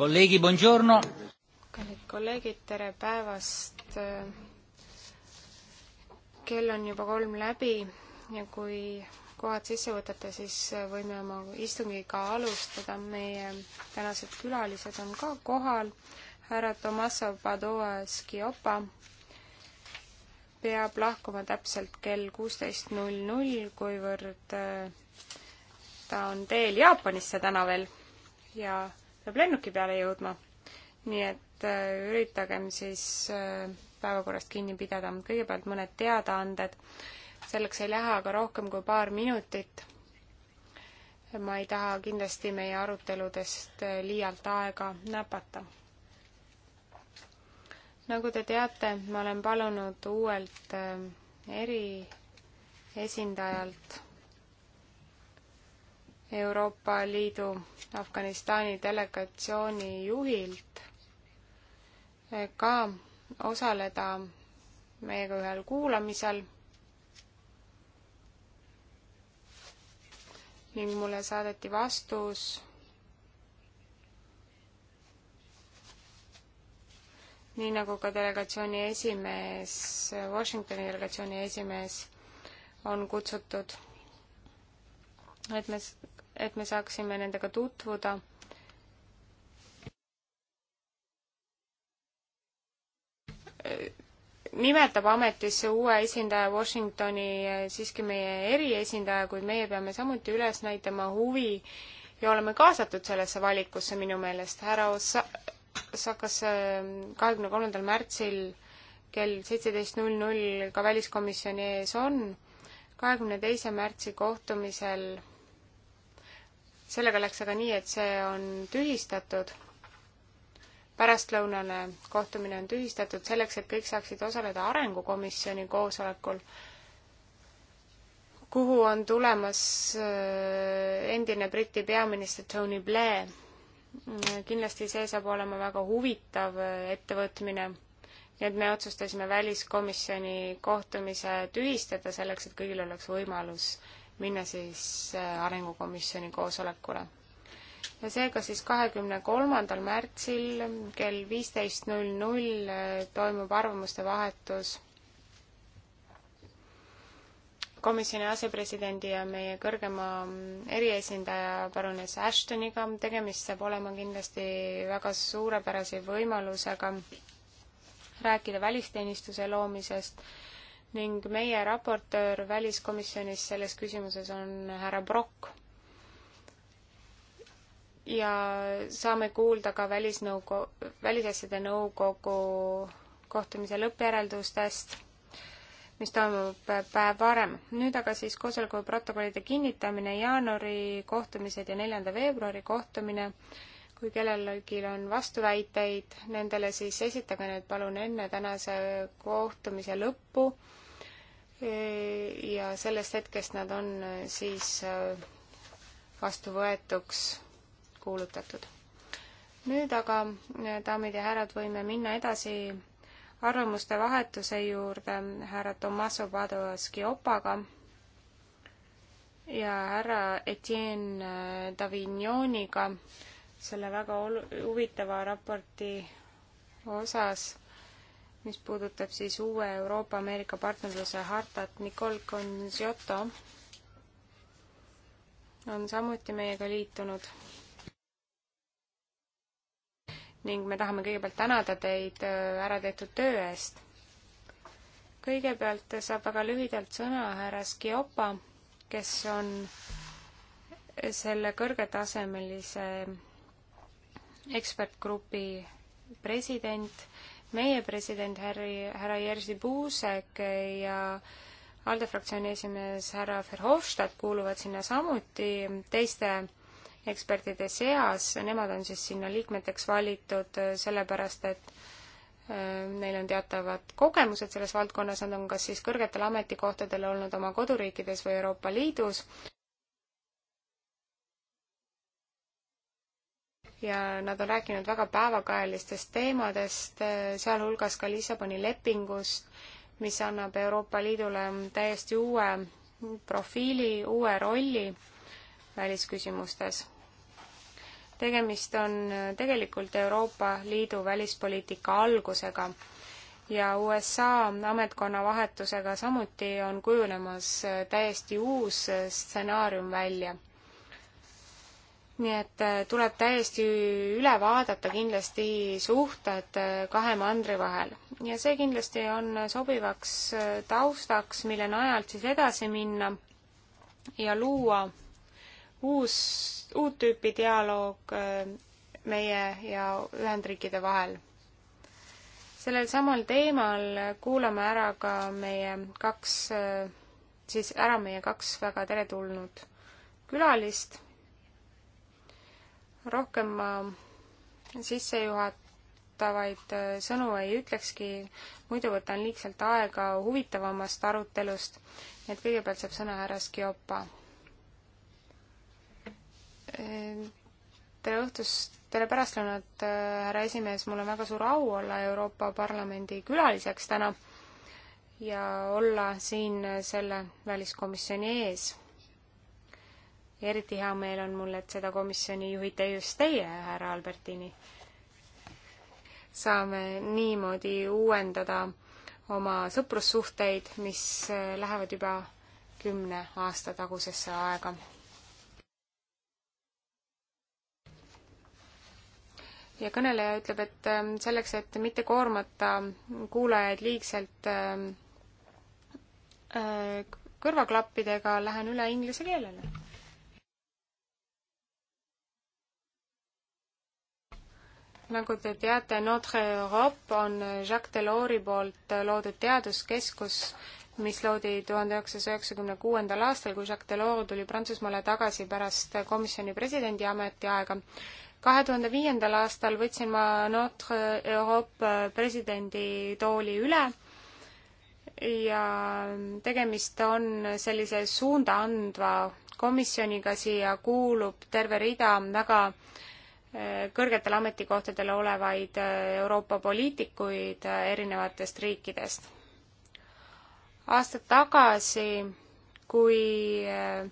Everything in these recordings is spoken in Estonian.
kolleegi, buongiorno! kallid kolleegid, tere päevast! kell on juba kolm läbi ja kui kohad sisse võtate, siis võime oma istungiga alustada. meie tänased külalised on ka kohal. härra Tomaso Padoa Schiopa peab lahkuma täpselt kell kuusteist null null, kuivõrd äh, ta on teel Jaapanisse täna veel ja peab lennuki peale jõudma. nii et äh, üritagem siis äh, päevakorrast kinni pidada. kõigepealt mõned teadaanded. selleks ei lähe aga rohkem kui paar minutit. ma ei taha kindlasti meie aruteludest äh, liialt aega näpata nagu te teate, ma olen palunud uuelt eriesindajalt Euroopa Liidu Afganistani delegatsiooni juhilt ka osaleda meiega ühel kuulamisel ning mulle saadeti vastus nii nagu ka delegatsiooni esimees, Washingtoni delegatsiooni esimees on kutsutud, et me et me saaksime nendega tutvuda. nimetab ametisse uue esindaja Washingtoni siiski meie eriesindaja, kuid meie peame samuti üles näitama huvi ja oleme kaasatud sellesse valikusse minu meelest. härra Osakas ähm, kahekümne kolmandal märtsil kell seitseteist null null ka väliskomisjoni ees on. kahekümne teise märtsi kohtumisel sellega läks aga nii, et see on tühistatud. pärastlõunane kohtumine on tühistatud selleks, et kõik saaksid osaleda Arengukomisjoni koosolekul, kuhu on tulemas äh, endine Briti peaminister Tony Blair. kindlasti see saab olema väga huvitav äh, ettevõtmine nii et me otsustasime väliskomisjoni kohtumise tühistada selleks, et kõigil oleks võimalus minna siis äh, Arengukomisjoni koosolekule. ja seega siis kahekümne kolmandal märtsil kell viisteist null äh, null toimub arvamuste vahetus komisjoni asepresidendi ja meie kõrgema eriesindaja parunes Ashtoniga. tegemist saab olema kindlasti väga suurepärase võimalusega rääkida välisteenistuse loomisest ning meie raportöör väliskomisjonis selles küsimuses on härra Brock. ja saame kuulda ka välisnõukogu, välisasjade nõukogu kohtumise lõppjäreldustest, mis toimub päev varem. nüüd aga siis koosoleku protokollide kinnitamine, jaanuari kohtumised ja neljanda veebruari kohtumine kui kellelgi on vastuväiteid nendele, siis esitage need palun enne tänase kohtumise lõppu ja sellest hetkest nad on äh, siis äh, vastuvõetuks kuulutatud. nüüd aga, äh, daamid ja härrad, võime minna edasi arvamuste vahetuse juurde härra Tommaso Padoa-Schiopaga ja härra Etienne Davignoniga selle väga olu-, huvitava raporti osas mis puudutab siis uue Euroopa-Ameerika partnerluse hartat. Nicole Conziotto on samuti meiega liitunud. ning me tahame kõigepealt tänada teid äh, ära tehtud töö eest. kõigepealt saab väga lühidalt sõna härra Skiopa, kes on selle kõrgetasemelise ekspertgrupi president meie president Harry, härra Jerzy Puusek ja ALDE fraktsiooni esimees härra Verhofstadt kuuluvad sinna samuti teiste ekspertide seas, nemad on siis sinna liikmeteks valitud sellepärast, et äh, neil on teatavad kogemused selles valdkonnas, nad on kas siis kõrgetel ametikohtadel olnud oma koduriikides või Euroopa Liidus ja nad on rääkinud väga päevakajalistest teemadest, sealhulgas ka Lissaboni lepingust, mis annab Euroopa Liidule täiesti uue profiili, uue rolli välisküsimustes. tegemist on tegelikult Euroopa Liidu välispoliitika algusega ja USA ametkonna vahetusega samuti on kujunemas täiesti uus stsenaarium välja nii et äh, tuleb täiesti üle vaadata kindlasti suhted äh, kahe mandri vahel. ja see kindlasti on sobivaks äh, taustaks, mille najalt siis edasi minna ja luua uus, uut tüüpi dialoog meie ja Ühendriikide vahel. sellel samal teemal kuulame ära ka meie kaks, siis ära meie kaks väga teretulnud külalist rohkem ma äh, sissejuhatavaid äh, sõnu ei ütlekski, muidu võtan liigselt aega huvitavamast arutelust, nii et kõigepealt saab sõna härra Skiopa. Äh, tere õhtust, tere pärastlõunat, härra esimees, mul on väga suur au olla Euroopa Parlamendi külaliseks täna ja olla siin selle väliskomisjoni ees eriti hea meel on mul, et seda komisjoni juhite just teie, härra Albertini. saame niimoodi uuendada oma sõprussuhteid, mis äh, lähevad juba kümne aasta tagusesse aega. ja kõneleja ütleb, et ähm, selleks, et mitte koormata kuulajaid liigselt ähm, äh, kõrvaklappidega, lähen üle inglise keelele nagu te teate, Notre Europe on Jacques Delors'i poolt loodud teaduskeskus, mis loodi tuhande üheksasaja üheksakümne kuuendal aastal, kui Jacques Delors tuli Prantsusmaale tagasi pärast komisjoni presidendi ametiaega. kahe tuhande viiendal aastal võtsin ma Notre Europe presidendi tooli üle ja tegemist on sellise suunda andva komisjoniga, siia kuulub terve rida väga äh, kõrgetel ametikohtadel olevaid äh, Euroopa poliitikuid äh, erinevatest riikidest. aastad tagasi, kui äh,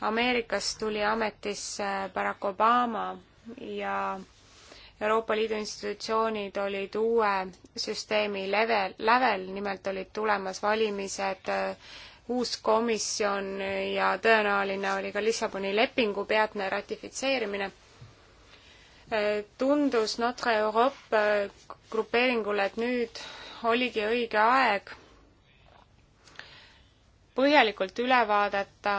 Ameerikas tuli ametisse Barack Obama ja Euroopa Liidu institutsioonid olid uue süsteemi level, lävel, nimelt olid tulemas valimised, uus komisjon ja tõenäoline oli ka Lissaboni lepingu peatne ratifitseerimine tundus Notre Euroopa äh, grupeeringule, et nüüd oligi õige aeg põhjalikult üle vaadata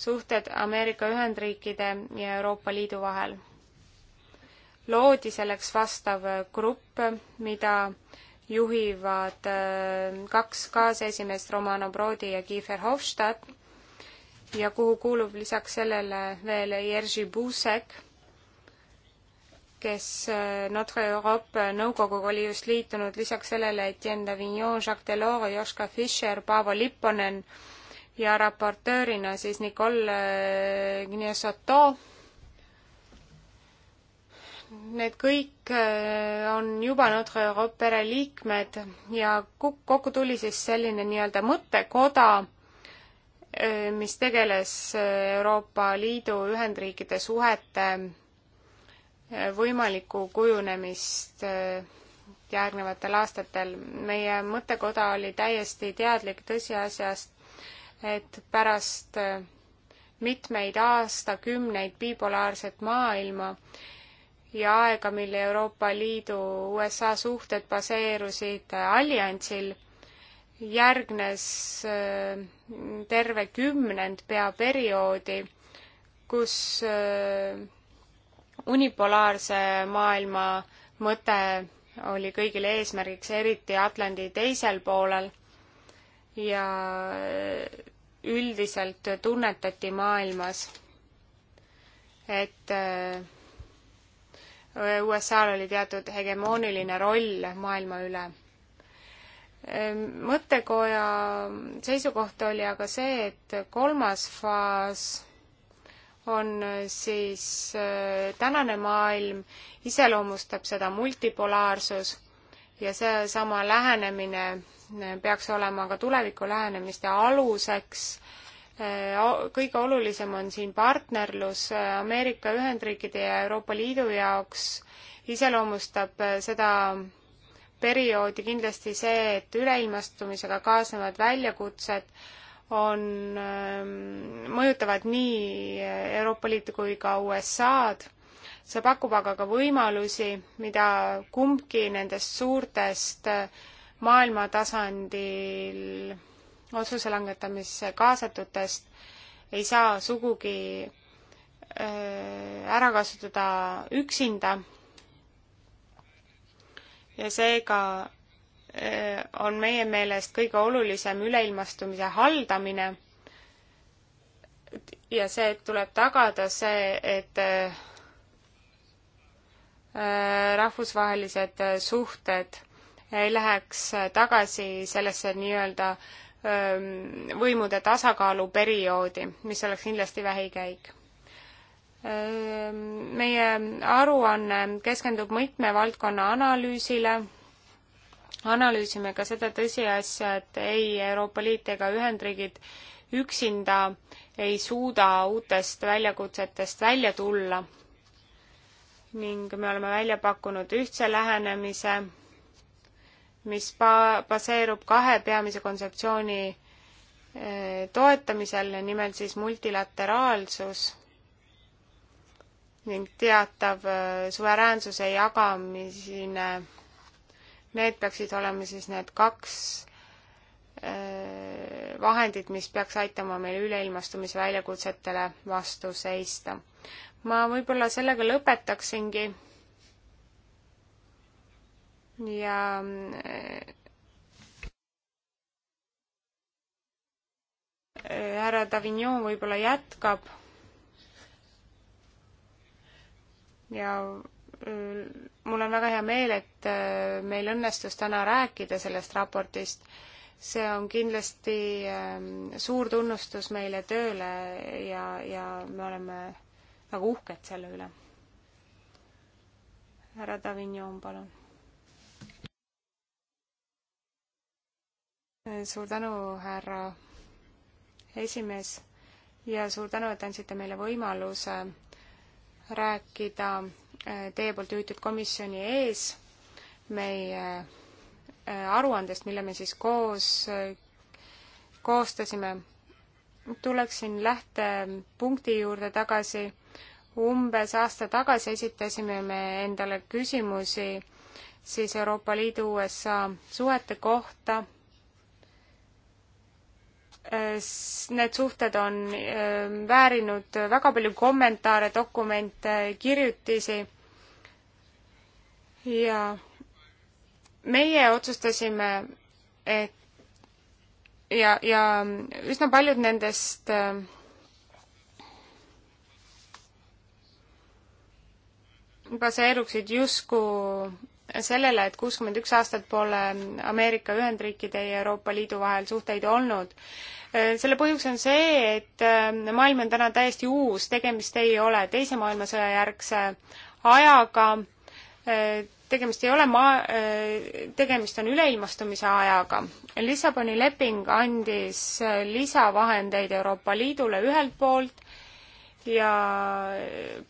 suhted Ameerika Ühendriikide ja Euroopa Liidu vahel. loodi selleks vastav grupp, mida juhivad äh, kaks kaasesimeest, Romano Brodi ja Kiefer Hofstadt ja kuhu kuulub lisaks sellele veel Jerzy Buzek kes äh, Notre Euroope äh, nõukoguga oli just liitunud, lisaks sellele Etienne Davignon, Jacques Delors, Joška Fischer, Paavo Lipponen ja raportöörina siis Nicole äh, Gnesoto. Need kõik on juba Notre Euroope pere liikmed ja kokku tuli siis selline nii-öelda mõttekoda, mis tegeles Euroopa Liidu Ühendriikide suhete võimalikku kujunemist äh, järgnevatel aastatel. meie mõttekoda oli täiesti teadlik tõsiasjast, et pärast äh, mitmeid aastakümneid bipolaarset maailma ja aega, mil Euroopa Liidu USA suhted baseerusid äh, alliansil, järgnes terve kümnend pea perioodi, kus unipolaarse maailma mõte oli kõigile eesmärgiks, eriti Atlandi teisel poolel ja üldiselt tunnetati maailmas, et äh, USA-l oli teatud hegemooniline roll maailma üle. Ehm, mõttekoja seisukoht oli aga see, et kolmas faas on äh, siis äh, tänane maailm, iseloomustab seda multipolaarsus ja seesama lähenemine äh, peaks olema ka tuleviku lähenemiste aluseks. kõige olulisem on siin partnerlus Ameerika Ühendriikide ja Euroopa Liidu jaoks iseloomustab seda perioodi kindlasti see, et üleilmastumisega kaasnevad väljakutsed on, ähm, mõjutavad nii Euroopa Liitu kui ka USA-d. see pakub aga ka võimalusi, mida kumbki nendest suurtest äh, maailma tasandil otsuse langetamisse kaasatutest ei saa sugugi äh, ära kasutada üksinda. ja seega Äh, on meie meelest kõige olulisem üleilmastumise haldamine ja see, et tuleb tagada see, et äh, äh, rahvusvahelised suhted ei läheks tagasi sellesse nii-öelda ähm, võimude tasakaalu perioodi, mis oleks kindlasti vähikäik ähm, meie aruanne keskendub mitme valdkonna analüüsile analüüsime ka seda tõsiasja, et ei Euroopa Liit ega Ühendriigid üksinda ei suuda uutest väljakutsetest välja tulla ning me oleme välja pakkunud ühtse lähenemise, mis ba-, baseerub kahe peamise kontseptsiooni eh, toetamisel, nimelt siis multilateraalsus ning teatav eh, suveräänsuse jagamine Need peaksid olema siis need kaks äh, vahendid, mis peaks aitama meil üleilmastumise väljakutsetele vastu seista. ma võib-olla sellega lõpetaksingi ja äh, härra Davignon võib-olla jätkab ja Mm, mul on väga hea meel, et äh, meil õnnestus täna rääkida sellest raportist. see on kindlasti ähm, suur tunnustus meile tööle ja, ja me oleme väga uhked selle üle. härra Davignon, palun. suur tänu, härra esimees ja suur tänu, et andsite meile võimaluse rääkida Äh, teie poolt juhitud komisjoni ees meie äh, aruandest, mille me siis koos äh, koostasime. tuleksin lähtepunkti juurde tagasi. umbes aasta tagasi esitasime me endale küsimusi siis Euroopa Liidu USA suhete kohta Äh, need suhted on äh, väärinud väga palju kommentaare, dokumente, kirjutisi ja meie otsustasime, et ja, ja üsna paljud nendest äh, baseeruksid justkui sellele, et kuuskümmend üks aastat pole Ameerika Ühendriikide ja Euroopa Liidu vahel suhteid olnud. selle põhjus on see, et äh, maailm on täna täiesti uus, tegemist ei ole Teise maailmasõja järgse ajaga, äh, tegemist ei ole maa, äh, tegemist on üleilmastumise ajaga. Lissaboni leping andis lisavahendeid Euroopa Liidule ühelt poolt ja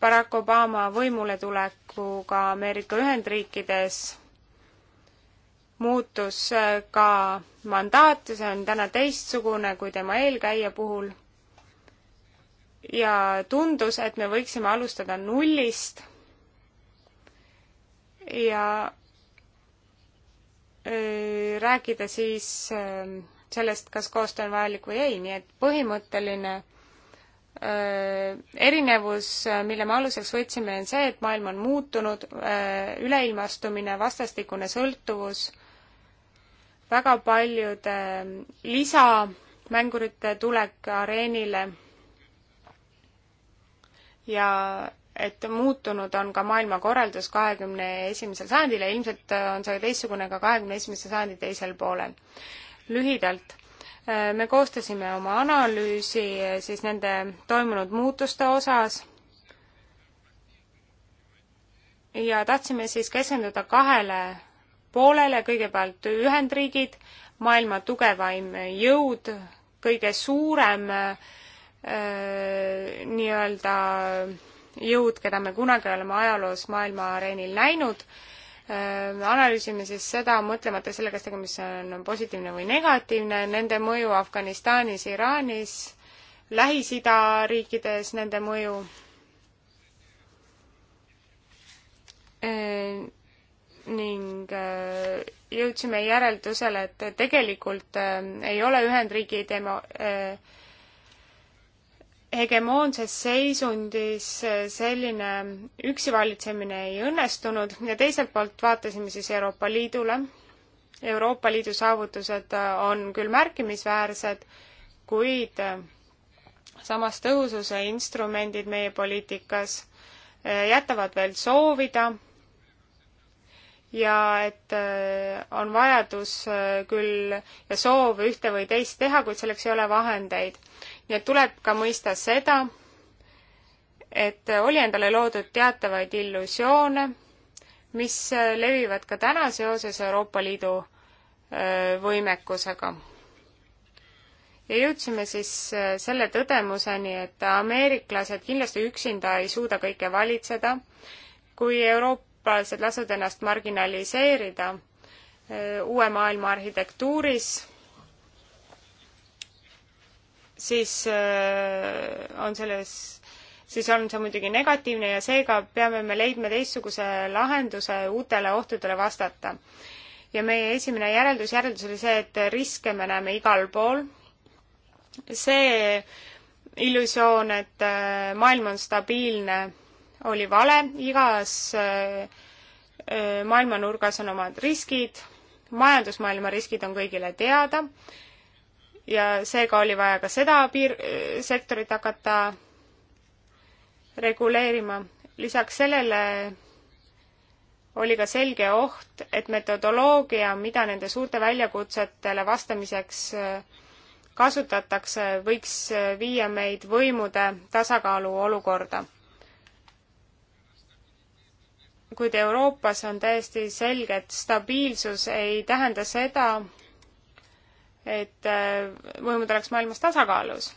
Barack Obama võimuletulekuga Ameerika Ühendriikides muutus ka mandaat ja see on täna teistsugune kui tema eelkäija puhul. ja tundus, et me võiksime alustada nullist ja öö, äh, rääkida siis öö, äh, sellest, kas koostöö on vajalik või ei, nii et põhimõtteline Äh, erinevus, äh, mille me aluseks võtsime, on see, et maailm on muutunud, äh, üleilmastumine, vastastikune sõltuvus, väga paljude lisamängurite tulek areenile ja et muutunud on ka maailmakorraldus kahekümne esimesel sajandil ja ilmselt on see teistsugune ka kahekümne esimese sajandi teisel poolel. lühidalt me koostasime oma analüüsi eh, siis nende toimunud muutuste osas ja tahtsime siis keskenduda kahele poolele, kõigepealt Ühendriigid, maailma tugevaim jõud, kõige suurem äh, nii-öelda jõud, keda me kunagi oleme ajaloos maailma areenil näinud Äh, analüüsime siis seda, mõtlemata selle, kas tegemist on positiivne või negatiivne, nende mõju Afganistanis, Iraanis, Lähis-Ida riikides, nende mõju äh, ning äh, jõudsime järeldusele, et tegelikult ei ole Ühendriigid emo-, hegemoonses seisundis eh, selline üksi valitsemine ei õnnestunud ja teiselt poolt vaatasime siis Euroopa Liidule. Euroopa Liidu saavutused eh, on küll märkimisväärsed, kuid eh, samas tõhususe instrumendid meie poliitikas jätavad veel soovida ja et on vajadus küll ja soov ühte või teist teha, kuid selleks ei ole vahendeid nii et tuleb ka mõista seda, et oli endale loodud teatavaid illusioone, mis levivad ka täna seoses Euroopa Liidu võimekusega. ja jõudsime siis selle tõdemuseni, et ameeriklased kindlasti üksinda ei suuda kõike valitseda, kui eurooplased lasevad ennast marginaliseerida uue maailma arhitektuuris siis äh, on selles, siis on see muidugi negatiivne ja seega peame me leidma teistsuguse lahenduse uutele ohtudele vastata. ja meie esimene järeldus, järeldus oli see, et riske me näeme igal pool. see illusioon, et äh, maailm on stabiilne, oli vale, igas äh, maailmanurgas on omad riskid, majandusmaailma riskid on kõigile teada ja seega oli vaja ka seda piir-, sektorit hakata reguleerima. lisaks sellele oli ka selge oht, et metodoloogia, mida nende suurte väljakutsetele vastamiseks äh, kasutatakse, võiks äh, viia meid võimude tasakaalu olukorda. kuid Euroopas on täiesti selge, et stabiilsus ei tähenda seda, et äh, võimud oleks maailmas tasakaalus.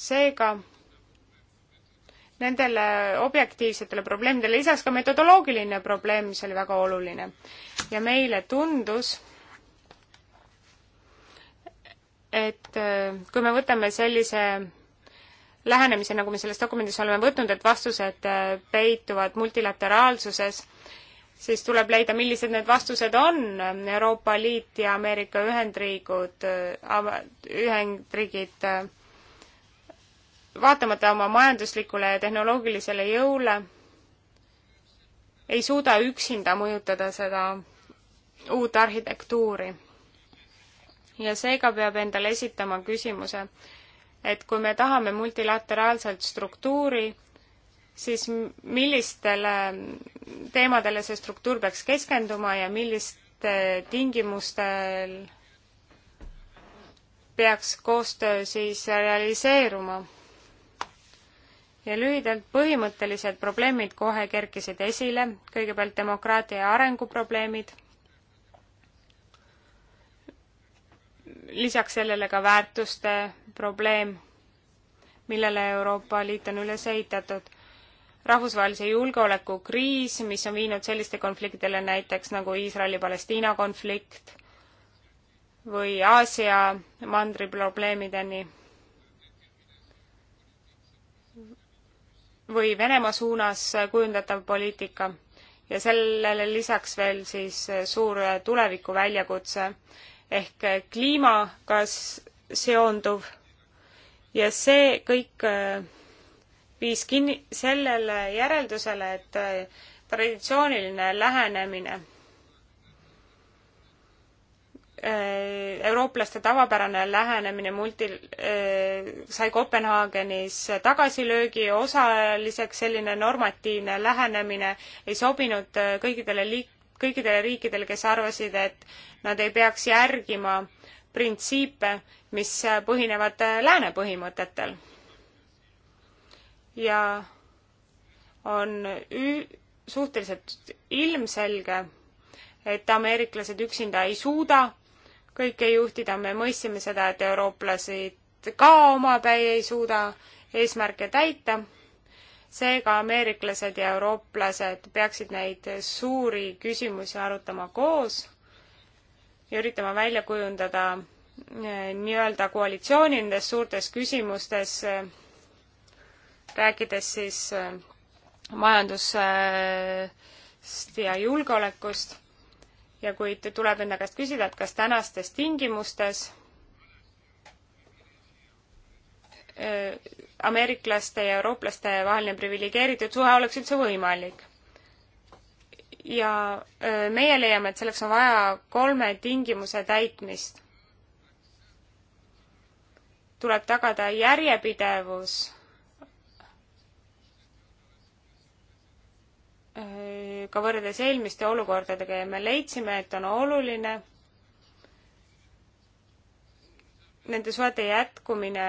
seega nendele objektiivsetele probleemidele lisaks ka metodoloogiline probleem, mis oli väga oluline. ja meile tundus, et äh, kui me võtame sellise lähenemise, nagu me selles dokumendis oleme võtnud, et vastused äh, peituvad multilateraalsuses siis tuleb leida, millised need vastused on, Euroopa Liit ja Ameerika Ühendriigud, äh, Ühendriigid äh, vaatamata oma majanduslikule ja tehnoloogilisele jõule ei suuda üksinda mõjutada seda uut arhitektuuri. ja seega peab endale esitama küsimuse, et kui me tahame multilateraalselt struktuuri, siis millistele teemadele see struktuur peaks keskenduma ja milliste tingimustel peaks koostöö siis realiseeruma. ja lühidalt põhimõttelised probleemid kohe kerkisid esile, kõigepealt demokraatia ja arengu probleemid, lisaks sellele ka väärtuste probleem, millele Euroopa Liit on üles ehitatud rahvusvahelise julgeoleku kriis, mis on viinud selliste konfliktidele näiteks nagu Iisraeli-Palestiina konflikt või Aasia mandri probleemideni või Venemaa suunas kujundatav poliitika ja sellele lisaks veel siis suur tulevikuväljakutse ehk kliimaga seonduv ja see kõik viis kinni sellele järeldusele, et äh, traditsiooniline lähenemine, äh, eurooplaste tavapärane lähenemine multi, äh, sai Kopenhaagenis tagasilöögi osaliseks, selline normatiivne lähenemine ei sobinud kõikidele liik-, kõikidele riikidele, kes arvasid, et nad ei peaks järgima printsiipe, mis põhinevad lääne põhimõtetel ja on ü-, suhteliselt ilmselge, et ameeriklased üksinda ei suuda kõike juhtida, me mõistsime seda, et eurooplased ka omapäi ei suuda eesmärke täita, seega ameeriklased ja eurooplased peaksid neid suuri küsimusi arutama koos ja üritama välja kujundada eh, nii-öelda koalitsiooni nendes suurtes küsimustes eh, rääkides siis äh, majandusest ja julgeolekust ja kuid tuleb enda käest küsida, et kas tänastes tingimustes äh, ameeriklaste ja eurooplaste vaheline priviligeeritud suhe oleks üldse võimalik. ja äh, meie leiame, et selleks on vaja kolme tingimuse täitmist. tuleb tagada järjepidevus ka võrreldes eelmiste olukordadega ja me leidsime, et on oluline nende suhete jätkumine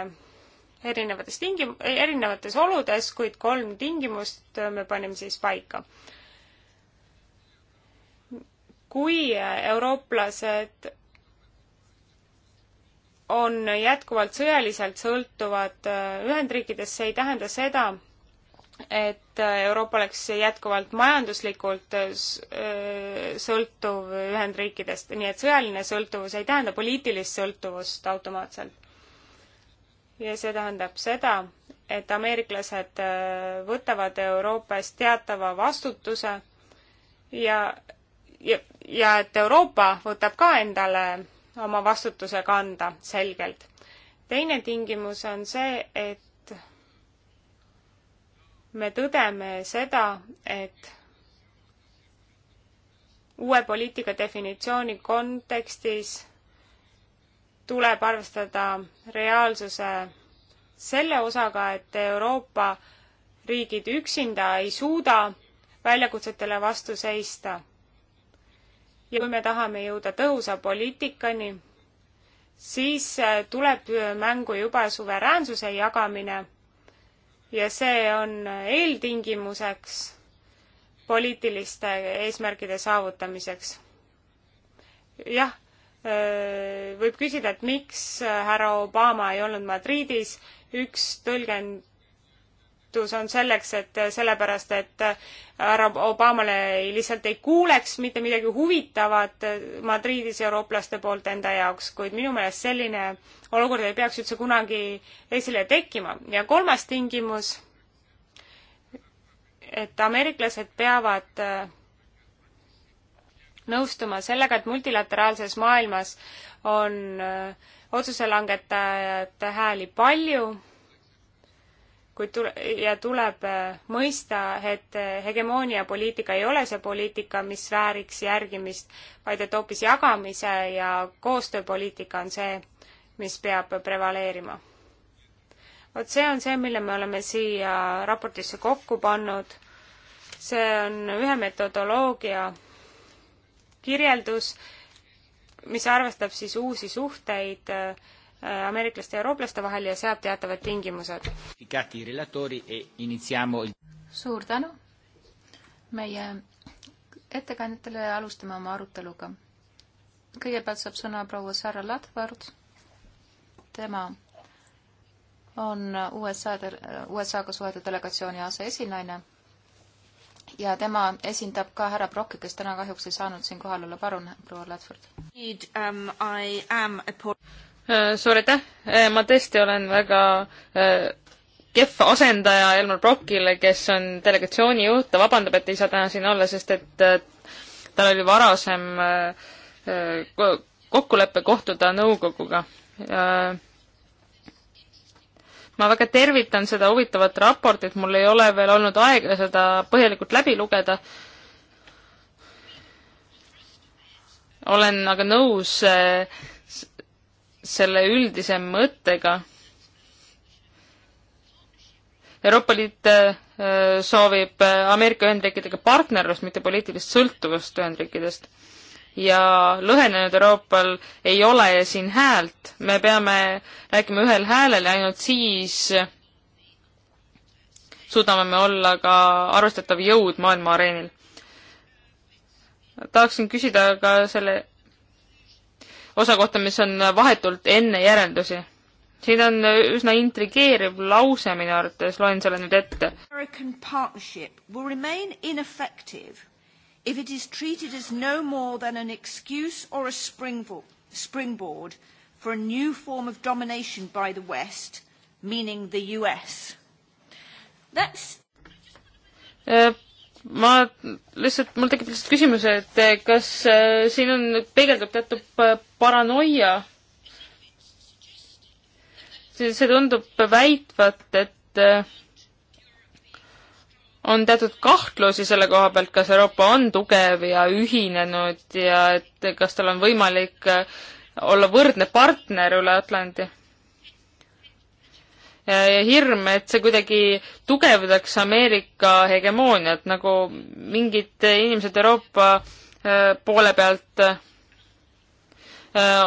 erinevates tingim-, erinevates oludes, kuid kolm tingimust me panime siis paika. kui eurooplased on jätkuvalt sõjaliselt sõltuvad Ühendriikidest, see ei tähenda seda, et Euroopa oleks jätkuvalt majanduslikult sõltuv Ühendriikidest, nii et sõjaline sõltuvus ei tähenda poliitilist sõltuvust automaatselt. ja see tähendab seda, et ameeriklased võtavad Euroopas teatava vastutuse ja, ja, ja et Euroopa võtab ka endale oma vastutuse kanda selgelt. teine tingimus on see, et me tõdeme seda, et uue poliitika definitsiooni kontekstis tuleb arvestada reaalsuse selle osaga, et Euroopa riigid üksinda ei suuda väljakutsetele vastu seista. ja kui me tahame jõuda tõhusa poliitikani, siis tuleb mängu juba suveräänsuse jagamine ja see on eeltingimuseks poliitiliste eesmärkide saavutamiseks. jah, võib küsida, et miks härra Obama ei olnud Madridis, üks tõlgend toetus on selleks, et sellepärast, et äh, härra Obamale ei, lihtsalt ei kuuleks mitte midagi huvitavat äh, Madridis eurooplaste poolt enda jaoks, kuid minu meelest selline olukord ei peaks üldse kunagi esile tekkima. ja kolmas tingimus, et ameeriklased peavad äh, nõustuma sellega, et multilateraalses maailmas on otsuse langetajate hääli palju kuid tule- ja tuleb äh, mõista, et äh, hegemoonia poliitika ei ole see poliitika, mis vääriks järgimist, vaid et hoopis jagamise ja koostööpoliitika on see, mis peab prevaleerima. vot see on see, mille me oleme siia raportisse kokku pannud. see on ühe metodoloogia kirjeldus, mis arvestab siis uusi suhteid äh, Äh, ameeriklaste ja eurooplaste vahel ja seab teatavad tingimused. E suur tänu meie ettekandjatele ja alustame oma aruteluga. kõigepealt saab sõna proua Sarah Ladford, tema on USA, USA-ga suhete delegatsiooni aseesinaine ja tema esindab ka härra Brocki, kes täna kahjuks ei saanud siin kohal olla, palun, proua Ladford. Äh, suur aitäh, äh, ma tõesti olen väga äh, kehv asendaja Elmar Brokile, kes on delegatsiooni juht, ta vabandab, et ei saa täna siin olla, sest et tal oli varasem kokkulepe kohtuda nõukoguga. ma väga tervitan seda huvitavat raportit, mul ei ole veel olnud aega seda põhjalikult läbi lugeda. olen aga nõus äh, selle üldise mõttega. Euroopa Liit äh, soovib äh, Ameerika Ühendriikidega partnerlust, mitte poliitilist sõltuvust Ühendriikidest. ja lõhenenud Euroopal ei ole siin häält, me peame rääkima ühel häälel ja ainult siis suudame me olla ka arvestatav jõud maailma areenil. tahaksin küsida ka selle osa kohta, mis on vahetult enne järeldusi. siin on üsna intrigeeriv lause minu arvates, loen selle nüüd ette. American partnership will remain ineffective if it is treated as no more than an excuse or a springboard, springboard for a new form of domination by the West, meaning the US. That's äh, ma lihtsalt, mul tekib lihtsalt küsimus, et kas äh, siin on, peegeldub teatud äh, paranoia? see tundub väitvat, et äh, on teatud kahtlusi selle koha pealt, kas Euroopa on tugev ja ühinenud ja et kas tal on võimalik olla võrdne partner üle Atlandi Äh, hirm, et see kuidagi tugevdaks Ameerika hegemooniat, nagu mingid inimesed Euroopa äh, poole pealt äh,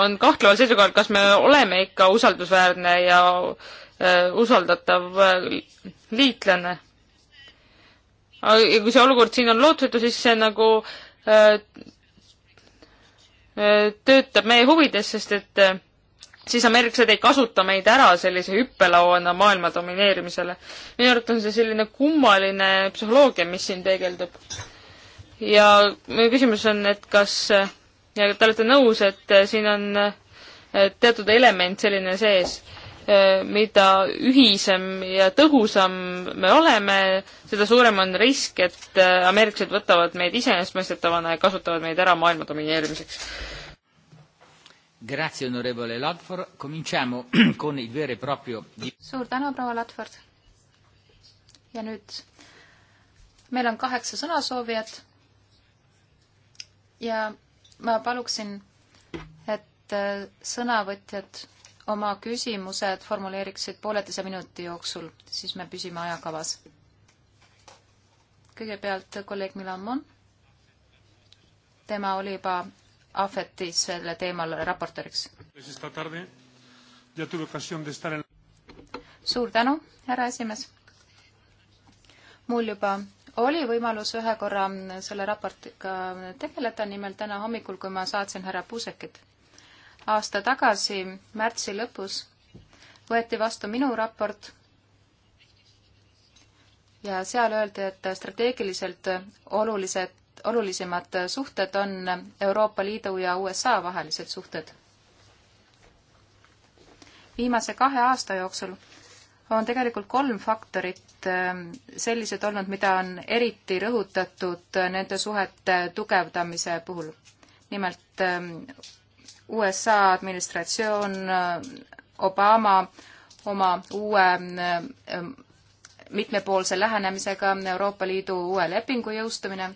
on kahtleval seisukohal, kas me oleme ikka usaldusväärne ja usaldatav liitlane. ja kui see olukord siin on lootusetu, siis see nagu töötab meie huvides, sest et siis ameeriklased ei kasuta meid ära sellise hüppelauana maailma domineerimisele. minu arvates on see selline kummaline psühholoogia, mis siin peegeldub. ja minu küsimus on, et kas, ja te olete nõus, et siin on eh, teatud element selline sees, eh, mida ühisem ja tõhusam me oleme, seda suurem on risk, et eh, ameeriklased võtavad meid iseenesestmõistetavana ja kasutavad meid ära maailma domineerimiseks Grazie onorevole Lodford, cominciamo con il vero e proprio... suur tänu, proua Lodford. ja nüüd meil on kaheksa sõnasoovijat. ja ma paluksin, et äh, sõnavõtjad oma küsimused formuleeriksid pooleteise minuti jooksul, siis me püsime ajakavas. kõigepealt kolleeg Milan Mon. tema oli juba Ahvetis selle teemal raportööriks. suur tänu, härra esimees. mul juba oli võimalus ühe korra selle raportiga tegeleda, nimelt täna hommikul, kui ma saatsin härra Puusekit. aasta tagasi märtsi lõpus võeti vastu minu raport ja seal öeldi, et strateegiliselt olulised olulisemad suhted on Euroopa Liidu ja USA vahelised suhted. viimase kahe aasta jooksul on tegelikult kolm faktorit ähm, sellised olnud, mida on eriti rõhutatud nende suhete tugevdamise puhul. nimelt ähm, USA administratsioon, äh, Obama oma uue ähm, mitmepoolse lähenemisega, Euroopa Liidu uue lepingu jõustumine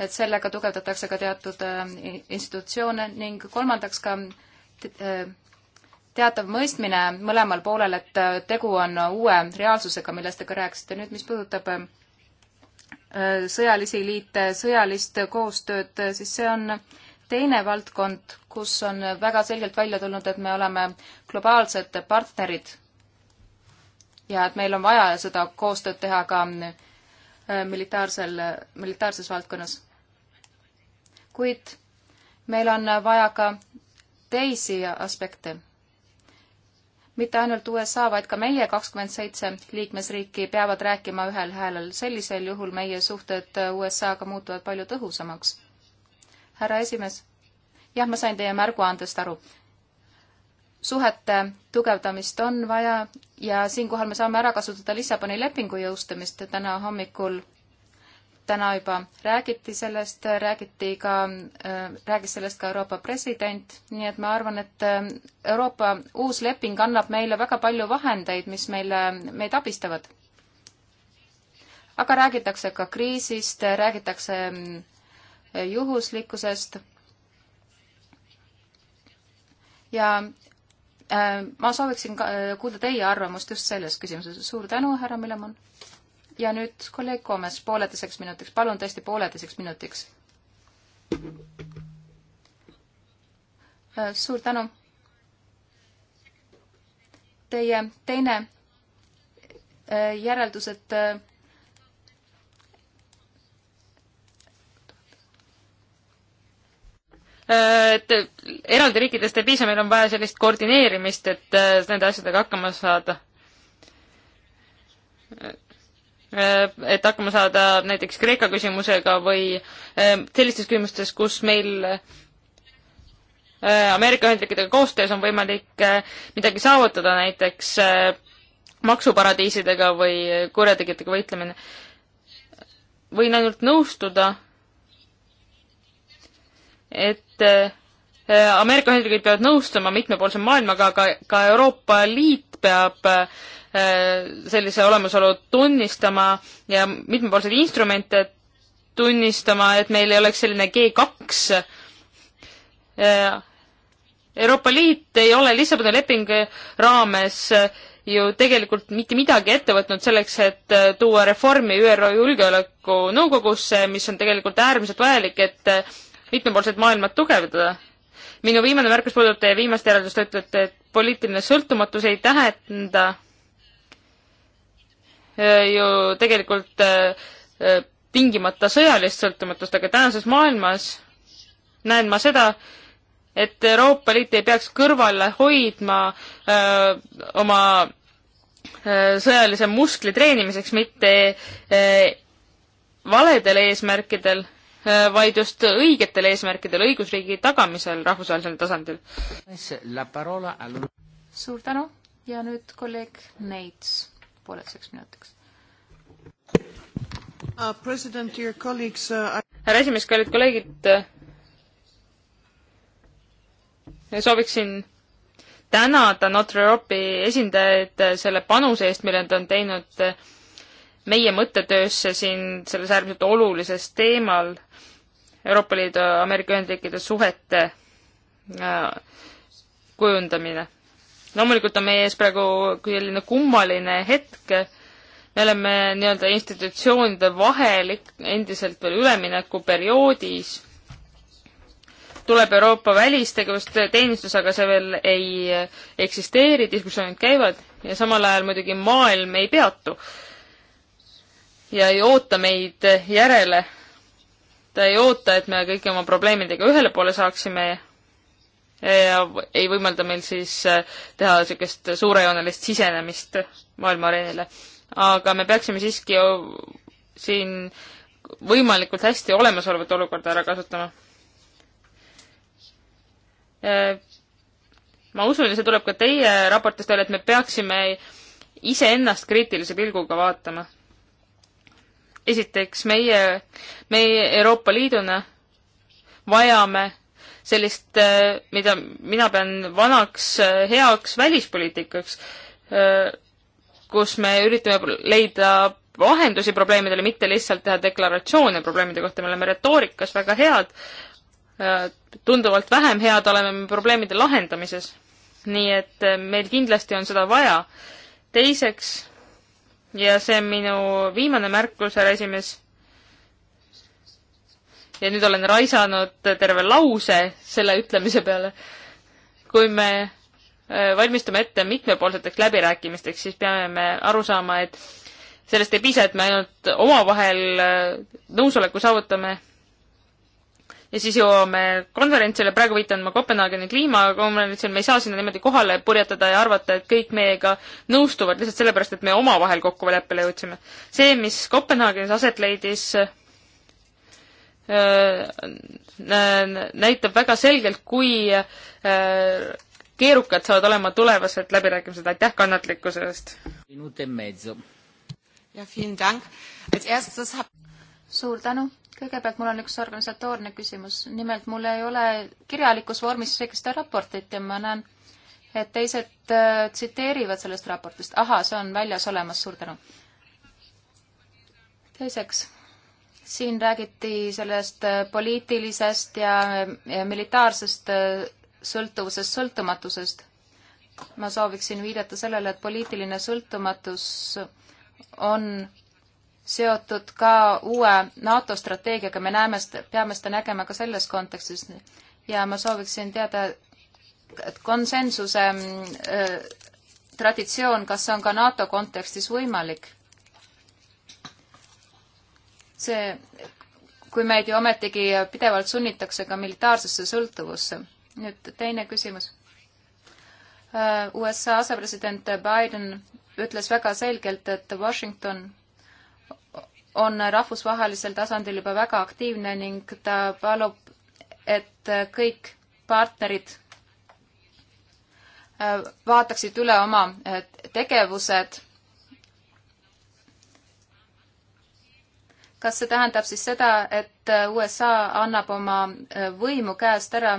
et sellega tugevdatakse ka teatud äh, institutsioone ning kolmandaks ka äh, teatav mõistmine mõlemal poolel, et äh, tegu on uue reaalsusega, millest te ka rääkisite. nüüd, mis puudutab sõjalisi liite, sõjalist koostööd, siis see on teine valdkond, kus on väga selgelt välja tulnud, et me oleme globaalsed partnerid ja et meil on vaja seda koostööd teha ka Äh, militaarsel, militaarses valdkonnas. kuid meil on vaja ka teisi aspekte. mitte ainult USA, vaid ka meie kakskümmend seitse liikmesriiki peavad rääkima ühel häälel, sellisel juhul meie suhted USA-ga muutuvad palju tõhusamaks. härra esimees, jah, ma sain teie märguandest aru suhete tugevdamist on vaja ja siinkohal me saame ära kasutada Lissaboni lepingu jõustamist täna hommikul. täna juba räägiti sellest, räägiti ka, äh, räägis sellest ka Euroopa president, nii et ma arvan, et äh, Euroopa uus leping annab meile väga palju vahendeid, mis meile, meid abistavad. aga räägitakse ka kriisist, räägitakse äh, juhuslikkusest ja Äh, ma sooviksin äh, kuulda teie arvamust just selles küsimuses. suur tänu, härra Millemann. ja nüüd kolleeg Koomes pooleteiseks minutiks, palun tõesti pooleteiseks minutiks. Äh, suur tänu. Teie teine järeldus, et Äh, et eraldi riikidest ei piisa, meil on vaja sellist koordineerimist, et äh, nende asjadega hakkama saada. Äh, et hakkama saada näiteks Kreeka küsimusega või sellistes küsimustes, kus meil Ameerika Ühendriikidega koostöös on võimalik midagi saavutada, näiteks maksuparadiisidega või kurjategijatega võitlemine. võin ainult nõustuda et äh, Ameerika Ühendriigid peavad nõustuma mitmepoolse maailmaga, aga ka Euroopa Liit peab äh, sellise olemasolu tunnistama ja mitmepoolseid instrumente tunnistama, et meil ei oleks selline G kaks. Äh, Euroopa Liit ei ole Lissaboni lepingu raames ju tegelikult mitte midagi ette võtnud selleks, et tuua reformi ÜRO Julgeolekunõukogusse, mis on tegelikult äärmiselt vajalik, et mitmepoolset maailma tugevdada. minu viimane märkus puudutab teie viimast järeldust, ütlete, et poliitiline sõltumatus ei tähenda äh, ju tegelikult äh, äh, tingimata sõjalist sõltumatust, aga tänases maailmas näen ma seda, et Euroopa Liit ei peaks kõrvale hoidma öö, oma öö, sõjalise muskli treenimiseks mitte öö, valedel eesmärkidel Äh, vaid just õigetel eesmärkidel, õigusriigi tagamisel rahvusvahelisel tasandil. suur tänu ja nüüd kolleeg Neits pooleteiseks minutiks. Uh, uh, härra esimees, kallid kolleegid, äh, sooviksin tänada Notre Europe'i esindajaid selle panuse eest, mille nad on teinud äh, meie mõttetöösse siin selles äärmiselt olulises teemal Euroopa Liidu Ameerika Ühendriikide suhete äh, kujundamine. loomulikult on meie ees praegu selline kummaline hetk, me oleme nii-öelda institutsioonide vahel endiselt veel üleminekuperioodis, tuleb Euroopa välistegevust teenistus, aga see veel ei eksisteeri, diskussioonid käivad ja samal ajal muidugi maailm ei peatu äh, ja ei oota meid järele. ta ei oota, et me kõiki oma probleemidega ühele poole saaksime ja ei võimalda meil siis äh, teha niisugust suurejoonelist sisenemist maailma areenile. aga me peaksime siiski siin võimalikult hästi olemasolevat olukorda ära kasutama. Äh, ma usun, ja see tuleb ka teie raportist välja, et me peaksime iseennast kriitilise pilguga vaatama esiteks meie, meie Euroopa Liiduna vajame sellist, äh, mida mina pean vanaks äh, heaks välispoliitikaks, äh, kus me üritame leida lahendusi probleemidele, mitte lihtsalt teha deklaratsioone probleemide kohta, me oleme retoorikas väga head, tunduvalt vähem head oleme me probleemide lahendamises. nii et meil kindlasti on seda vaja. teiseks ja see on minu viimane märkus, härra esimees. ja nüüd olen raisanud terve lause selle ütlemise peale. kui me äh, valmistume ette mitmepoolseteks läbirääkimisteks, siis peame me aru saama, et sellest ei piisa, et me ainult omavahel äh, nõusoleku saavutame ja siis jõuame konverentsile, praegu viitan ma Kopenhaageni kliimakonverentsil, me ei saa sinna niimoodi kohale purjetada ja arvata, et kõik meiega nõustuvad lihtsalt sellepärast, et me omavahel kokkuleppele jõudsime. see, mis Kopenhaagenis aset leidis, äh, näitab väga selgelt, kui äh, keerukad saavad olema tulevased läbirääkimised, aitäh kannatlikkuse eest! suur tänu. kõigepealt mul on üks organisatoorne küsimus. nimelt mul ei ole kirjalikus vormis seda raportit ja ma näen, et teised äh, tsiteerivad sellest raportist. ahaa, see on väljas olemas, suur tänu. teiseks, siin räägiti sellest äh, poliitilisest ja, äh, ja militaarsest sõltuvusest, sõltumatusest. ma sooviksin viidata sellele, et poliitiline sõltumatus on seotud ka uue NATO strateegiaga, me näeme, peame seda nägema ka selles kontekstis ja ma sooviksin teada, et konsensuse mm, äh, traditsioon, kas see on ka NATO kontekstis võimalik? see, kui meid ju ometigi pidevalt sunnitakse ka militaarsesse sõltuvusse. nüüd teine küsimus äh,. USA asepresident Biden ütles väga selgelt, et Washington on rahvusvahelisel tasandil juba väga aktiivne ning ta palub, et kõik partnerid äh, vaataksid üle oma äh, tegevused. kas see tähendab siis seda, et äh, USA annab oma võimu käest ära,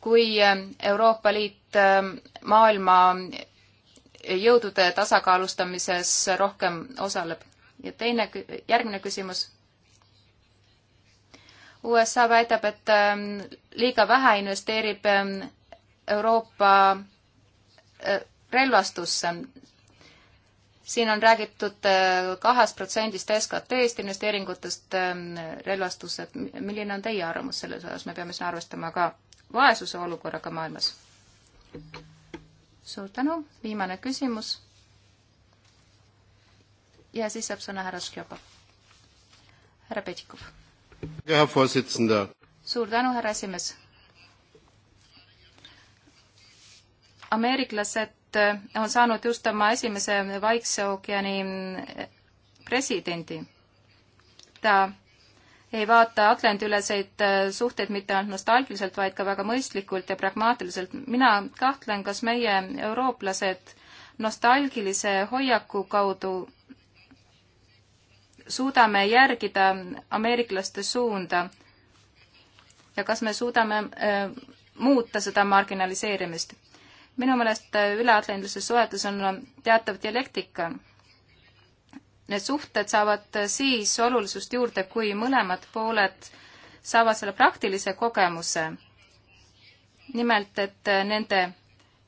kui Euroopa Liit maailma jõudude tasakaalustamises rohkem osaleb? ja teine, järgmine küsimus. USA väidab, et ähm, liiga vähe investeerib ähm, Euroopa äh, relvastusse. siin on räägitud äh, kahest protsendist SKT-st investeeringutest ähm, relvastusse, et milline on teie arvamus selles osas, me peame siin arvestama ka vaesuse olukorraga maailmas. suur tänu, viimane küsimus ja siis saab sõna härra Škjoba. härra Petikov. suur tänu, härra esimees. ameeriklased on saanud just oma esimese Vaikse ookeani presidendi. ta ei vaata Atlandi-üleseid suhteid mitte ainult nostalgiliselt, vaid ka väga mõistlikult ja pragmaatiliselt. mina kahtlen, kas meie, eurooplased, nostalgilise hoiaku kaudu suudame järgida ameeriklaste suunda ja kas me suudame äh, muuta seda marginaliseerimist. minu meelest äh, üleatlandilises suhetes on äh, teatav dialektika. Need suhted saavad äh, siis olulisust juurde, kui mõlemad pooled saavad selle praktilise kogemuse. nimelt, et nende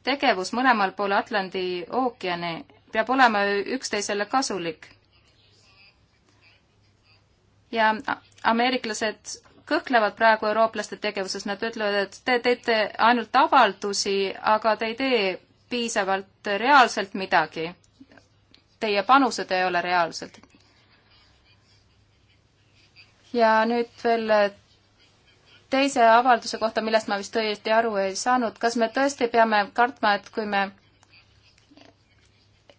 tegevus mõlemal pool Atlandi ookeani peab olema üksteisele kasulik ja ameeriklased kõhklevad praegu eurooplaste tegevuses, nad ütlevad, et te teete ainult avaldusi, aga te ei tee piisavalt reaalselt midagi. Teie panused ei ole reaalsed. ja nüüd veel teise avalduse kohta, millest ma vist õieti aru ei saanud, kas me tõesti peame kartma, et kui me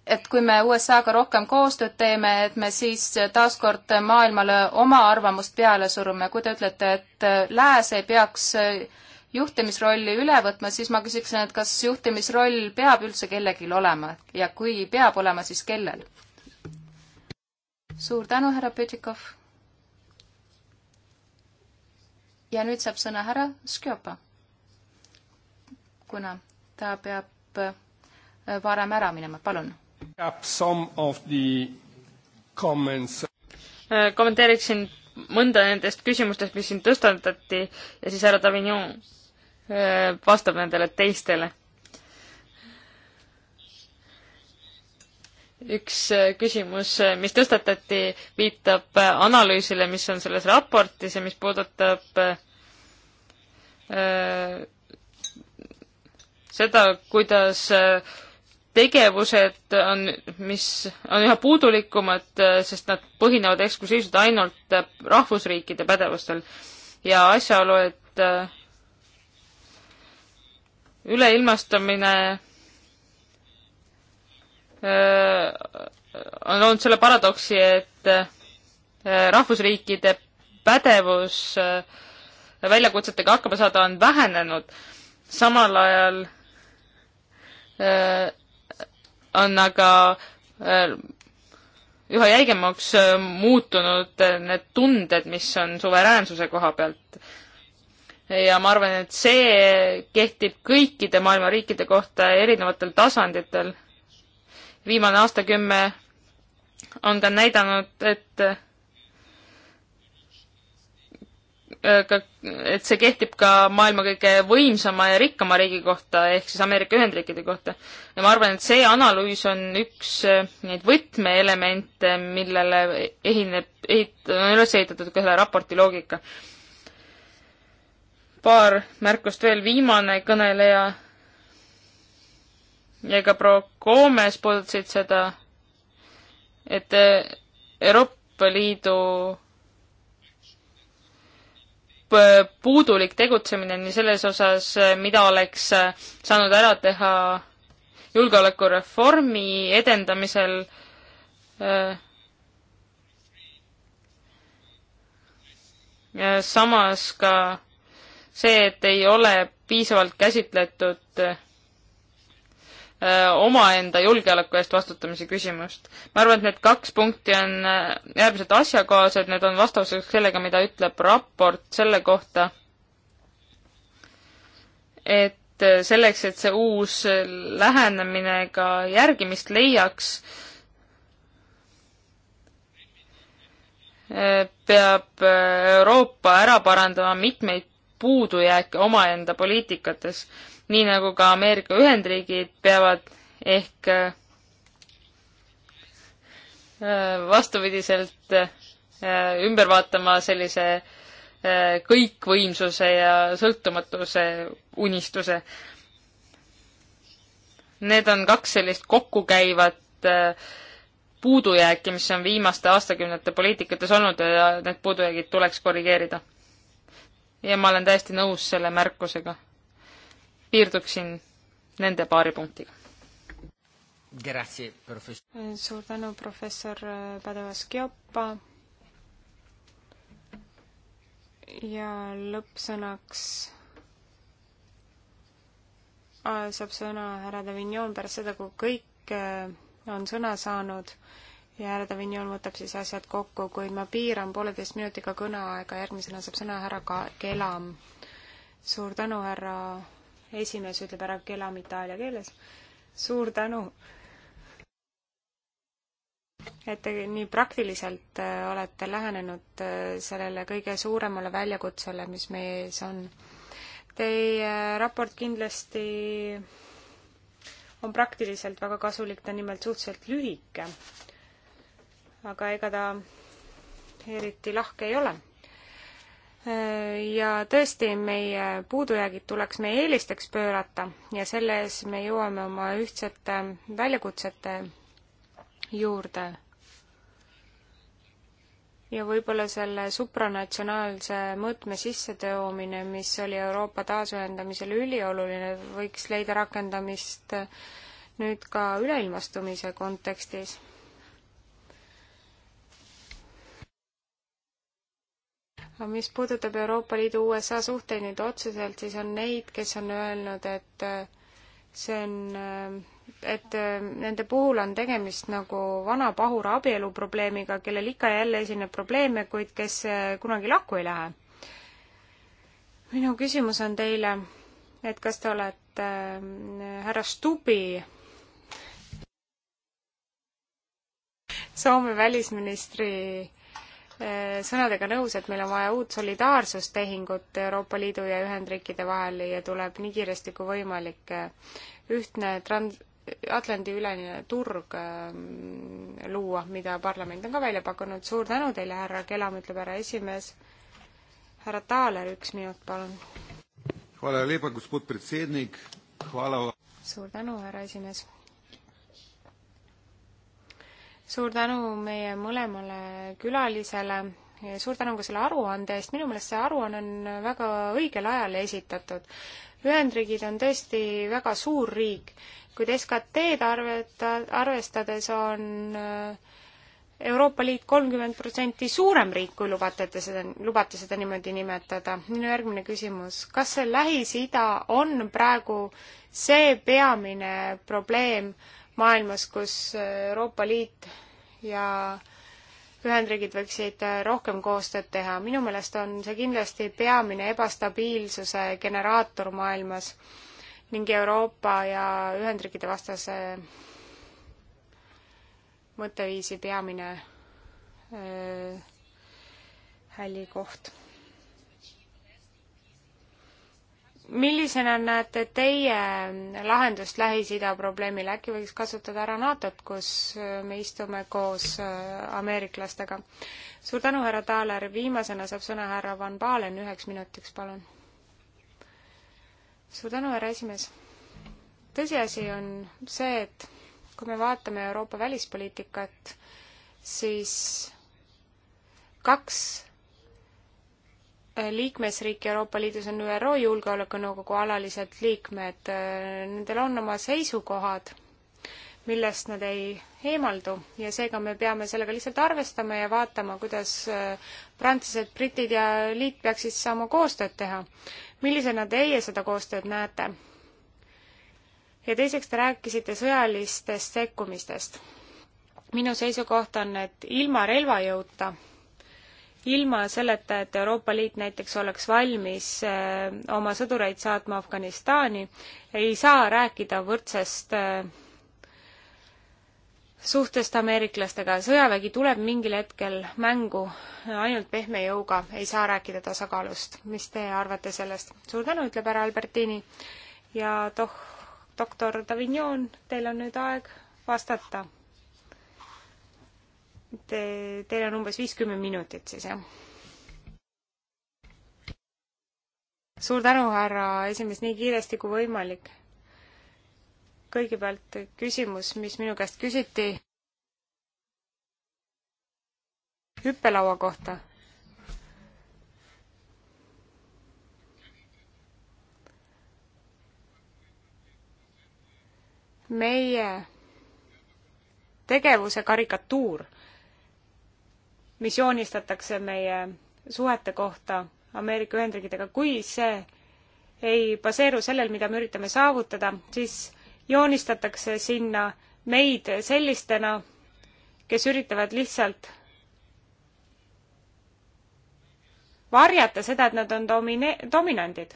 et kui me USA-ga rohkem koostööd teeme, et me siis taaskord maailmale oma arvamust peale surume. kui te ütlete, et lääs ei peaks juhtimisrolli üle võtma, siis ma küsiksin, et kas juhtimisroll peab üldse kellelgi olema ja kui peab olema, siis kellel? suur tänu, härra Pütikov. ja nüüd saab sõna härra Škjopa, kuna ta peab varem ära minema, palun Äh, kommenteeriksin mõnda nendest küsimustest, mis siin tõstatati ja siis härra Davignon äh, vastab nendele teistele. üks äh, küsimus, mis tõstatati, viitab analüüsile, mis on selles raportis ja mis puudutab seda, kuidas tegevused on, mis on üha puudulikumad, äh, sest nad põhinevad eksklusiivselt ainult äh, rahvusriikide pädevustel ja asjaolu, et äh, üleilmastamine on olnud selle paradoksi, et rahvusriikide pädevus väljakutsetega hakkama saada on vähenenud, samal ajal on aga äh, üha jäigemaks äh, muutunud äh, need tunded, mis on suveräänsuse koha pealt. ja ma arvan, et see kehtib kõikide maailma riikide kohta erinevatel tasanditel. viimane aastakümme on ka näidanud, et Äh, ka, et see kehtib ka maailma kõige võimsama ja rikkama riigi kohta, ehk siis Ameerika Ühendriikide kohta. ja ma arvan, et see analüüs on üks äh, neid võtmeelemente, millele ehineb, ehit-, on üles ehitatud ka selle raporti loogika. paar märkust veel, viimane kõneleja ja ka proua Koomes puudutasid seda, et äh, Euroopa Liidu Äh, puudulik tegutsemine nii selles osas, äh, mida oleks äh, saanud ära teha julgeolekureformi edendamisel. samas ka see, et ei ole piisavalt käsitletud omaenda julgeoleku eest vastutamise küsimust. ma arvan, et need kaks punkti on äärmiselt asjakohased, need on vastavuseks sellega, mida ütleb raport selle kohta, et selleks, et see uus lähenemine ka järgimist leiaks, peab Euroopa ära parandama mitmeid puudujääke omaenda poliitikates nii nagu ka Ameerika Ühendriigid peavad ehk äh, vastupidiselt äh, ümber vaatama sellise äh, kõikvõimsuse ja sõltumatuse unistuse. Need on kaks sellist kokkukäivat puudujääki, mis on viimaste aastakümnete poliitikates olnud ja need puudujäägid tuleks korrigeerida. ja ma olen täiesti nõus selle märkusega piirduksin nende paari punktiga. suur tänu, professor Pädevas-Kioppa. ja lõppsõnaks äh, saab sõna härra Davignon pärast seda, kui kõik äh, on sõna saanud ja härra Davignon võtab siis asjad kokku, kuid ma piiran pooleteist minutiga kõneaega, järgmisena saab sõna härra Kelam. suur tänu, härra esimees ütleb ära kelam itaalia keeles. suur tänu, et te nii praktiliselt äh, olete lähenenud äh, sellele kõige suuremale väljakutsele, mis meie ees on. Teie äh, raport kindlasti on praktiliselt väga kasulik, ta on nimelt suhteliselt lühike. aga ega ta eriti lahke ei ole ja tõesti, meie puudujäägid tuleks meie eelisteks pöörata ja selle ees me jõuame oma ühtsete väljakutsete juurde. ja võib-olla selle supranatsionaalse mõõtme sissetoomine, mis oli Euroopa taasühendamisele ülioluline, võiks leida rakendamist nüüd ka üleilmastumise kontekstis mis puudutab Euroopa Liidu USA suhteid nüüd otseselt, siis on neid, kes on öelnud, et äh, see on, äh, et äh, nende puhul on tegemist nagu vana pahura abielu probleemiga, kellel ikka ja jälle esineb probleeme, kuid kes kunagi lakku ei lähe. minu küsimus on teile, et kas te olete härra Stubbi Soome välisministri Eh, sõnadega nõus, et meil on vaja uut solidaarsustehingut Euroopa Liidu ja Ühendriikide vahel ja tuleb nii kiiresti kui võimalik eh, ühtne trans-, Atlandi-ülene turg eh, luua, mida parlament on ka välja pakkunud. suur tänu teile, härra Kelam, ütleb härra esimees. härra Taaler, üks minut, palun. suur tänu, härra esimees suur tänu meie mõlemale külalisele, suur tänu ka selle aruande eest, minu meelest see aruanne on väga õigel ajal esitatud. Ühendriigid on tõesti väga suur riik, kuid SKT-d arveta, arvestades on äh, Euroopa Liit kolmkümmend protsenti suurem riik, kui lubate te seda, lubate seda niimoodi nimetada. minu järgmine küsimus, kas see Lähis-Ida on praegu see peamine probleem maailmas, kus Euroopa Liit ja Ühendriigid võiksid rohkem koostööd teha. minu meelest on see kindlasti peamine ebastabiilsuse generaator maailmas ning Euroopa ja Ühendriikide vastase mõtteviisi peamine öö, äh, hälli koht millisena näete teie lahendust Lähis-Ida probleemile, äkki võiks kasutada ära NATO-t, kus me istume koos äh, ameeriklastega? suur tänu, härra Taaler, viimasena saab sõna härra Van Balen, üheks minutiks, palun. suur tänu, härra esimees. tõsiasi on see, et kui me vaatame Euroopa välispoliitikat, siis kaks liikmesriiki Euroopa Liidus on ÜRO Julgeolekunõukogu alalised liikmed, nendel on oma seisukohad, millest nad ei eemaldu ja seega me peame sellega lihtsalt arvestama ja vaatama, kuidas äh, prantslased, britid ja liit peaksid saama koostööd teha. millisena teie seda koostööd näete? ja teiseks te rääkisite sõjalistest sekkumistest. minu seisukoht on, et ilma relvajõuta ilma selleta, et Euroopa Liit näiteks oleks valmis äh, oma sõdureid saatma Afganistani, ei saa rääkida võrdsest äh, suhtest ameeriklastega, sõjavägi tuleb mingil hetkel mängu ainult pehme jõuga, ei saa rääkida tasakaalust. mis te arvate sellest? suur tänu, ütleb härra Albertini ja toh-, doktor Davignon, teil on nüüd aeg vastata Te, teil on umbes viiskümmend minutit siis, jah? suur tänu, härra esimees, nii kiiresti kui võimalik. kõigepealt küsimus, mis minu käest küsiti hüppelaua kohta. meie tegevuse karikatuur mis joonistatakse meie suhete kohta Ameerika Ühendriikidega, kui see ei baseeru sellel, mida me üritame saavutada, siis joonistatakse sinna meid sellistena, kes üritavad lihtsalt varjata seda, et nad on domine-, dominandid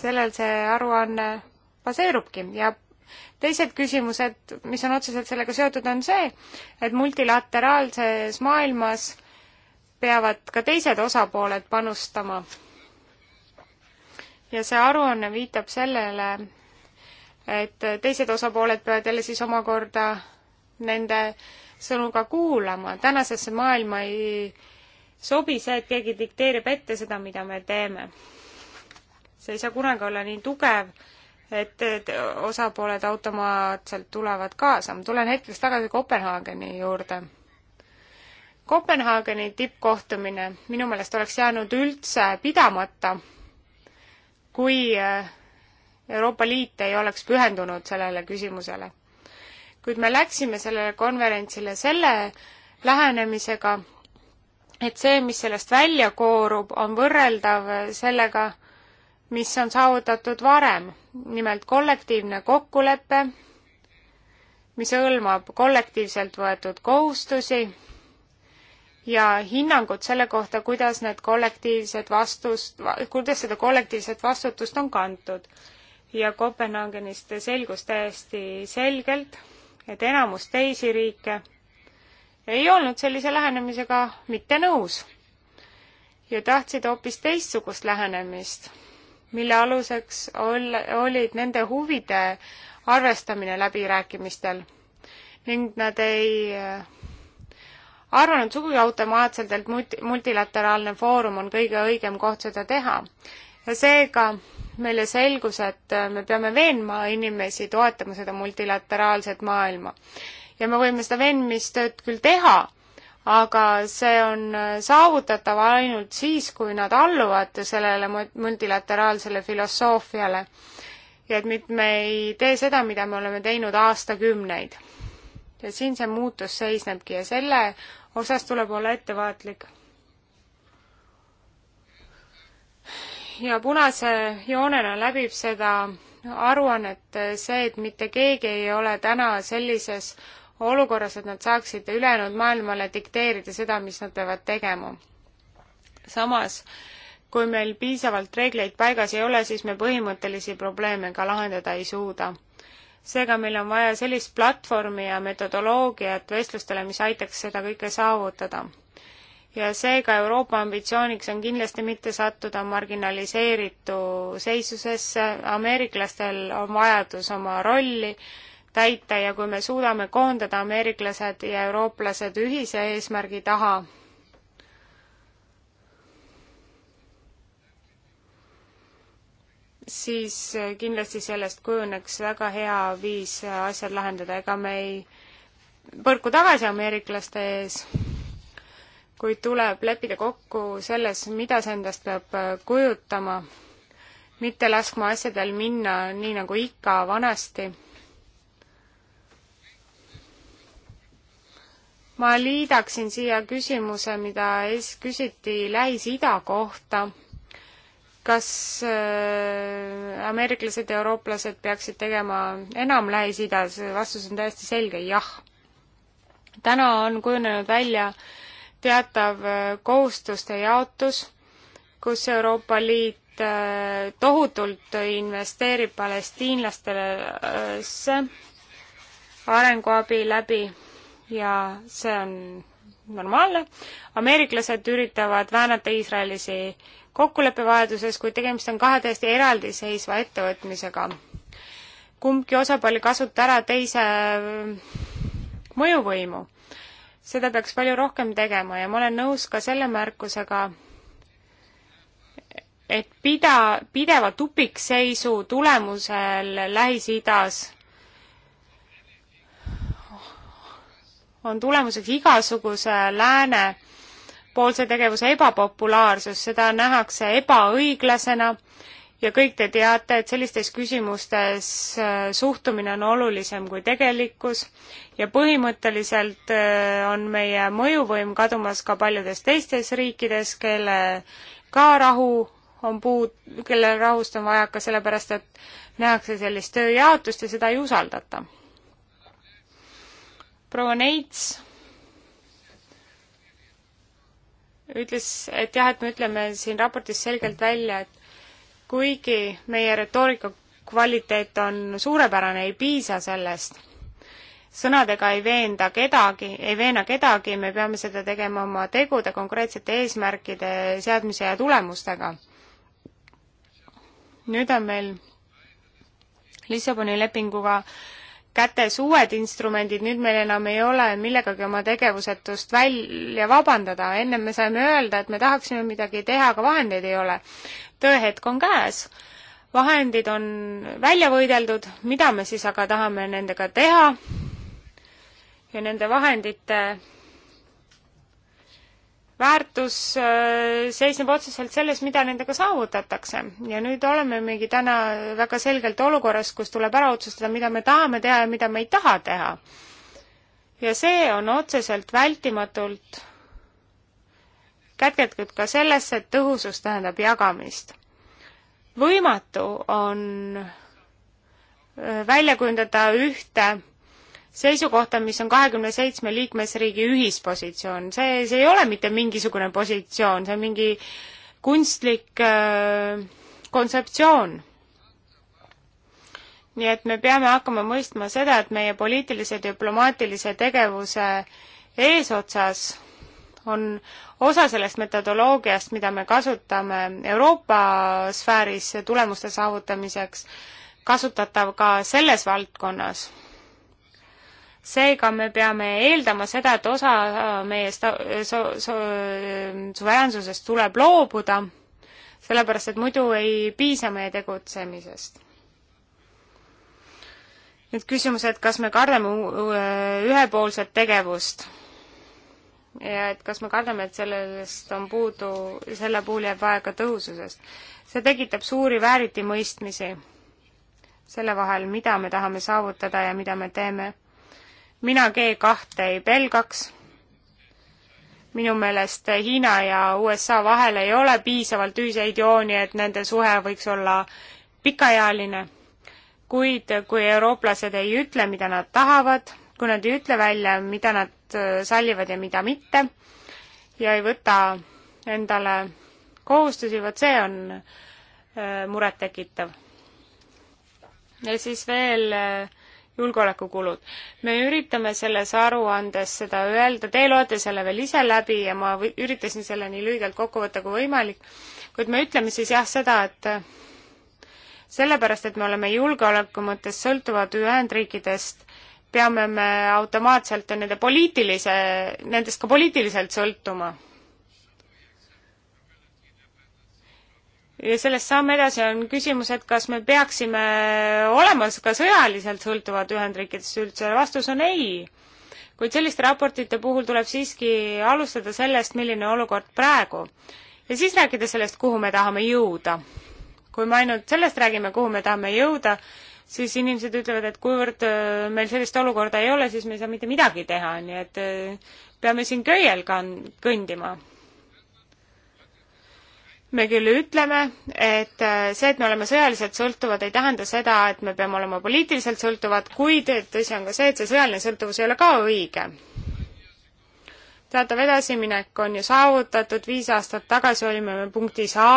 sellel see aruanne baseerubki ja teised küsimused, mis on otseselt sellega seotud, on see, et multilateraalses maailmas peavad ka teised osapooled panustama. ja see aruanne viitab sellele, et teised osapooled peavad jälle siis omakorda nende sõnu ka kuulama, tänasesse maailma ei sobi see, et keegi dikteerib ette seda, mida me teeme. see ei saa kunagi olla nii tugev et osapooled automaatselt tulevad kaasa. ma tulen hetkeks tagasi Kopenhaageni juurde. Kopenhaageni tippkohtumine minu meelest oleks jäänud üldse pidamata, kui äh, Euroopa Liit ei oleks pühendunud sellele küsimusele. kuid me läksime sellele konverentsile selle lähenemisega, et see, mis sellest välja koorub, on võrreldav sellega, mis on saavutatud varem, nimelt kollektiivne kokkulepe, mis hõlmab kollektiivselt võetud kohustusi ja hinnangud selle kohta, kuidas need kollektiivsed vastust, kuidas seda kollektiivset vastutust on kantud. ja Kopenhaagenist selgus täiesti selgelt, et enamus teisi riike ei olnud sellise lähenemisega mitte nõus ja tahtsid hoopis teistsugust lähenemist mille aluseks ol-, olid nende huvide arvestamine läbirääkimistel ning nad ei äh, arvanud sugugi automaatselt, et multi-, multilateraalne foorum on kõige õigem koht seda teha. ja seega meile selgus, et äh, me peame veenma inimesi toetama seda multilateraalset maailma. ja me võime seda veenmistööd küll teha, aga see on saavutatav ainult siis, kui nad alluvad sellele multilateraalsele filosoofiale. ja et mitte me ei tee seda, mida me oleme teinud aastakümneid. ja siin see muutus seisnebki ja selle osas tuleb olla ettevaatlik. ja punase joonena läbib seda aruannet see, et mitte keegi ei ole täna sellises äh, olukorras, et nad saaksid ülejäänud maailmale dikteerida seda, mis nad peavad tegema. samas, kui meil piisavalt reegleid paigas ei ole, siis me põhimõttelisi probleeme ka lahendada ei suuda. seega meil on vaja sellist platvormi ja metodoloogiat vestlustele, mis aitaks seda kõike saavutada. ja seega Euroopa ambitsiooniks on kindlasti mitte sattuda marginaliseeritu seisusesse, ameeriklastel on vajadus oma rolli täita ja kui me suudame koondada ameeriklased ja eurooplased ühise eesmärgi taha, siis kindlasti sellest kujuneks väga hea viis asjad lahendada, ega me ei põrku tagasi ameeriklaste ees, kuid tuleb leppida kokku selles, mida see endast peab kujutama, mitte laskma asjadel minna nii nagu ikka vanasti ma liidaksin siia küsimuse, mida es-, küsiti Lähis-Ida kohta. kas äh, ameeriklased ja eurooplased peaksid tegema enam Lähis-Idas, vastus on täiesti selge, jah. täna on kujunenud välja teatav äh, kohustuste jaotus, kus Euroopa Liit äh, tohutult investeerib palestiinlastele äh, arenguabi läbi ja see on normaalne. ameeriklased üritavad väänata Iisraelisi kokkuleppevajaduses, kuid tegemist on kahe täiesti eraldiseisva ettevõtmisega. kumbki osapool ei kasuta ära teise mm, mõjuvõimu. seda peaks palju rohkem tegema ja ma olen nõus ka selle märkusega, et pida, pideva tupikseisu tulemusel Lähis-Idas on tulemuseks igasuguse lääne poolse tegevuse ebapopulaarsus, seda nähakse ebaõiglasena ja kõik te teate, et sellistes küsimustes äh, suhtumine on olulisem kui tegelikkus ja põhimõtteliselt äh, on meie mõjuvõim kadumas ka paljudes teistes riikides, kelle ka rahu on puud, kellel rahust on vajaka, sellepärast et nähakse sellist tööjaotust ja seda ei usaldata proua Neits ütles, et jah, et me ütleme siin raportis selgelt välja, et kuigi meie retoorika kvaliteet on suurepärane, ei piisa sellest. sõnadega ei veenda kedagi, ei veena kedagi, me peame seda tegema oma tegude, konkreetsete eesmärkide seadmise ja tulemustega. nüüd on meil Lissaboni lepinguga kätes uued instrumendid, nüüd meil enam ei ole millegagi oma tegevusetust välja vabandada, ennem me saime öelda, et me tahaksime midagi teha, aga vahendeid ei ole. tõehetk on käes, vahendid on välja võideldud, mida me siis aga tahame nendega teha ja nende vahendite väärtus äh, seisneb otseselt selles, mida nendega saavutatakse. ja nüüd olemegi täna väga selgelt olukorras, kus tuleb ära otsustada, mida me tahame teha ja mida me ei taha teha. ja see on otseselt vältimatult kätketud ka sellesse, et tõhusus tähendab jagamist. võimatu on äh, välja kujundada ühte seisukohta, mis on kahekümne seitsme liikmesriigi ühispositsioon. see, see ei ole mitte mingisugune positsioon, see on mingi kunstlik äh, kontseptsioon. nii et me peame hakkama mõistma seda, et meie poliitilise diplomaatilise tegevuse eesotsas on osa sellest metodoloogiast, mida me kasutame Euroopa sfääris tulemuste saavutamiseks, kasutatav ka selles valdkonnas seega me peame eeldama seda, et osa äh, meie sta-, so-, so-, ähm, suveräänsusest tuleb loobuda, sellepärast et muidu ei piisa meie tegutsemisest. nüüd küsimus, et kas me kardame äh, ühepoolset tegevust ja et kas me kardame, et sellest on puudu, selle puhul jääb aega tõhususest. see tekitab suuri vääritimõistmisi selle vahel, mida me tahame saavutada ja mida me teeme mina G kahte ei pelgaks. minu meelest Hiina ja USA vahel ei ole piisavalt ühiseid jooni, et nende suhe võiks olla pikaajaline. kuid kui eurooplased ei ütle, mida nad tahavad, kui nad ei ütle välja, mida nad äh, sallivad ja mida mitte ja ei võta endale kohustusi, vot see on äh, murettekitav. ja siis veel äh, julgeolekukulud. me üritame selles aruandes seda öelda, te loete selle veel ise läbi ja ma üritasin selle nii lühidalt kokku võtta kui võimalik, kuid me ütleme siis jah seda, et sellepärast, et me oleme julgeoleku mõttes sõltuvad Ühendriikidest, peame me automaatselt nende poliitilise, nendest ka poliitiliselt sõltuma ja sellest saame edasi, on küsimus, et kas me peaksime olema ka sõjaliselt sõltuvad Ühendriikidest üldse, vastus on ei kuid selliste raportite puhul tuleb siiski alustada sellest, milline olukord praegu ja siis rääkida sellest, kuhu me tahame jõuda. kui me ainult sellest räägime, kuhu me tahame jõuda, siis inimesed ütlevad, et kuivõrd äh, meil sellist olukorda ei ole, siis me ei saa mitte midagi teha, nii et äh, peame siin köiel kan-, kõndima me küll ütleme, et äh, see, et me oleme sõjaliselt sõltuvad, ei tähenda seda, et me peame olema poliitiliselt sõltuvad, kuid tõsi on ka see, et see sõjaline sõltuvus ei ole ka õige. teatav edasiminek on ju saavutatud, viis aastat tagasi olime me punktis A,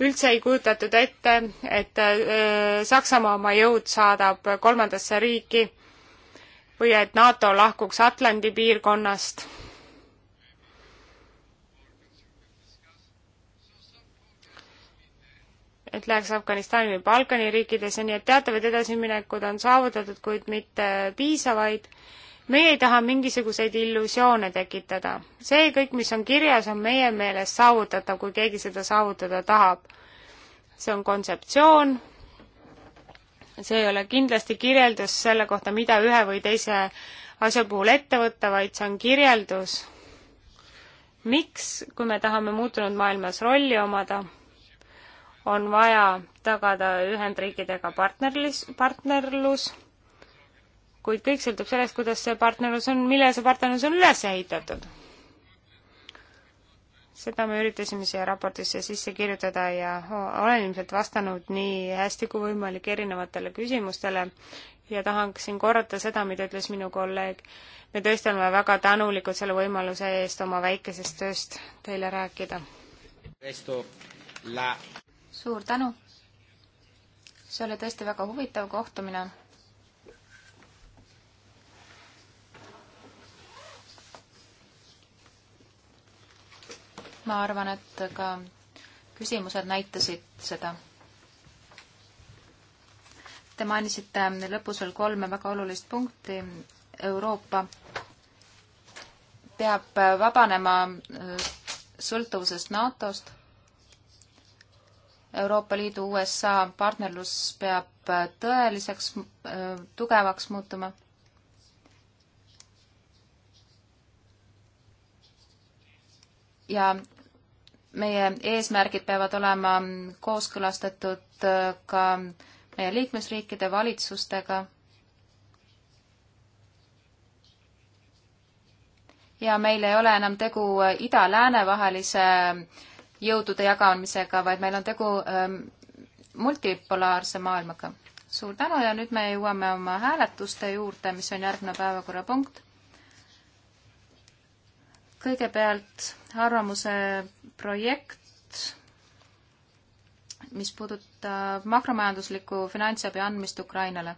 üldse ei kujutatud ette, et äh, Saksamaa oma jõud saadab kolmandasse riiki või et NATO lahkuks Atlandi piirkonnast et läheks Afganistani või Balkani riikidesse, nii et teatavad edasiminekud on saavutatud, kuid mitte piisavaid. meie ei taha mingisuguseid illusioone tekitada. see kõik, mis on kirjas, on meie meelest saavutatav, kui keegi seda saavutada tahab. see on kontseptsioon, see ei ole kindlasti kirjeldus selle kohta, mida ühe või teise asja puhul ette võtta, vaid see on kirjeldus miks, kui me tahame muutunud maailmas rolli omada on vaja tagada Ühendriikidega partnerlis, partnerlus, kuid kõik sõltub sellest, kuidas see partnerlus on, millele see partnerlus on üles ehitatud. seda me üritasime siia raportisse sisse kirjutada ja olen ilmselt vastanud nii hästi kui võimalik erinevatele küsimustele ja tahaksin korrata seda, mida ütles minu kolleeg. me tõesti oleme väga tänulikud selle võimaluse eest oma väikesest tööst teile rääkida suur tänu. see oli tõesti väga huvitav kohtumine. ma arvan, et ka küsimused näitasid seda. Te mainisite lõpus veel kolme väga olulist punkti. Euroopa peab vabanema sõltuvusest NATO-st Euroopa Liidu USA partnerlus peab äh, tõeliseks äh, tugevaks muutuma. ja meie eesmärgid peavad olema kooskõlastatud äh, ka meie liikmesriikide valitsustega ja meil ei ole enam tegu ida-lääne vahelise jõudude jagamisega, vaid meil on tegu ähm, multipolaarse maailmaga. suur tänu ja nüüd me jõuame oma hääletuste juurde, mis on järgmine päevakorrapunkt. kõigepealt arvamuse projekt, mis puudutab makromajanduslikku finantsabi andmist Ukrainale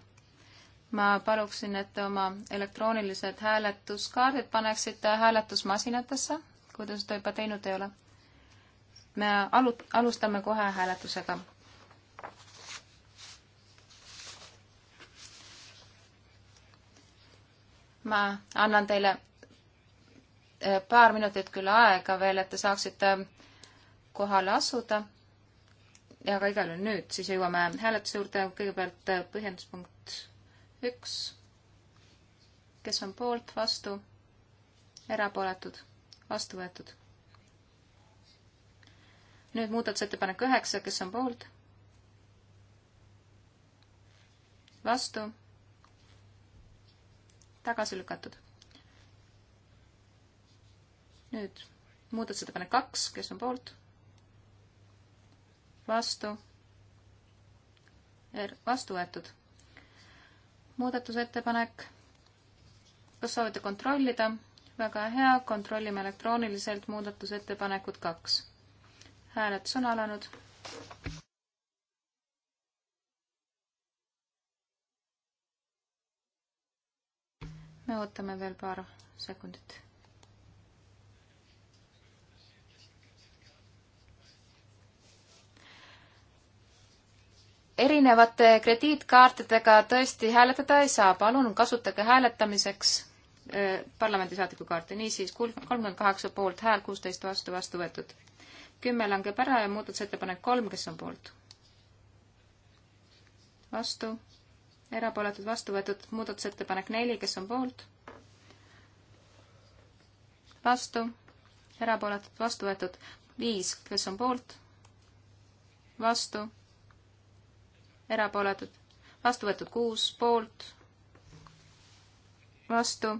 ma paluksin, et te oma elektroonilised hääletuskaardid paneksite hääletusmasinatesse, kui te seda juba teinud ei ole me alu-, alustame kohe hääletusega. ma annan teile äh, paar minutit küll aega veel, et te saaksite kohale asuda. ja ka igal juhul nüüd, siis jõuame hääletuse juurde, kõigepealt äh, põhjenduspunkt üks. kes on poolt, vastu, erapooletud, vastu võetud nüüd muudatusettepanek üheksa, kes on poolt? vastu? tagasi lükatud. nüüd muudatusettepanek kaks, kes on poolt? vastu? Er-, vastu võetud. muudatusettepanek. kas soovite kontrollida? väga hea, kontrollime elektrooniliselt muudatusettepanekut kaks hääletus on alanud. me ootame veel paar sekundit. erinevate krediitkaartidega tõesti hääletada ei saa, palun kasutage hääletamiseks eh, parlamendisaadiku kaarte, niisiis kolmkümmend kaheksa poolt hääl, kuusteist vastu, vastu võetud kümme langeb ära ja muudatusettepanek kolm, kes on poolt? vastu, erapooletud, vastu võetud, muudatusettepanek neli, kes on poolt? vastu, erapooletud, vastu võetud, viis, kes on poolt? vastu, erapooletud, vastu võetud kuus, poolt, vastu,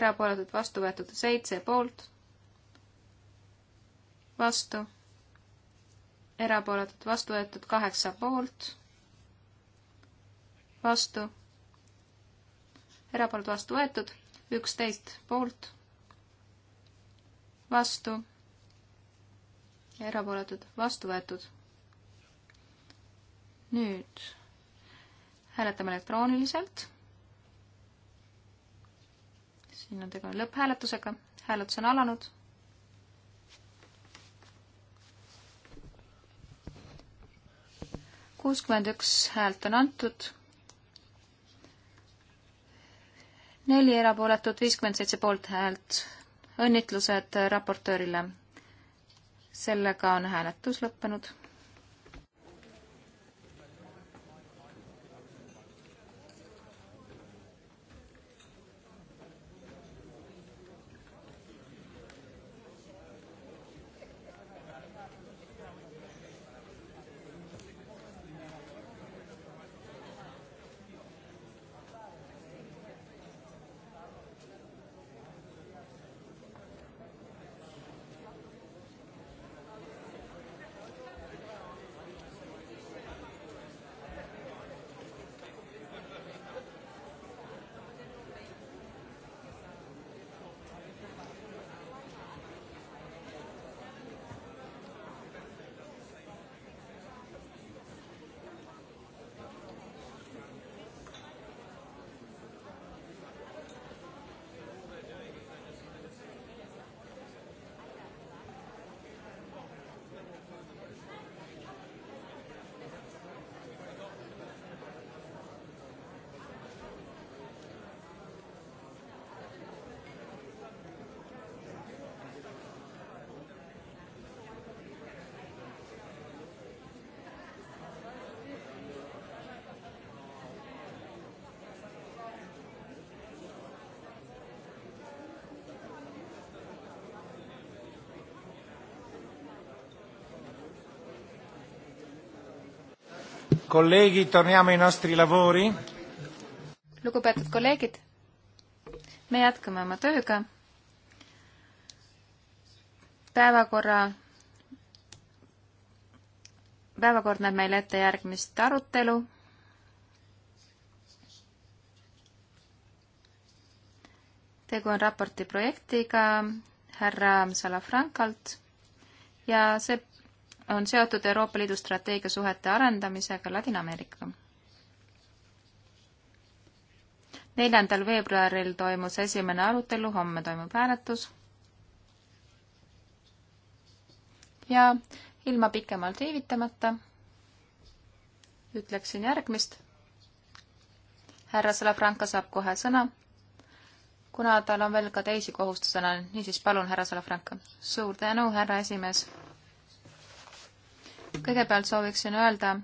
erapooletud, vastu võetud seitse, poolt vastu, erapooletud, vastu võetud kaheksa poolt, vastu, erapooletud, vastu võetud, üksteist poolt, vastu, erapooletud, vastu võetud. nüüd hääletame elektrooniliselt. siin on tegu lõpphääletusega, hääletus on alanud kuuskümmend üks häält on antud. neli erapooletut, viiskümmend seitse poolthäält. õnnitlused raportöörile. sellega on hääletus lõppenud kolleegid, torniamo ai nostri lavori. lugupeetud kolleegid, me jätkame oma tööga. päevakorra, päevakord näeb meile ette järgmist arutelu. tegu on raporti projektiga härra Salafrankalt ja see on seotud Euroopa Liidu strateegiasuhete arendamisega Ladina-Ameerikaga. neljandal veebruaril toimus esimene arutelu, homme toimub hääletus. ja ilma pikemalt viivitamata ütleksin järgmist. härra Salafranca saab kohe sõna, kuna tal on veel ka teisi kohustusena, niisiis palun, härra Salafranca. suur tänu, härra esimees kõigepealt sooviksin öelda,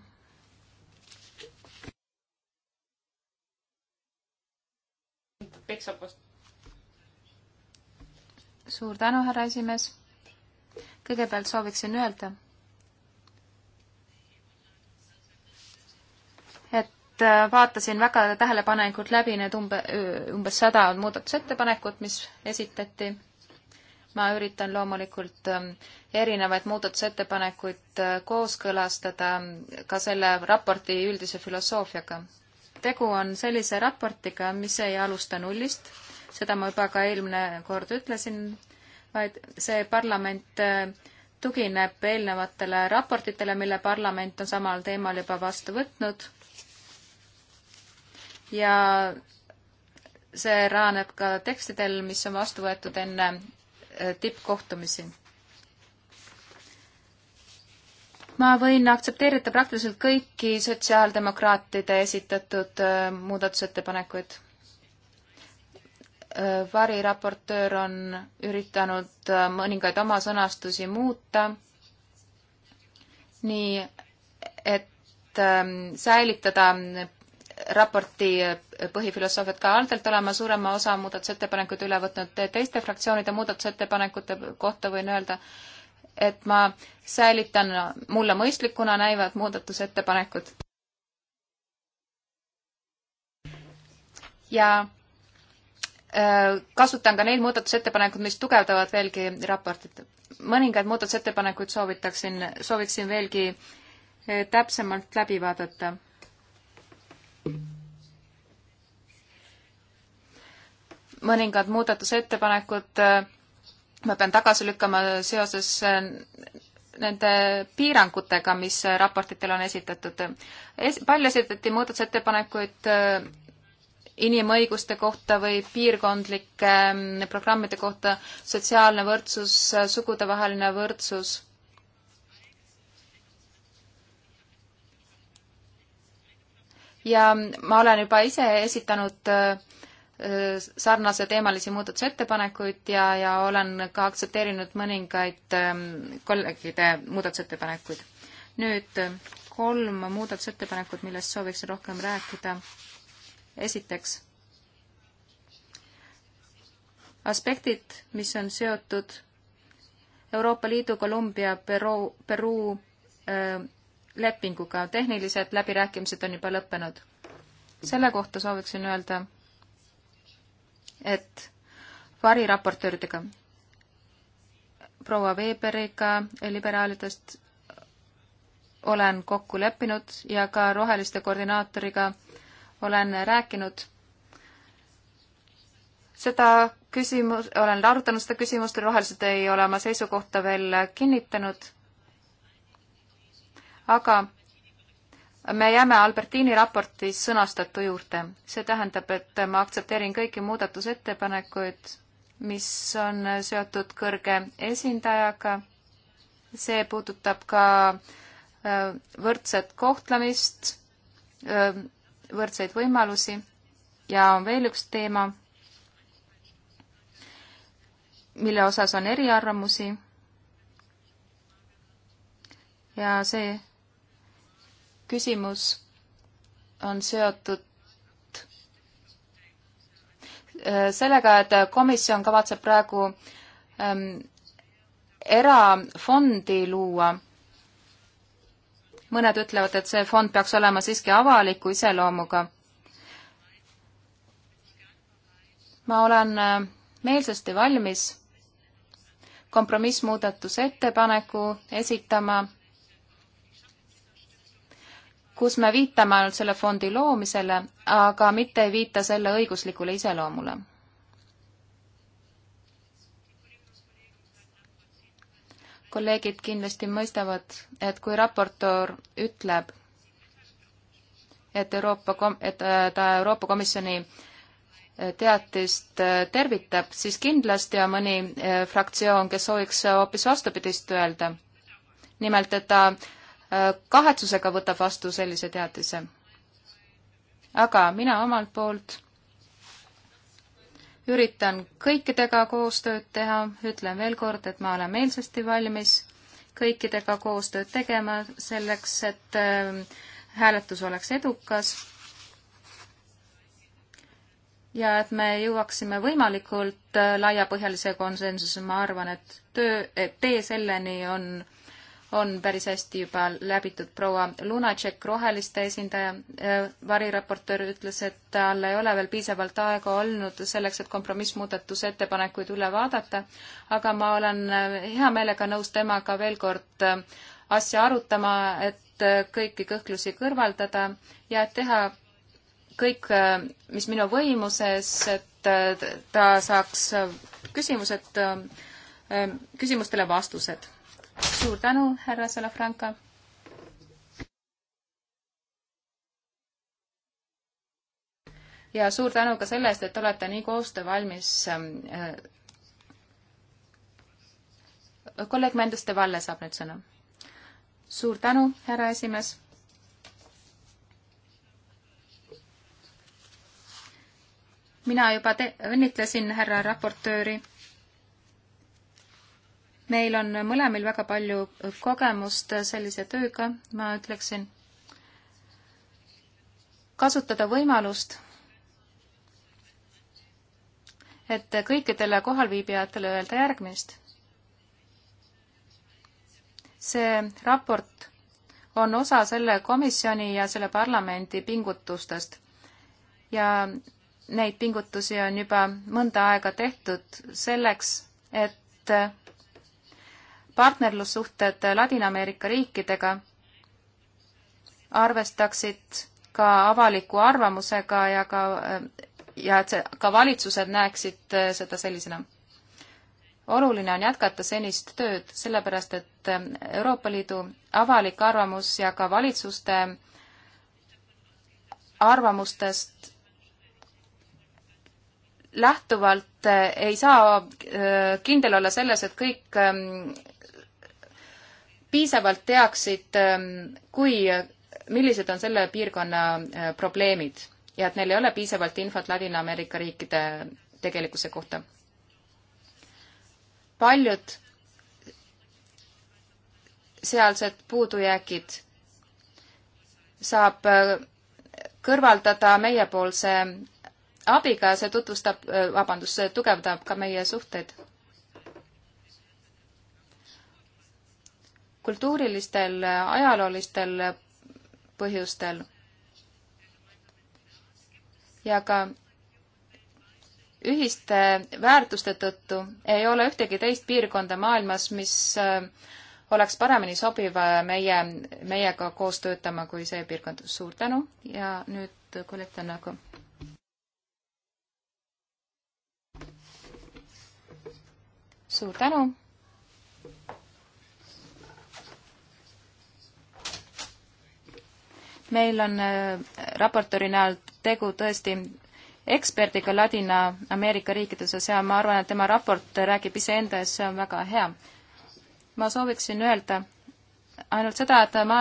peksapust. suur tänu, härra esimees. kõigepealt sooviksin öelda, et äh, vaatasin väga tähelepanelikult läbi need umbe, umbes sada muudatusettepanekut, mis esitati ma üritan loomulikult ähm, erinevaid muudatusettepanekuid äh, kooskõlastada ähm, ka selle raporti üldise filosoofiaga. tegu on sellise raportiga, mis ei alusta nullist, seda ma juba ka eelmine kord ütlesin, vaid see parlament äh, tugineb eelnevatele raportitele, mille parlament on samal teemal juba vastu võtnud ja see rajaneb ka tekstidel, mis on vastu võetud enne tippkohtumisi. ma võin aktsepteerida praktiliselt kõiki sotsiaaldemokraatide esitatud äh, muudatusettepanekuid. Äh, variraportöör on üritanud äh, mõningaid oma sõnastusi muuta, nii et säilitada raporti põhifilosoofiat ka altelt olema suurema osa muudatusettepanekuid üle võtnud. teiste fraktsioonide muudatusettepanekute kohta võin öelda, et ma säilitan mulle mõistlikuna näivad muudatusettepanekud. ja äh, kasutan ka neid muudatusettepanekud, mis tugevdavad veelgi raportit. mõningaid muudatusettepanekuid soovitaksin, sooviksin veelgi äh, täpsemalt läbi vaadata mõningad muudatusettepanekud ma pean tagasi lükkama seoses äh, nende piirangutega, mis raportitel on esitatud es,. palju esitati muudatusettepanekuid äh, inimõiguste kohta või piirkondlike äh, programmide kohta, sotsiaalne võrdsus, sugudevaheline võrdsus. ja ma olen juba ise esitanud äh, sarnase teemalisi muudatusettepanekuid ja, ja olen ka aktsepteerinud mõningaid ähm, kolleegide muudatusettepanekuid. nüüd äh, kolm muudatusettepanekut, millest sooviksin rohkem rääkida. esiteks, aspektid, mis on seotud Euroopa Liidu, Kolumbia, Peru, Peru öö, äh, lepinguga, tehnilised läbirääkimised on juba lõppenud. selle kohta sooviksin öelda et variraportööridega, proua Weberiga liberaalidest olen kokku leppinud ja ka roheliste koordinaatoriga olen rääkinud seda küsimus, olen arutanud seda küsimust, rohelised ei ole oma seisukohta veel kinnitanud, aga me jääme Albertini raportis sõnastatu juurde. see tähendab, et ma aktsepteerin kõiki muudatusettepanekuid, mis on seotud kõrge esindajaga. see puudutab ka äh, võrdset kohtlemist, äh, võrdseid võimalusi ja on veel üks teema, mille osas on eriarvamusi. ja see küsimus on seotud äh, sellega, et komisjon kavatseb praegu ähm, erafondi luua. mõned ütlevad, et see fond peaks olema siiski avaliku iseloomuga. ma olen äh, meelsasti valmis kompromissmuudatuse ettepaneku esitama kus me viitame ainult selle fondi loomisele, aga mitte ei viita selle õiguslikule iseloomule. kolleegid kindlasti mõistavad, et kui raportöör ütleb, et Euroopa kom-, et äh, ta Euroopa Komisjoni äh, teatist äh, tervitab, siis kindlasti on mõni fraktsioon, kes sooviks hoopis vastupidist öelda. nimelt, et ta äh, kahetsusega võtab vastu sellise teatise. aga mina omalt poolt üritan kõikidega koostööd teha, ütlen veel kord, et ma olen meelsasti valmis kõikidega koostööd tegema selleks, et ähm, hääletus oleks edukas ja et me jõuaksime võimalikult äh, laiapõhjalise konsensuse, ma arvan, et töö, et tee selleni on on päris hästi juba läbitud. proua Lunacek, Roheliste esindaja, äh, variraportöör ütles, et tal ei ole veel piisavalt aega olnud selleks, et kompromissmuudatuse ettepanekuid üle vaadata, aga ma olen äh, hea meelega nõus temaga veel kord äh, asja arutama, et kõiki kõhklusi kõrvaldada ja teha kõik, mis minu võimuses, et ta saaks küsimused, küsimustele vastused suur tänu, härra Salafranca. ja suur tänu ka selle eest, et olete nii koostöövalmis. Ähm, äh, kolleeg Mändeste Valle saab nüüd sõna. suur tänu, härra esimees mina juba õnnitlesin härra raportööri meil on mõlemil väga palju kogemust sellise tööga, ma ütleksin, kasutada võimalust, et kõikidele kohalviibijatele öelda järgmist. see raport on osa selle komisjoni ja selle parlamendi pingutustest ja neid pingutusi on juba mõnda aega tehtud selleks, et partnerlussuhted Ladina-Ameerika riikidega arvestaksid ka avaliku arvamusega ja ka, ja et see, ka valitsused näeksid seda sellisena. oluline on jätkata senist tööd, sellepärast et Euroopa Liidu avalik arvamus ja ka valitsuste arvamustest lähtuvalt ei saa kindel olla selles, et kõik piisavalt teaksid, ähm, kui, millised on selle piirkonna äh, probleemid ja et neil ei ole piisavalt infot Ladina-Ameerika riikide tegelikkuse kohta. paljud sealsed puudujäägid saab äh, kõrvaldada meiepoolse abiga ja see tutvustab, äh, vabandust, see tugevdab ka meie suhteid kultuurilistel, ajaloolistel põhjustel ja ka ühiste väärtuste tõttu ei ole ühtegi teist piirkonda maailmas, mis äh, oleks paremini sobiv äh, meie, meiega koos töötama kui see piirkond. suur tänu ja nüüd kolleeg Tänaku. suur tänu meil on äh, raportööri näol tegu tõesti eksperdiga Ladina-Ameerika riikides ja ma arvan, et tema raport räägib iseenda eest, see on väga hea. ma sooviksin öelda ainult seda, et ma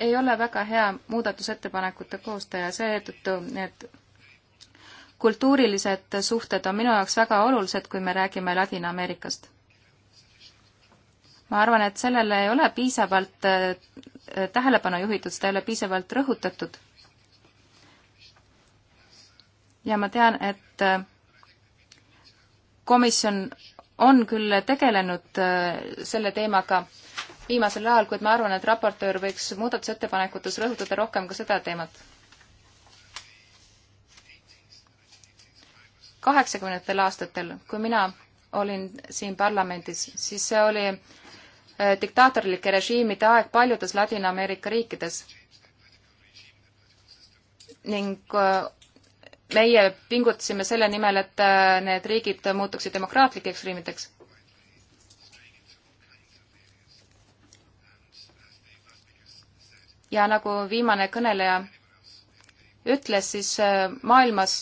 ei ole väga hea muudatusettepanekute koostaja, seetõttu need kultuurilised suhted on minu jaoks väga olulised, kui me räägime Ladina-Ameerikast ma arvan, et sellele ei ole piisavalt äh, Äh, tähelepanu juhitud, seda ei ole piisavalt rõhutatud. ja ma tean, et äh, komisjon on küll tegelenud äh, selle teemaga viimasel ajal, kuid ma arvan, et raportöör võiks muudatusettepanekutes rõhutada rohkem ka seda teemat. kaheksakümnendatel aastatel, kui mina olin siin parlamendis, siis see oli Äh, diktaatorlike režiimide aeg paljudes Ladina-Ameerika riikides. ning äh, meie pingutasime selle nimel, et äh, need riigid muutuksid demokraatlikeks riimideks. ja nagu viimane kõneleja ütles, siis maailmas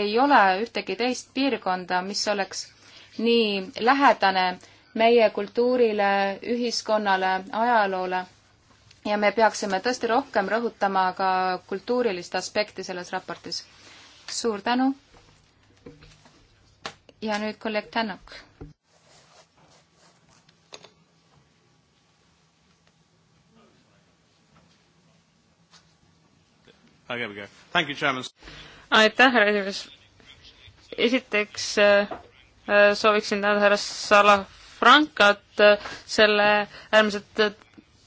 ei ole ühtegi teist piirkonda, mis oleks nii lähedane meie kultuurile, ühiskonnale, ajaloole ja me peaksime tõesti rohkem rõhutama ka kultuurilist aspekti selles raportis. suur tänu. ja nüüd kolleeg Tänak. Ah, aitäh, härra esimees. esiteks äh, äh sooviksin tänada härra Salah Frankat äh, selle äärmiselt äh,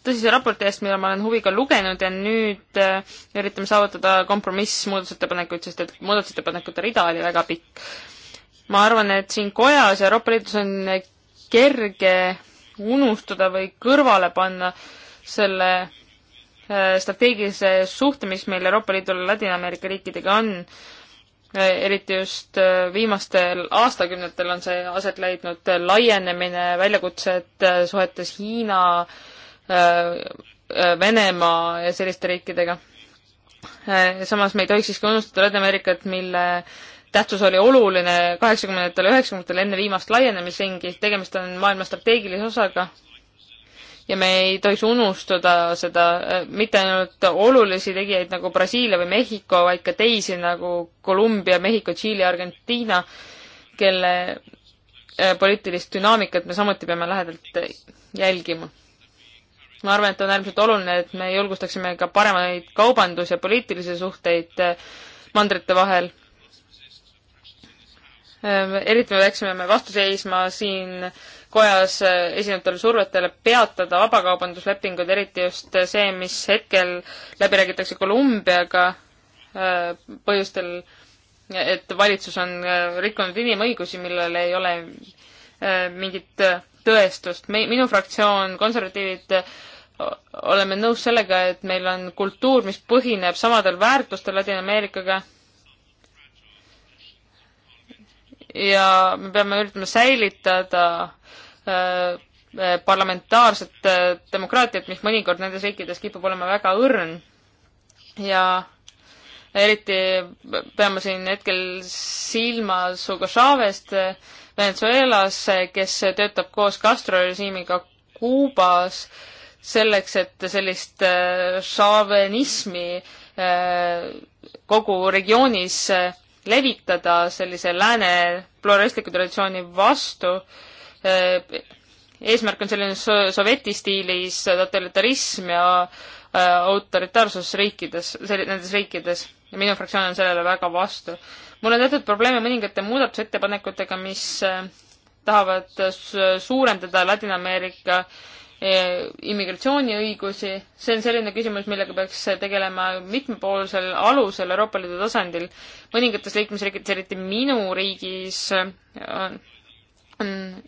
tõsise raporti eest, mida ma olen huviga lugenud ja nüüd äh, üritame saavutada kompromiss muudatusettepanekuid, sest et muudatusettepanekute rida oli väga pikk. ma arvan, et siin kojas Euroopa Liidus on kerge unustada või kõrvale panna selle strateegilise suhte, mis meil Euroopa Liidul Ladina-Ameerika riikidega on eriti just äh, viimastel aastakümnetel on see aset leidnud äh, laienemine, väljakutsed äh, suhetes Hiina, Venemaa ja selliste riikidega. samas me ei tohiks siiski unustada Ladina-Ameerikat, mille tähtsus oli oluline kaheksakümnendatel ja üheksakümnendatel enne viimast laienemisringi, tegemist on maailma strateegilise osaga ja me ei tohiks unustada seda, äh, mitte ainult olulisi tegijaid nagu Brasiilia või Mehhiko, vaid ka teisi nagu Kolumbia, Mehhiko, Tšiili, Argentiina, kelle äh, poliitilist dünaamikat me samuti peame lähedalt jälgima. ma arvan, et on äärmiselt oluline, et me julgustaksime ka paremaid kaubandus- ja poliitilisi suhteid äh, mandrite vahel. eriti me peaksime vastu seisma siin äh, kojas äh, esinevatele survetele peatada vabakaubanduslepingud, eriti just äh, see, mis hetkel läbi räägitakse Kolumbiaga äh, põhjustel, et valitsus on rikkunud inimõigusi, millel ei ole mingit tõestust. me, minu fraktsioon, konservatiivid, oleme nõus sellega, et meil on kultuur, mis põhineb samadel väärtustel Ladina-Ameerikaga ja me peame üritama säilitada Äh, parlamentaarset äh, demokraatiat, mis mõnikord nendes riikides kipub olema väga õrn ja eriti peame siin hetkel silmas Hugo Chavez'st äh, Venezuelas, kes töötab koos Castro režiimiga Kuubas selleks, et sellist šavenismi kogu regioonis levitada sellise lääne pluralistliku traditsiooni vastu äh, Äh, eesmärk on selline sovjeti stiilis totalitarism ja äh, autoritaarsus riikides, nendes riikides ja minu fraktsioon on sellele väga vastu. mul on teatud probleeme mõningate muudatusettepanekutega, mis äh, tahavad suurendada Ladina-Ameerika immigratsiooniõigusi, see on selline küsimus, millega peaks tegelema mitmepoolsel alusel Euroopa Liidu tasandil. mõningates liikmesriikides, eriti minu riigis,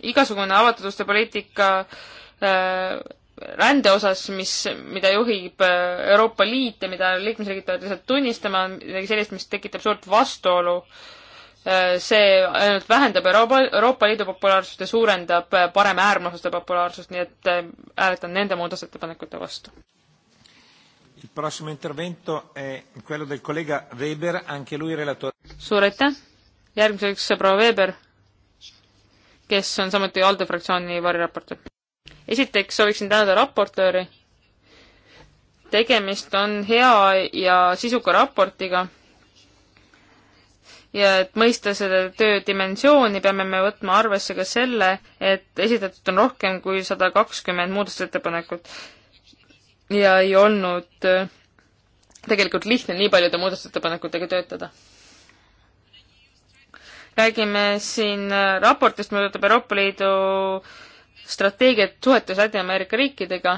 igasugune avatud uste poliitika äh, rände osas, mis, mida juhib äh, Euroopa Liit ja mida liikmesriigid peavad lihtsalt tunnistama, on midagi sellist, mis tekitab suurt vastuolu. Äh, see ainult vähendab Euroopa, Euroopa Liidu populaarsust ja suurendab äh, paremäärmuslaste populaarsust, nii et hääletan nende muudatusettepanekute vastu. Il prossimo intervento è quello del collega Weber, anche lui relatore. suur aitäh, järgmiseks proua Weber kes on samuti ALDE fraktsiooni variraportöör. esiteks sooviksin tänada raportööri. tegemist on hea ja sisuka raportiga. ja et mõista selle töö dimensiooni, peame me võtma arvesse ka selle, et esitatud on rohkem kui sada kakskümmend muudatusettepanekut. ja ei olnud äh, tegelikult lihtne nii paljude muudatusettepanekutega töötada räägime siin äh, raportist, mis puudutab Euroopa Liidu strateegiat suhetes Läti-Ameerika riikidega.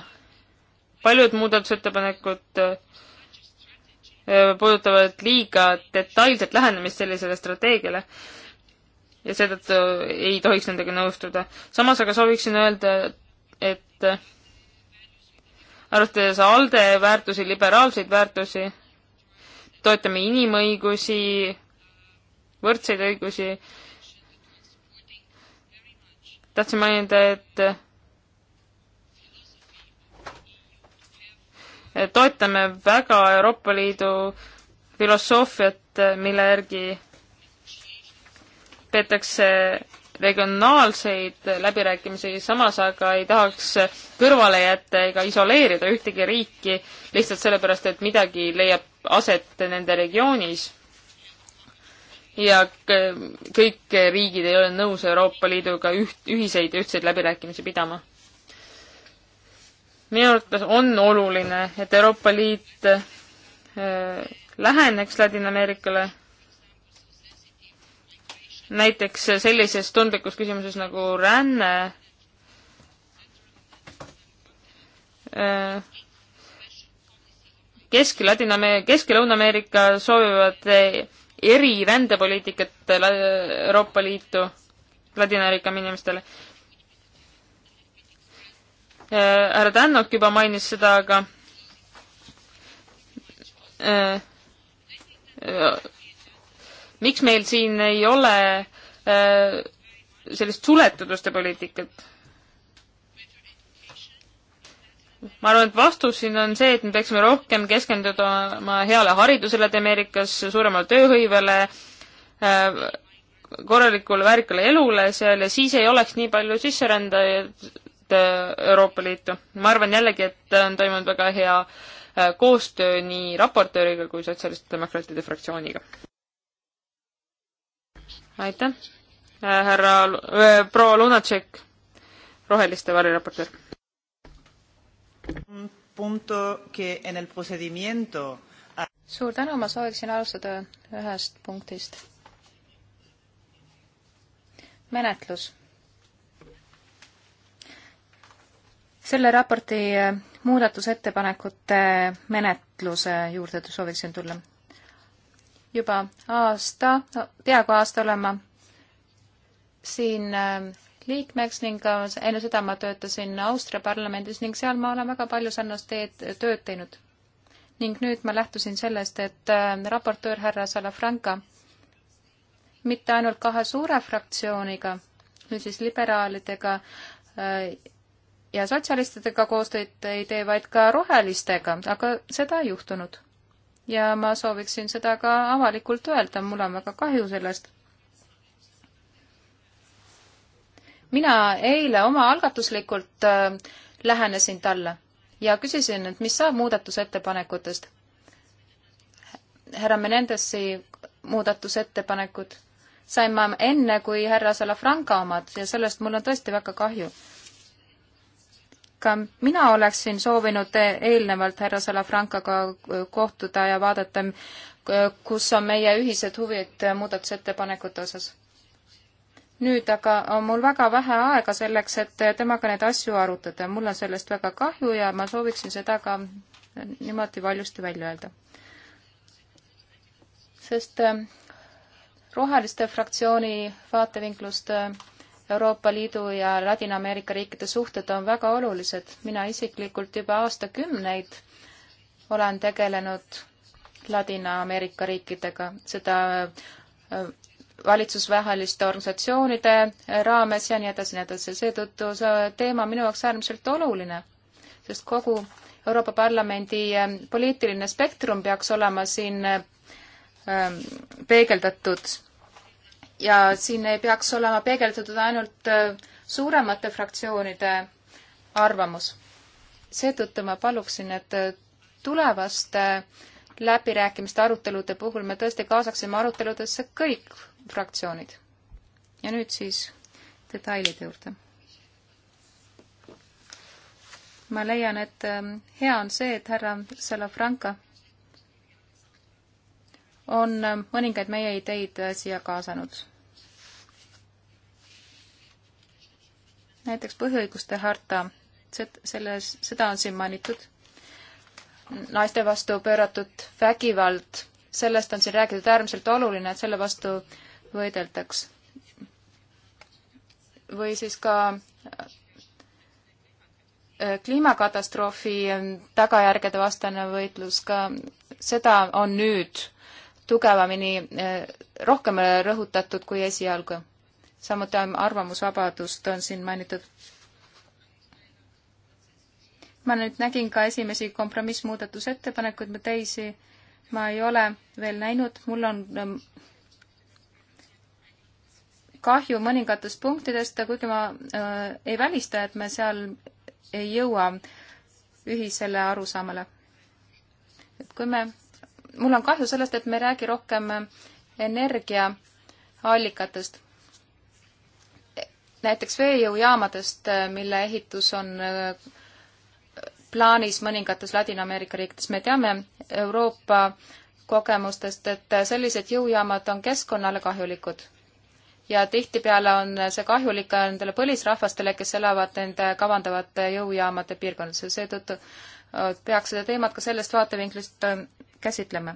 paljud muudatusettepanekud äh, äh, puudutavad liiga detailset lähenemist sellisele strateegiale ja seetõttu ei tohiks nendega nõustuda. samas aga sooviksin öelda, et arvestades ALDE väärtusi, liberaalseid väärtusi, toetame inimõigusi, võrdseid õigusi. tahtsin mainida, et toetame väga Euroopa Liidu filosoofiat, mille järgi peetakse regionaalseid läbirääkimisi, samas aga ei tahaks kõrvale jätta ega isoleerida ühtegi riiki lihtsalt sellepärast, et midagi leiab aset nende regioonis ja kõik riigid ei ole nõus Euroopa Liiduga üht, ühiseid ja ühtseid läbirääkimisi pidama. minu arvates on oluline, et Euroopa Liit äh, läheneks Ladina-Ameerikale näiteks sellises tundlikus küsimuses nagu ränne äh, Kesk-, Ladina-, Kesk- ja Lõuna-Ameerika soovivad äh, erirändepoliitikat Euroopa Liitu Ladina-Ameerika inimestele. Äh, härra Tännok juba mainis seda, aga äh, äh, miks meil siin ei ole äh, sellist suletud uste poliitikat? ma arvan, et vastus siin on see, et me peaksime rohkem keskenduda oma heale haridusele Ameerikas, suuremale tööhõivele, äh, korralikule väärikale elule seal ja siis ei oleks nii palju sisserändajaid äh, Euroopa Liitu. ma arvan jällegi, et on toimunud väga hea äh, koostöö nii raportööriga kui sotsialistide demokraatide fraktsiooniga. aitäh, härra äh,, proua Lunatšek, Roheliste variraportöör. Ah, suur tänu, ma sooviksin alustada ühest punktist. menetlus. selle raporti eh, muudatusettepanekute menetluse juurde sooviksin tulla. juba aasta, peaaegu aasta olen ma siin eh, liikmeks ning ka enne seda ma töötasin Austria parlamendis ning seal ma olen väga palju sarnast teed, tööd teinud. ning nüüd ma lähtusin sellest, et äh, raportöör härra Salafranca mitte ainult kahe suure fraktsiooniga, nüüd siis liberaalidega äh, ja sotsialistidega koostööd ei tee, vaid ka rohelistega, aga seda ei juhtunud. ja ma sooviksin seda ka avalikult öelda, mul on väga kahju sellest mina eile omaalgatuslikult äh, lähenesin talle ja küsisin, et mis saab muudatusettepanekutest. härra Menendesi muudatusettepanekud sain ma enne kui härra Salafranca omad ja sellest mul on tõesti väga kahju. ka mina oleksin soovinud eelnevalt härra Salafrancaga kohtuda ja vaadata, kus on meie ühised huvid muudatusettepanekute osas nüüd aga on mul väga vähe aega selleks, et temaga neid asju arutada. mul on sellest väga kahju ja ma sooviksin seda ka niimoodi valjusti välja öelda. sest äh, roheliste fraktsiooni vaatevinklust äh, Euroopa Liidu ja Ladina-Ameerika riikide suhted on väga olulised. mina isiklikult juba aastakümneid olen tegelenud Ladina-Ameerika riikidega, seda äh, valitsusväheliste organisatsioonide raames ja nii edasi, nii edasi. seetõttu see teema on minu jaoks äärmiselt oluline, sest kogu Euroopa Parlamendi ähm, poliitiline spektrum peaks olema siin ähm, peegeldatud. ja siin ei peaks olema peegeldatud ainult äh, suuremate fraktsioonide arvamus. seetõttu ma paluksin, et äh, tulevaste läbirääkimiste arutelude puhul me tõesti kaasaksime aruteludesse kõik fraktsioonid. ja nüüd siis detailide juurde. ma leian, et ähm, hea on see, et härra Salafranca on ähm, mõningaid meie ideid äh, siia kaasanud. näiteks põhiõiguste harta, selles, seda on siin mainitud. naiste vastu pööratud vägivald, sellest on siin räägitud äärmiselt oluline, et selle vastu võideldaks. või siis ka äh, kliimakatastroofi ähm, tagajärgede vastane võitlus ka, seda on nüüd tugevamini, äh, rohkem rõhutatud kui esialgu. samuti arvamusvabadust on siin mainitud. ma nüüd nägin ka esimesi kompromissmuudatusettepanekuid, ma teisi ma ei ole veel näinud, mul on ähm, kahju mõningatest punktidest, kuigi ma äh, ei välista, et me seal ei jõua ühisele arusaamale. et kui me, mul on kahju sellest, et me ei räägi rohkem energiaallikatest. näiteks veejõujaamadest, mille ehitus on äh, plaanis mõningates Ladina-Ameerika riikides. me teame Euroopa kogemustest, et sellised jõujaamad on keskkonnale kahjulikud ja tihtipeale on see kahjulik ka nendele põlisrahvastele, kes elavad nende kavandavate jõujaamade piirkondades ja seetõttu äh, peaks seda teemat ka sellest vaatevinklist äh, käsitlema.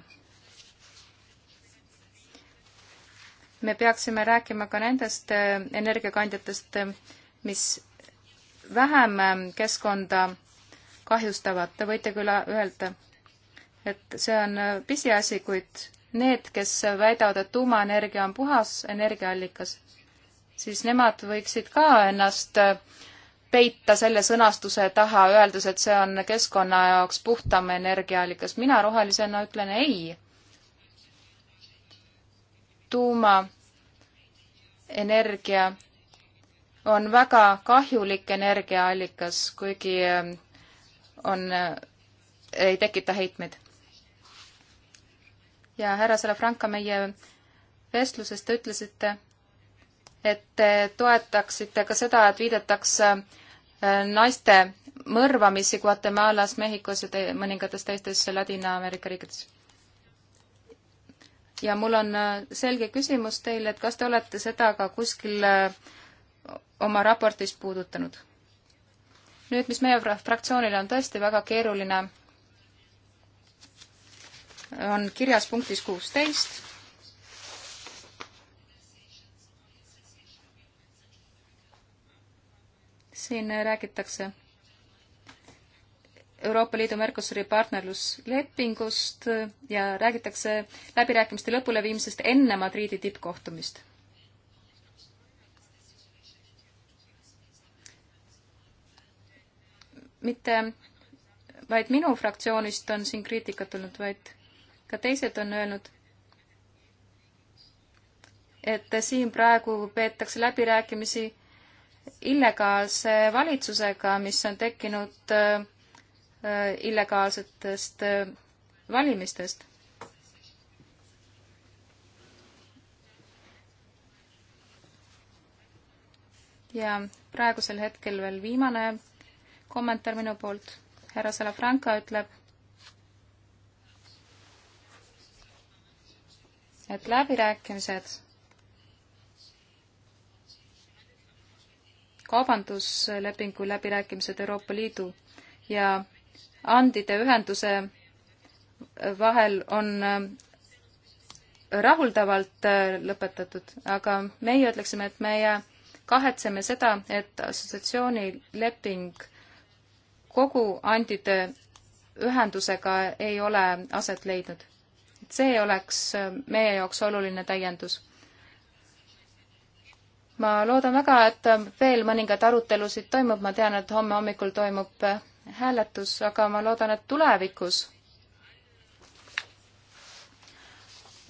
me peaksime rääkima ka nendest äh, energiakandjatest, mis vähem keskkonda kahjustavad, te võite küll öelda, et see on pisiasi, kuid need, kes väidavad, et tuumaenergia on puhas energiaallikas, siis nemad võiksid ka ennast äh, peita selle sõnastuse taha, öeldes, et see on keskkonna jaoks puhtam energiaallikas. mina rohelisena ütlen ei. tuumaenergia on väga kahjulik energiaallikas, kuigi äh, on, äh, ei tekita heitmeid ja härra Salafranca, meie vestluses te ütlesite, et te toetaksite ka seda, et viidetakse äh, naiste mõrvamisi Guatemalas, Mehhikos ja te, mõningates teistes Ladina-Ameerika riikides. ja mul on äh, selge küsimus teile, et kas te olete seda ka kuskil äh, oma raportis puudutanud? nüüd, mis meie fraktsioonile on tõesti väga keeruline on kirjas punktis kuusteist. siin räägitakse Euroopa Liidu Mercosuri partnerluslepingust ja räägitakse läbirääkimiste lõpuleviimisest enne Madriidi tippkohtumist mitte vaid minu fraktsioonist on siin kriitikat tulnud, vaid ka teised on öelnud, et siin praegu peetakse läbirääkimisi illegaalse valitsusega, mis on tekkinud äh, illegaalsetest äh, valimistest. ja praegusel hetkel veel viimane kommentaar minu poolt. härra Salafranca ütleb et läbirääkimised kaubanduslepingu läbirääkimised Euroopa Liidu ja andide ühenduse vahel on äh, rahuldavalt äh, lõpetatud, aga meie ütleksime, et meie kahetseme seda, et assotsiatsiooni leping kogu andide ühendusega ei ole aset leidnud see oleks äh, meie jaoks oluline täiendus. ma loodan väga, et äh, veel mõningaid arutelusid toimub, ma tean, et homme hommikul toimub äh, hääletus, aga ma loodan, et tulevikus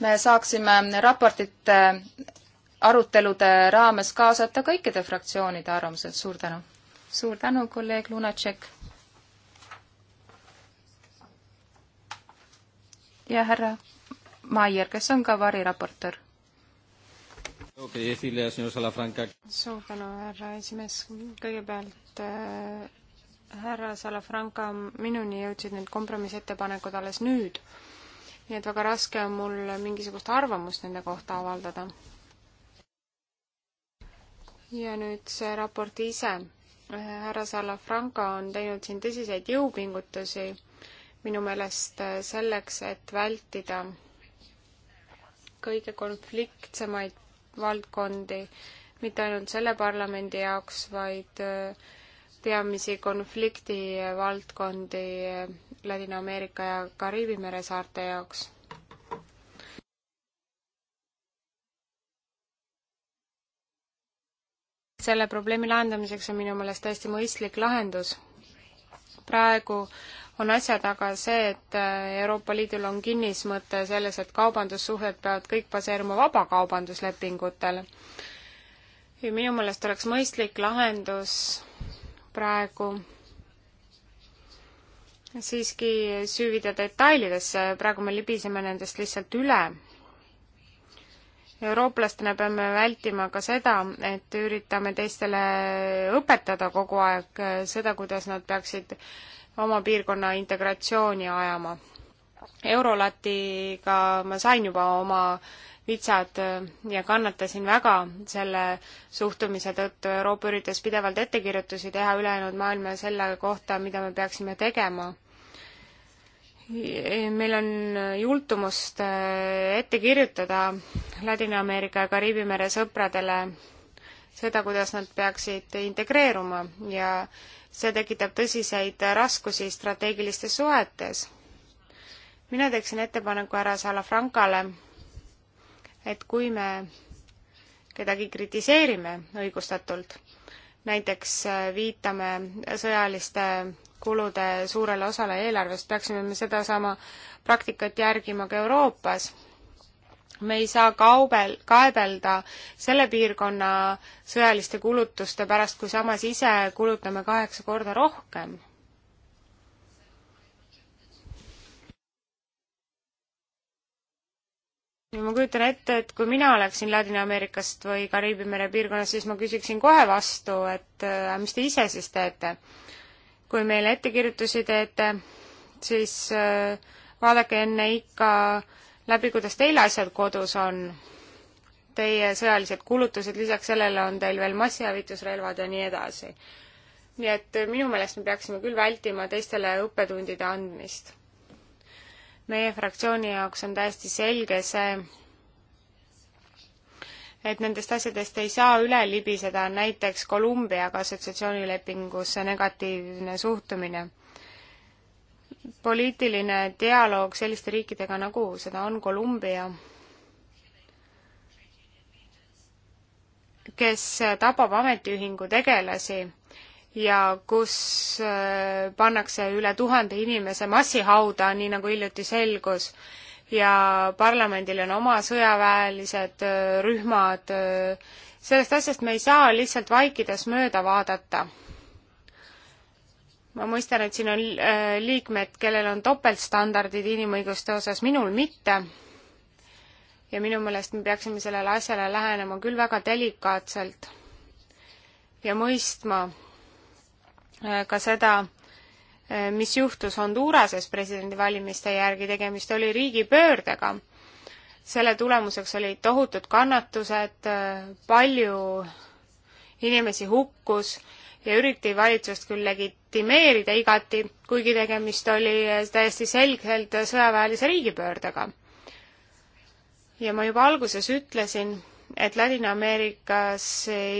me saaksime raportite arutelude raames kaasata kõikide fraktsioonide arvamused, suur tänu. suur tänu, kolleeg Lunatšek. ja härra Maier, kes on ka variraportöör. suur tänu, härra esimees. kõigepealt äh, härra Salafranca, minuni jõudsid need kompromissettepanekud alles nüüd. nii et väga raske on mul mingisugust arvamust nende kohta avaldada. ja nüüd see raport ise. Äh, härra Salafranca on teinud siin tõsiseid jõupingutusi minu meelest äh, selleks, et vältida kõige konfliktsemaid valdkondi, mitte ainult selle parlamendi jaoks, vaid äh, peamisi konflikti äh, valdkondi äh, Ladina-Ameerika ja Kariibi mere saarte jaoks selle probleemi lahendamiseks on minu meelest täiesti mõistlik lahendus. praegu on asja taga see, et äh, Euroopa Liidul on kinnismõte selles, et kaubandussuhed peavad kõik baseeruma vabakaubanduslepingutel. ja minu meelest oleks mõistlik lahendus praegu siiski süüvida detailidesse, äh, praegu me libiseme nendest lihtsalt üle. eurooplastena peame vältima ka seda, et üritame teistele õpetada kogu aeg äh, seda, kuidas nad peaksid oma piirkonna integratsiooni ajama. Eurolatiga ma sain juba oma vitsad ja kannatasin väga selle suhtumise tõttu. Euroopa üritas pidevalt ettekirjutusi teha ülejäänud maailma selle kohta, mida me peaksime tegema. meil on jultumust ette kirjutada Ladina-Ameerika ja Kariibi mere sõpradele seda, kuidas nad peaksid integreeruma ja see tekitab tõsiseid raskusi strateegilistes suhetes. mina teeksin ettepaneku härra Salafrankale, et kui me kedagi kritiseerime õigustatult, näiteks viitame sõjaliste kulude suurele osale eelarvest, peaksime me sedasama praktikat järgima ka Euroopas me ei saa kaubel, kaebelda selle piirkonna sõjaliste kulutuste pärast, kui samas ise kulutame kaheksa korda rohkem. ja ma kujutan ette, et kui mina oleksin Ladina-Ameerikast või Kariibi mere piirkonnast, siis ma küsiksin kohe vastu, et äh, mis te ise siis teete. kui meile ettekirjutusi teete, siis äh, vaadake enne ikka äh, läbi, kuidas teil asjad kodus on. Teie sõjalised kulutused, lisaks sellele on teil veel massihävitusrelvad ja nii edasi. nii et minu meelest me peaksime küll vältima teistele õppetundide andmist. meie fraktsiooni jaoks on täiesti selge see, et nendest asjadest ei saa üle libiseda, näiteks Kolumbiaga assotsiatsioonilepingusse negatiivne suhtumine poliitiline dialoog selliste riikidega, nagu seda on Kolumbia, kes tapab ametiühingu tegelasi ja kus äh, pannakse üle tuhande inimese massihauda, nii nagu hiljuti selgus, ja parlamendil on oma sõjaväelised äh, rühmad, äh, sellest asjast me ei saa lihtsalt vaikides mööda vaadata ma mõistan, et siin on äh, liikmed, kellel on topeltstandardid inimõiguste osas, minul mitte. ja minu meelest me peaksime sellele asjale lähenema küll väga delikaatselt ja mõistma äh, ka seda, äh, mis juhtus Honduras'es presidendivalimiste järgi, tegemist oli riigipöördega. selle tulemuseks olid tohutud kannatused, palju inimesi hukkus ja üriti valitsust küll legitimeerida igati, kuigi tegemist oli täiesti selgelt sõjaväelise riigipöördega. ja ma juba alguses ütlesin, et Ladina-Ameerikas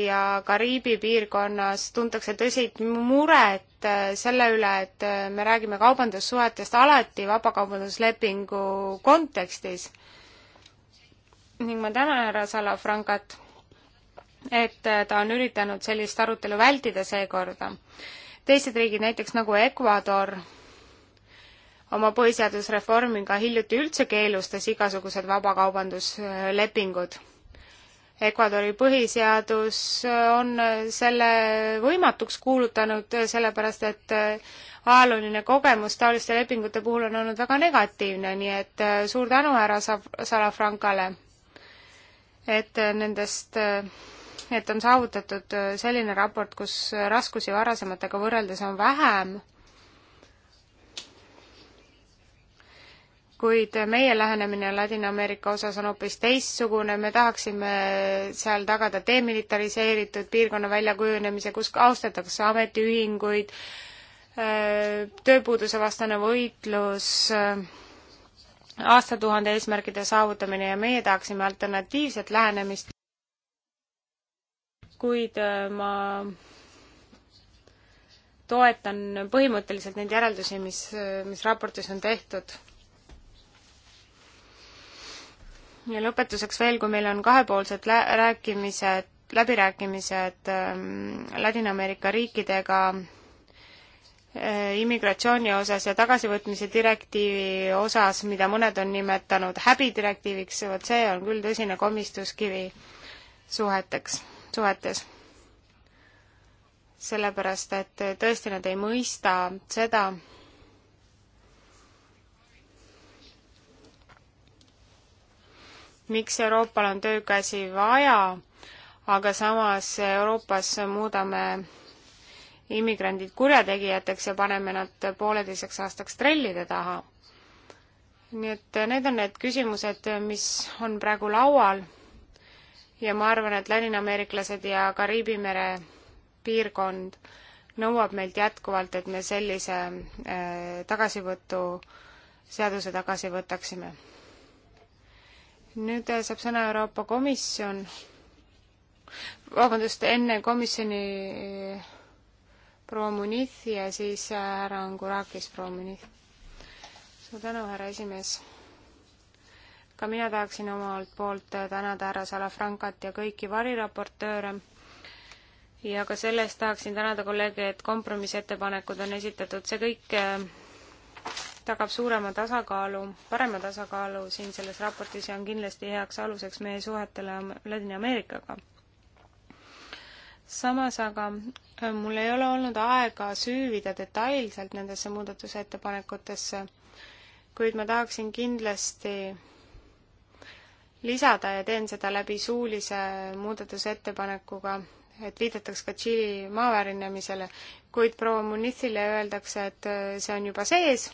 ja Kariibi piirkonnas tuntakse tõsit muret selle üle, et me räägime kaubandussuhetest alati vabakaubanduslepingu kontekstis. ning ma tänan härra Salafrankat et äh, ta on üritanud sellist arutelu vältida seekorda. teised riigid, näiteks nagu Ecuador, oma põhiseadusreformiga hiljuti üldse keelustas igasugused vabakaubanduslepingud. Ecuadori põhiseadus on selle võimatuks kuulutanud, sellepärast et äh, ajalooline kogemus taoliste lepingute puhul on olnud väga negatiivne, nii et äh, suur tänu härra Salafrankale, et nendest et on saavutatud äh, selline raport, kus äh, raskusi varasematega võrreldes on vähem, kuid äh, meie lähenemine Ladina-Ameerika osas on hoopis teistsugune, me tahaksime seal tagada demilitariseeritud piirkonna väljakujunemise, kus austatakse ametiühinguid, tööpuuduse vastane võitlus, aastatuhande eesmärgide saavutamine ja meie tahaksime alternatiivset lähenemist, kuid äh, ma toetan põhimõtteliselt neid järeldusi, mis, äh, mis raportis on tehtud. ja lõpetuseks veel, kui meil on kahepoolsed lä-, rääkimised, läbirääkimised ähm, Ladina-Ameerika riikidega äh, immigratsiooni osas ja tagasivõtmise direktiivi osas, mida mõned on nimetanud häbidirektiiviks, vot see on küll tõsine komistuskivi suheteks suhetes. sellepärast, et tõesti nad ei mõista seda, miks Euroopal on töökäsi vaja, aga samas Euroopas muudame immigrandid kurjategijateks ja paneme nad pooleteiseks aastaks trellide taha. nii et need on need küsimused, mis on praegu laual ja ma arvan, et ladinaameeriklased ja Kariibi mere piirkond nõuab meilt jätkuvalt, et me sellise äh, tagasivõtu, seaduse tagasi võtaksime. nüüd äh, saab sõna Euroopa Komisjon, vabandust, enne komisjoni äh, proua Muniz ja siis härra Angurakis proua Muniz. suur tänu, härra esimees ka mina tahaksin omalt poolt tänada härra Salafrankat ja kõiki variraportööre ja ka selle eest tahaksin tänada kolleege, et kompromissettepanekud on esitatud, see kõik eh, tagab suurema tasakaalu, parema tasakaalu siin selles raportis ja on kindlasti heaks aluseks meie suhetele Ladina-Ameerikaga. samas aga eh, mul ei ole olnud aega süüvida detailselt nendesse muudatusettepanekutesse, kuid ma tahaksin kindlasti lisada ja teen seda läbi suulise muudatusettepanekuga, et viidataks ka Tšiili maaväärinemisele, kuid proua Munitsile öeldakse, et äh, see on juba sees.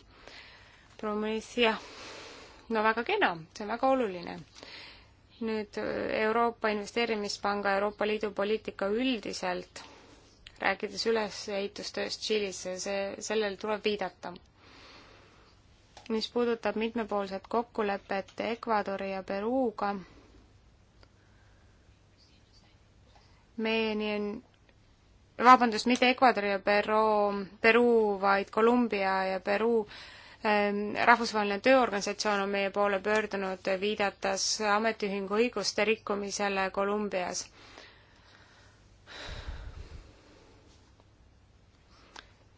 proua Munits, jah, no väga kena, see on väga oluline. nüüd äh, Euroopa Investeerimispanga Euroopa Liidu poliitika üldiselt, rääkides ülesehitustööst Tšiilis, see, sellele tuleb viidata mis puudutab mitmepoolset kokkulepet Ecuadori ja Peruuga. meieni on, vabandust, mitte Ecuadori ja Peru, Peru, vaid Kolumbia ja Peru ähm, rahvusvaheline tööorganisatsioon on meie poole pöördunud, viidates ametiühingu õiguste rikkumisele Kolumbias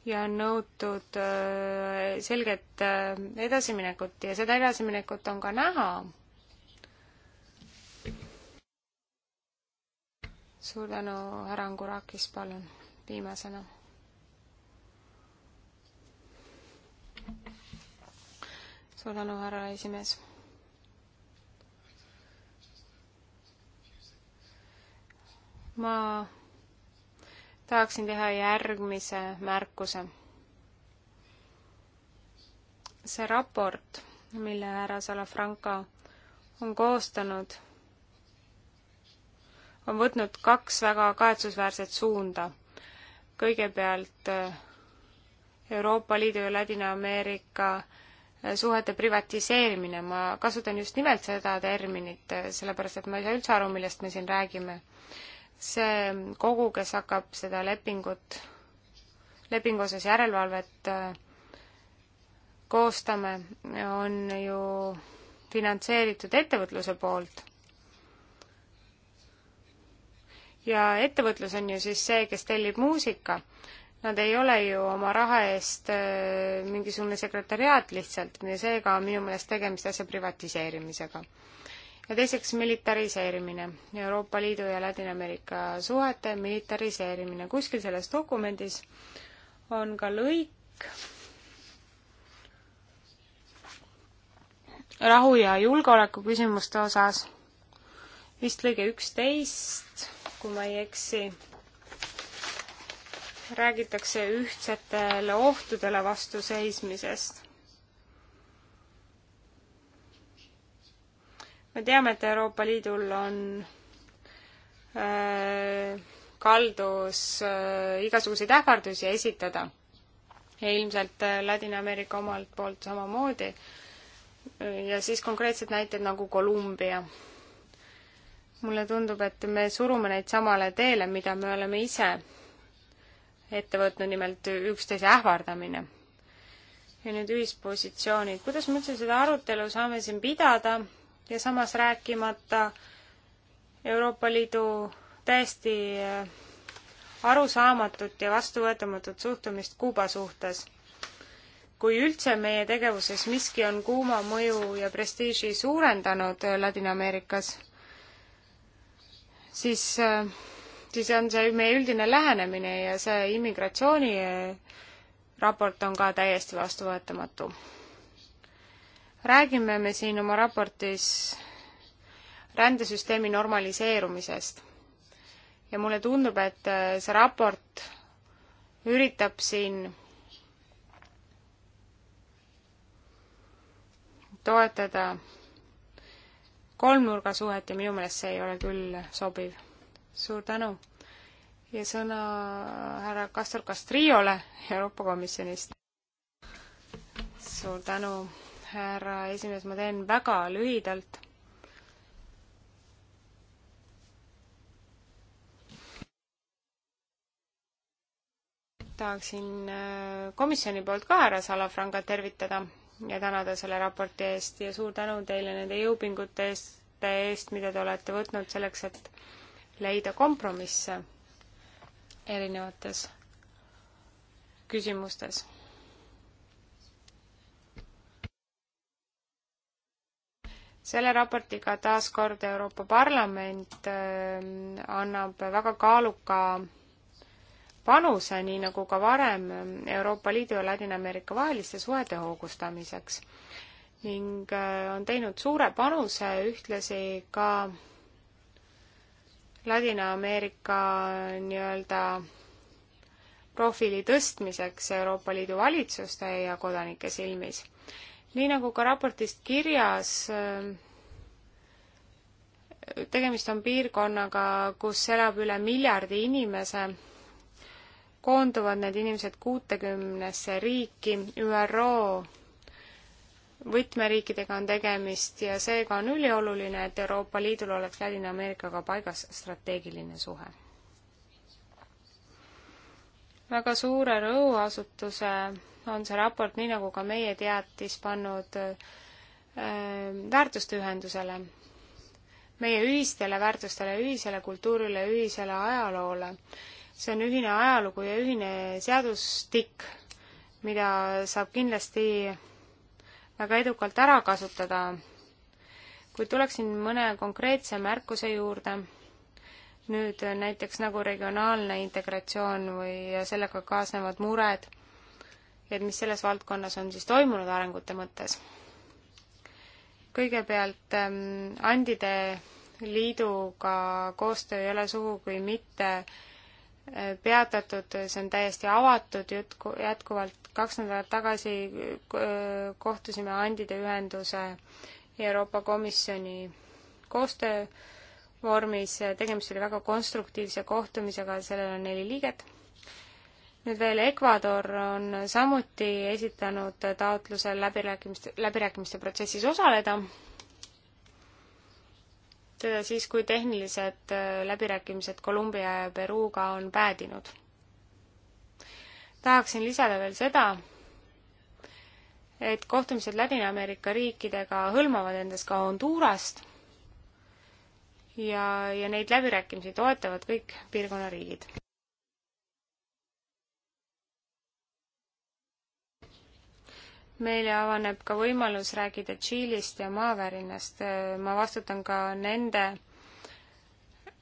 ja on nõutud äh, selget äh, edasiminekut ja seda edasiminekut on ka näha. suur tänu, härra Angurakis, palun, viimasena. suur tänu, härra esimees ma tahaksin teha järgmise märkuse. see raport, mille härra Salafranca on koostanud, on võtnud kaks väga kahetsusväärset suunda. kõigepealt äh, Euroopa Liidu ja Ladina-Ameerika äh, suhete privatiseerimine, ma kasutan just nimelt seda terminit, äh, sellepärast et ma ei saa üldse aru, millest me siin räägime see kogu, kes hakkab seda lepingut, lepingu osas järelevalvet äh, koostame, on ju finantseeritud ettevõtluse poolt. ja ettevõtlus on ju siis see, kes tellib muusika. Nad ei ole ju oma raha eest äh, mingisugune sekretäriaat lihtsalt ja seega on minu meelest tegemist asja privatiseerimisega ja teiseks militariseerimine, Euroopa Liidu ja Ladina-Ameerika suhete militariseerimine. kuskil selles dokumendis on ka lõik rahu ja julgeoleku küsimuste osas, vist lõige üksteist, kui ma ei eksi, räägitakse ühtsetele ohtudele vastu seismisest me teame, et Euroopa Liidul on äh, kaldus äh, igasuguseid ähvardusi esitada ja ilmselt äh, Ladina-Ameerika omalt poolt samamoodi ja siis konkreetsed näited nagu Kolumbia. mulle tundub, et me surume neid samale teele, mida me oleme ise ette võtnud, nimelt üksteise ähvardamine. ja nüüd ühispositsioonid, kuidas me üldse seda arutelu saame siin pidada, ja samas rääkimata Euroopa Liidu täiesti äh, arusaamatut ja vastuvõetamatut suhtumist Kuuba suhtes. kui üldse meie tegevuses miski on kuuma mõju ja prestiiži suurendanud äh, Ladina-Ameerikas, siis, äh, siis on see meie üldine lähenemine ja see immigratsiooniraport on ka täiesti vastuvõetamatu räägime me siin oma raportis rändesüsteemi normaliseerumisest. ja mulle tundub, et äh, see raport üritab siin toetada kolmnurgasuhet ja minu meelest see ei ole küll sobiv. suur tänu! ja sõna härra Castor Castriole Euroopa Komisjonist. suur tänu! härra esimees, ma teen väga lühidalt. tahaksin äh, komisjoni poolt ka härra Salafrangat tervitada ja tänada selle raporti eest ja suur tänu teile nende jõupingute eest, eest, mida te olete võtnud selleks, et leida kompromisse erinevates küsimustes selle raportiga taas kord Euroopa Parlament ähm, annab väga kaaluka panuse, nii nagu ka varem, Euroopa Liidu ja Ladina-Ameerika vaheliste suhete hoogustamiseks. ning äh, on teinud suure panuse ühtlasi ka Ladina-Ameerika nii-öelda profiili tõstmiseks Euroopa Liidu valitsuste ja kodanike silmis nii nagu ka raportist kirjas, äh, tegemist on piirkonnaga, kus elab üle miljardi inimese, koonduvad need inimesed kuutekümnesse riiki, ÜRO võtmeriikidega on tegemist ja seega on ülioluline, et Euroopa Liidul oleks Ladina-Ameerikaga paigas strateegiline suhe. väga suure rõhuasutuse on see raport, nii nagu ka meie teatis, pannud äh, väärtuste ühendusele, meie ühistele väärtustele, ühisele kultuurile, ühisele ajaloole. see on ühine ajalugu ja ühine seadustik, mida saab kindlasti väga edukalt ära kasutada. kuid tuleksin mõne konkreetse märkuse juurde, nüüd näiteks nagu regionaalne integratsioon või sellega kaasnevad mured et mis selles valdkonnas on siis toimunud arengute mõttes. kõigepealt ähm, Andide liiduga koostöö ei ole sugugi mitte äh, peatatud, see on täiesti avatud jutku, jätkuvalt kaks nädalat tagasi äh, kohtusime Andide ühenduse Euroopa Komisjoni koostöö vormis, tegemist oli väga konstruktiivse kohtumisega, sellel on neli liiget nüüd veel Ecuador on samuti esitanud taotluse läbirääkimiste, läbirääkimiste protsessis osaleda. seda siis, kui tehnilised äh, läbirääkimised Kolumbia ja Peruga on päädinud. tahaksin lisada veel seda, et kohtumised Ladina-Ameerika riikidega hõlmavad endas ka Hondurast ja, ja neid läbirääkimisi toetavad kõik piirkonna riigid. meile avaneb ka võimalus rääkida Tšiilist ja maavärinast. ma vastutan ka nende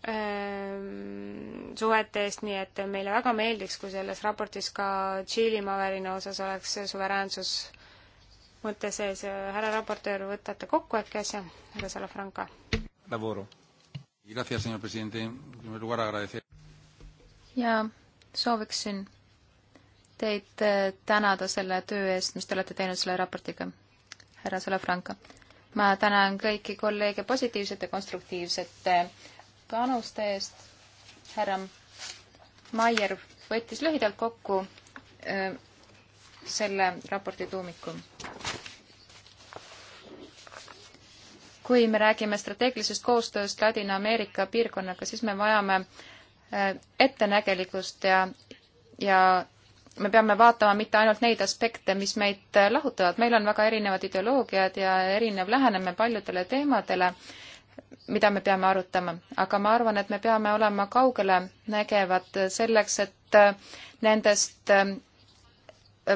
öö, ehm, suhete eest, nii et meile väga meeldiks, kui selles raportis ka Tšiili maavärina osas oleks suveräänsus mõte sees. härra raportöör, võtate kokku äkki asja, härra Salafranca? ja sooviksin teid äh, tänada selle töö eest, mis te olete teinud selle raportiga, härra Salafranca. ma tänan kõiki kolleege positiivsete, konstruktiivsete panuste eest. härra Maier võttis lühidalt kokku öö, äh, selle raporti tuumiku. kui me räägime strateegilisest koostööst Ladina-Ameerika piirkonnaga, siis me vajame äh, ettenägelikkust ja, ja me peame vaatama mitte ainult neid aspekte, mis meid lahutavad, meil on väga erinevad ideoloogiad ja erinev lähenemine paljudele teemadele, mida me peame arutama, aga ma arvan, et me peame olema kaugelenägevad selleks, et nendest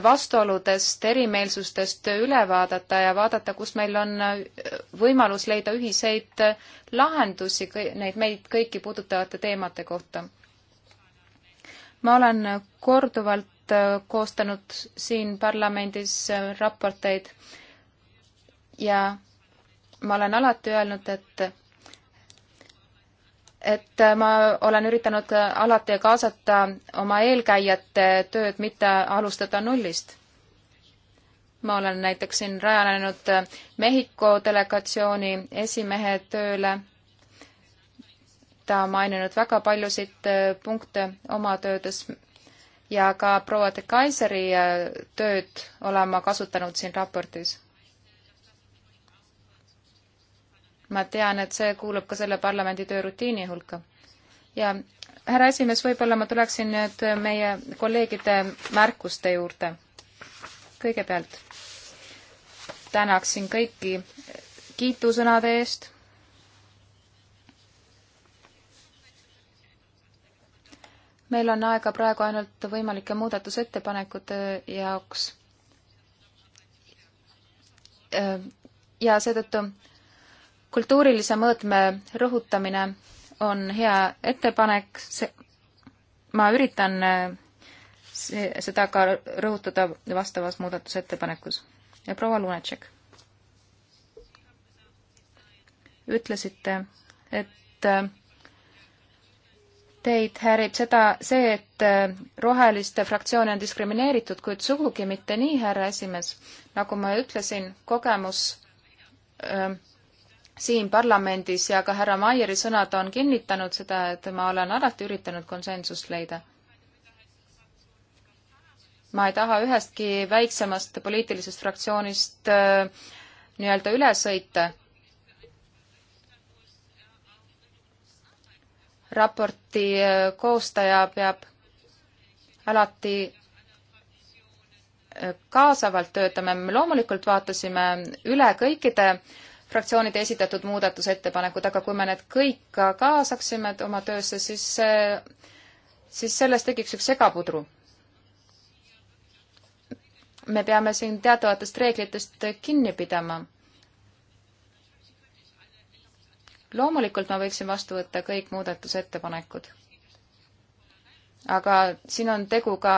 vastuoludest, erimeelsustest üle vaadata ja vaadata, kus meil on võimalus leida ühiseid lahendusi neid meid kõiki puudutavate teemade kohta ma olen korduvalt Äh, koostanud siin parlamendis äh, raporteid ja ma olen alati öelnud, et et äh, ma olen üritanud alati kaasata oma eelkäijate tööd, mitte alustada nullist. ma olen näiteks siin rajanud Mehhiko delegatsiooni esimehe tööle. ta on maininud väga paljusid punkte oma töödes, ja ka proua de Kaiseri äh, tööd olen ma kasutanud siin raportis. ma tean, et see kuulub ka selle parlamendi töörutiini hulka. ja härra esimees, võib-olla ma tuleksin nüüd meie kolleegide märkuste juurde. kõigepealt tänaksin kõiki kiitusõnade eest meil on aega praegu ainult võimalike muudatusettepanekute jaoks. Äh, ja seetõttu kultuurilise mõõtme rõhutamine on hea ettepanek, see, ma üritan äh, see, seda ka rõhutada vastavas muudatusettepanekus. ja proua Lunatšek, ütlesite, et äh, Teid häirib seda, see, et äh, roheliste fraktsioone on diskrimineeritud, kuid sugugi mitte nii, härra esimees. nagu ma ütlesin, kogemus äh, siin parlamendis ja ka härra Maieri sõnad on kinnitanud seda, et ma olen alati üritanud konsensust leida. ma ei taha ühestki väiksemast poliitilisest fraktsioonist äh, nii-öelda üle sõita raporti äh, koostaja peab alati äh, kaasavalt töötame, me loomulikult vaatasime üle kõikide fraktsioonide esitatud muudatusettepanekud, aga kui me need kõik ka kaasaksime oma töösse, siis, äh, siis sellest tekiks üks segapudru. me peame siin teatavatest reeglitest kinni pidama. loomulikult ma võiksin vastu võtta kõik muudatusettepanekud. aga siin on tegu ka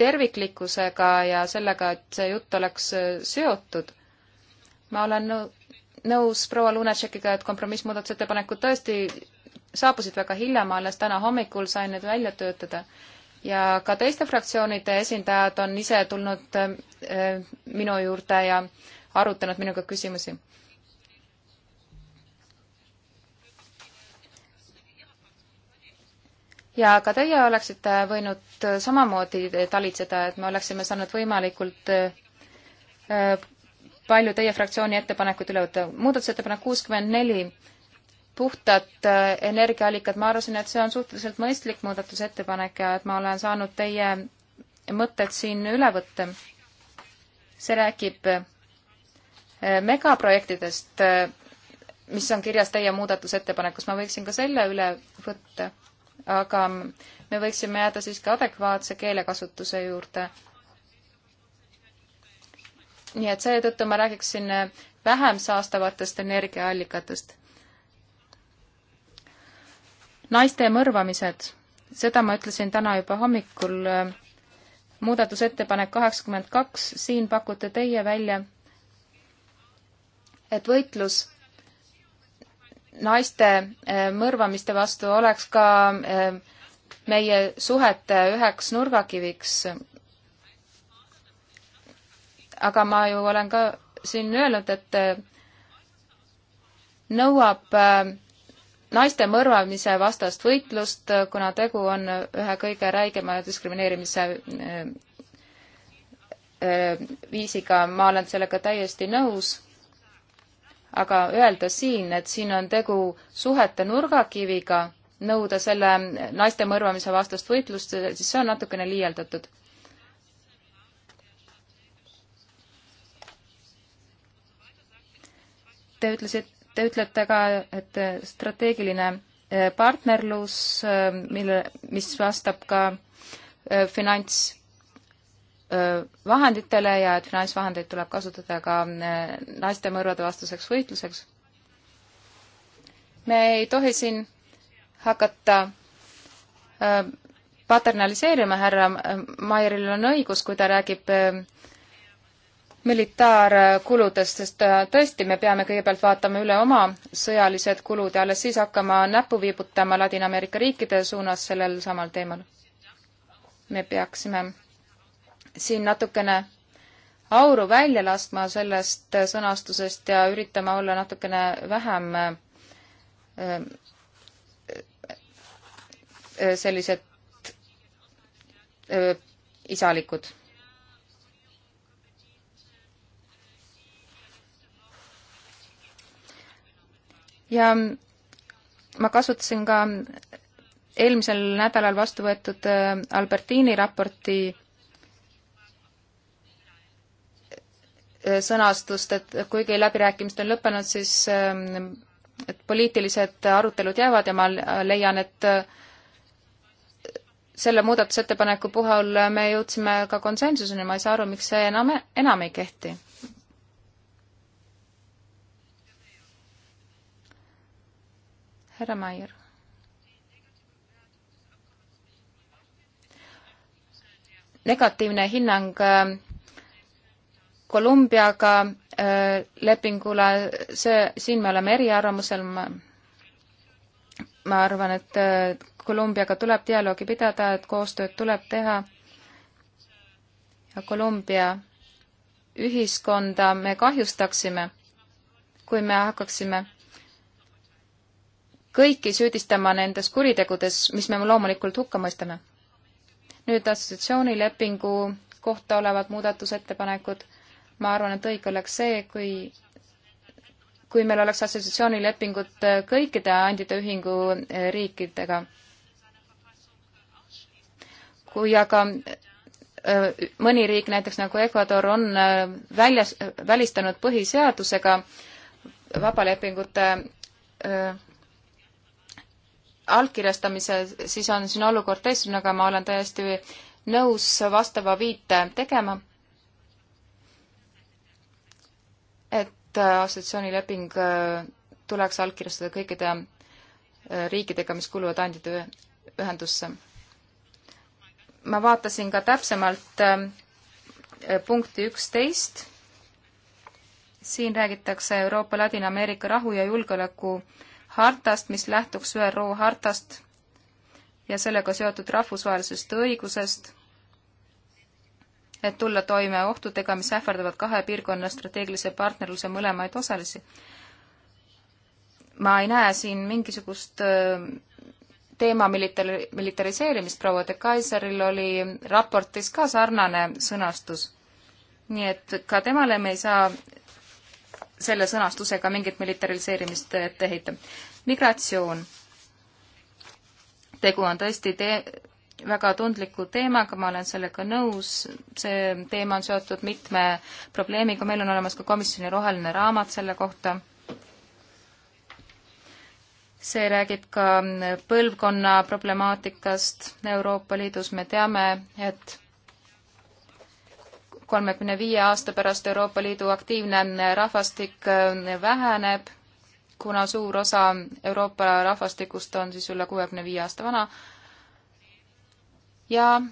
terviklikkusega ja sellega, et see jutt oleks äh, seotud. ma olen nõus proua Lunatšekiga, et kompromissmuudatusettepanekud tõesti saabusid väga hilja, ma alles täna hommikul sain need välja töötada. ja ka teiste fraktsioonide esindajad on ise tulnud äh, minu juurde ja arutanud minuga küsimusi ja ka teie oleksite võinud samamoodi talitseda, et me oleksime saanud võimalikult äh, palju teie fraktsiooni ettepanekuid üle võtta. muudatusettepanek kuuskümmend neli, puhtad äh, energiaallikad, ma arvasin, et see on suhteliselt mõistlik muudatusettepanek ja et ma olen saanud teie mõtted siin üle võtta. see räägib äh, megaprojektidest, mis on kirjas teie muudatusettepanekus, ma võiksin ka selle üle võtta aga me võiksime jääda siiski adekvaatse keelekasutuse juurde. nii et seetõttu ma räägiksin vähem saastavatest energiaallikatest. naiste mõrvamised, seda ma ütlesin täna juba hommikul, muudatusettepanek kaheksakümmend kaks, siin pakute teie välja, et võitlus naiste äh, mõrvamiste vastu oleks ka äh, meie suhete üheks nurgakiviks. aga ma ju olen ka siin öelnud, et äh, nõuab naiste mõrvamise vastast võitlust, kuna tegu on ühe kõige räigema diskrimineerimise viisiga, ma olen sellega täiesti nõus aga öelda siin, et siin on tegu suhete nurgakiviga, nõuda selle naiste mõrvamise vastast võitlust, siis see on natukene liialdatud. Te ütlesite, te ütlete ka, et strateegiline eh, partnerlus, eh, mille, mis vastab ka eh, finants vahenditele ja et finantsvahendeid tuleb kasutada ka naiste mõrvade vastuseks võitluseks. me ei tohi siin hakata paternaliseerima, härra Maieril on õigus, kui ta räägib militaarkuludest, sest tõesti, me peame kõigepealt vaatama üle oma sõjalised kulud ja alles siis hakkama näppu viibutama Ladina-Ameerika riikide suunas sellel samal teemal. me peaksime siin natukene auru välja laskma sellest sõnastusest ja üritama olla natukene vähem äh, äh, sellised äh, isalikud. ja ma kasutasin ka eelmisel nädalal vastu võetud Albertini raporti Äh, sõnastust, et kuigi läbirääkimised on lõppenud, siis ähm, et poliitilised arutelud jäävad ja ma leian, et äh, selle muudatusettepaneku puhul me jõudsime ka konsensuseni, ma ei saa aru, miks see enam, enam ei kehti. härra Maier. negatiivne hinnang äh, Kolumbiaga äh, lepingule, see, siin me oleme eriarvamusel, ma, ma arvan, et äh, Kolumbiaga tuleb dialoogi pidada, et koostööd tuleb teha ja Kolumbia ühiskonda me kahjustaksime, kui me hakkaksime kõiki süüdistama nendes kuritegudes, mis me loomulikult hukka mõistame. nüüd assotsiatsioonilepingu kohta olevad muudatusettepanekud ma arvan, et õige oleks see, kui kui meil oleks assotsiatsioonilepingud äh, kõikide andide ühingu äh, riikidega. kui aga äh, mõni riik, näiteks nagu Ecuador, on väljas, välistanud põhiseadusega vabalepingute allkirjastamise, siis on siin olukord teistsugune, aga ma olen täiesti nõus vastava viite tegema et äh, assotsiatsioonileping äh, tuleks allkirjastada kõikide äh, riikidega, mis kuuluvad andjate ühendusse. ma vaatasin ka täpsemalt punkti üksteist. siin räägitakse Euroopa, Ladina-Ameerika rahu ja julgeoleku hartast, mis lähtuks ÜRO hartast ja sellega seotud rahvusvahelisest õigusest et tulla toime ohtudega, mis ähvardavad kahe piirkonna strateegilise partnerluse mõlemaid osalisi. ma ei näe siin mingisugust äh, teema militar-, militariseerimist, proua de Kaiseril oli raportis ka sarnane sõnastus. nii et ka temale me ei saa selle sõnastusega mingit militariseerimist ette heita. migratsioon. tegu on tõesti te-, väga tundliku teemaga, ma olen sellega nõus, see teema on seotud mitme probleemiga, meil on olemas ka komisjoni roheline raamat selle kohta. see räägib ka põlvkonna problemaatikast Euroopa Liidus, me teame, et kolmekümne viie aasta pärast Euroopa Liidu aktiivne rahvastik äh, väheneb, kuna suur osa Euroopa rahvastikust on siis üle kuuekümne viie aasta vana ja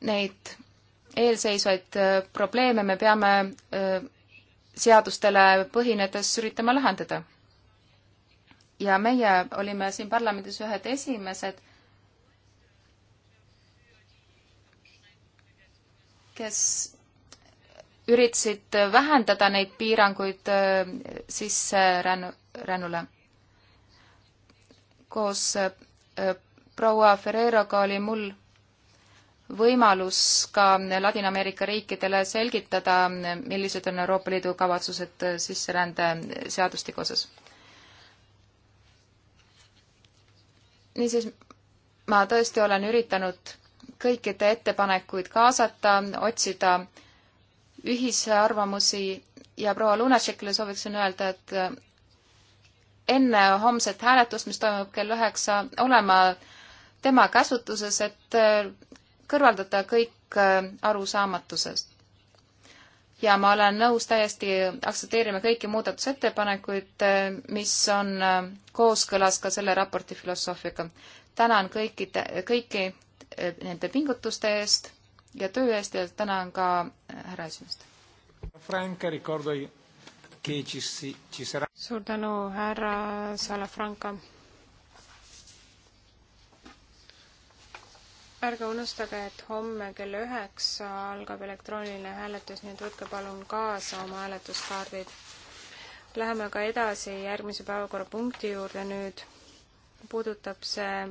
neid eelseisvaid äh, probleeme me peame äh, seadustele põhinedes üritama lahendada. ja meie olime siin parlamendis ühed esimesed, kes üritasid vähendada neid piiranguid äh, sisserännu, rännule. koos proua Ferreiroga oli mul võimalus ka Ladina-Ameerika riikidele selgitada, millised on Euroopa Liidu kavatsused sisserände seadustiku osas. niisiis, ma tõesti olen üritanud kõikide ettepanekuid kaasata, otsida ühisarvamusi ja proua Lunašekile sooviksin öelda, et enne homset hääletust, mis toimub kell üheksa, olen ma tema käsutuses, et kõrvaldada kõik äh, arusaamatusest. ja ma olen nõus täiesti aktsepteerima kõiki muudatusettepanekuid, äh, mis on äh, kooskõlas ka selle raporti filosoofiaga. tänan kõikide, kõiki nende pingutuste eest ja töö eest ja tänan ka härra esimeest. suur tänu, härra Salafranca ärge unustage, et homme kell üheksa algab elektrooniline hääletus, nii et võtke palun kaasa oma hääletuskaardid. Läheme aga edasi järgmise päevakorrapunkti juurde nüüd. puudutab see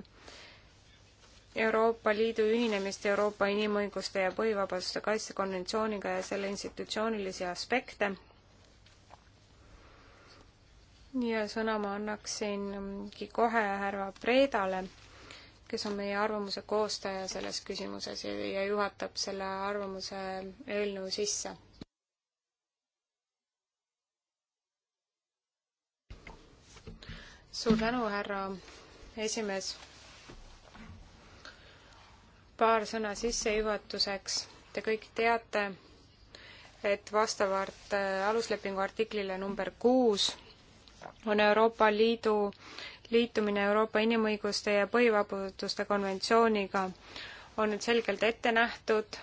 Euroopa Liidu ühinemist Euroopa inimõiguste ja põhivabaduste kaitsekonventsiooniga ja selle institutsioonilisi aspekte. ja sõna ma annaksingi kohe härra Predale kes on meie arvamuse koostaja selles küsimuses ja juhatab selle arvamuse eelnõu sisse. suur tänu, härra esimees. paar sõna sissejuhatuseks. Te kõik teate, et vastavalt aluslepingu artiklile number kuus on Euroopa Liidu liitumine Euroopa Inimõiguste ja Põhivabaduste konventsiooniga on nüüd selgelt ette nähtud,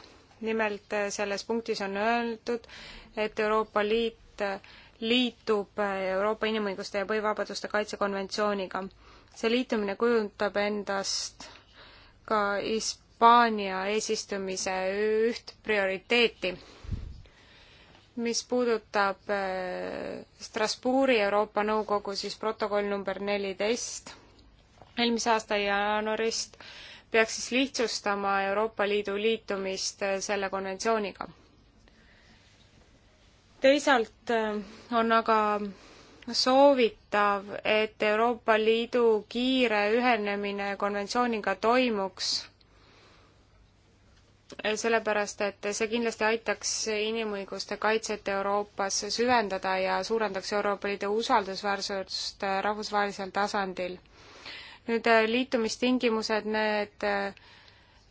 nimelt äh, selles punktis on öeldud, et Euroopa Liit äh, liitub äh, Euroopa Inimõiguste ja Põhivabaduste Kaitsekonventsiooniga. see liitumine kujutab endast ka Hispaania eesistumise üht prioriteeti mis puudutab äh, Strasbourgi Euroopa Nõukogu, siis protokoll number neliteist eelmise aasta jaanuarist peaks siis lihtsustama Euroopa Liidu liitumist äh, selle konventsiooniga. teisalt äh, on aga soovitav, et Euroopa Liidu kiire ühenemine konventsiooniga toimuks Eh, sellepärast et see kindlasti aitaks inimõiguste kaitset Euroopas süvendada ja suurendaks Euroopa Liidu usaldusväärsust eh, rahvusvahelisel tasandil. nüüd eh, liitumistingimused, need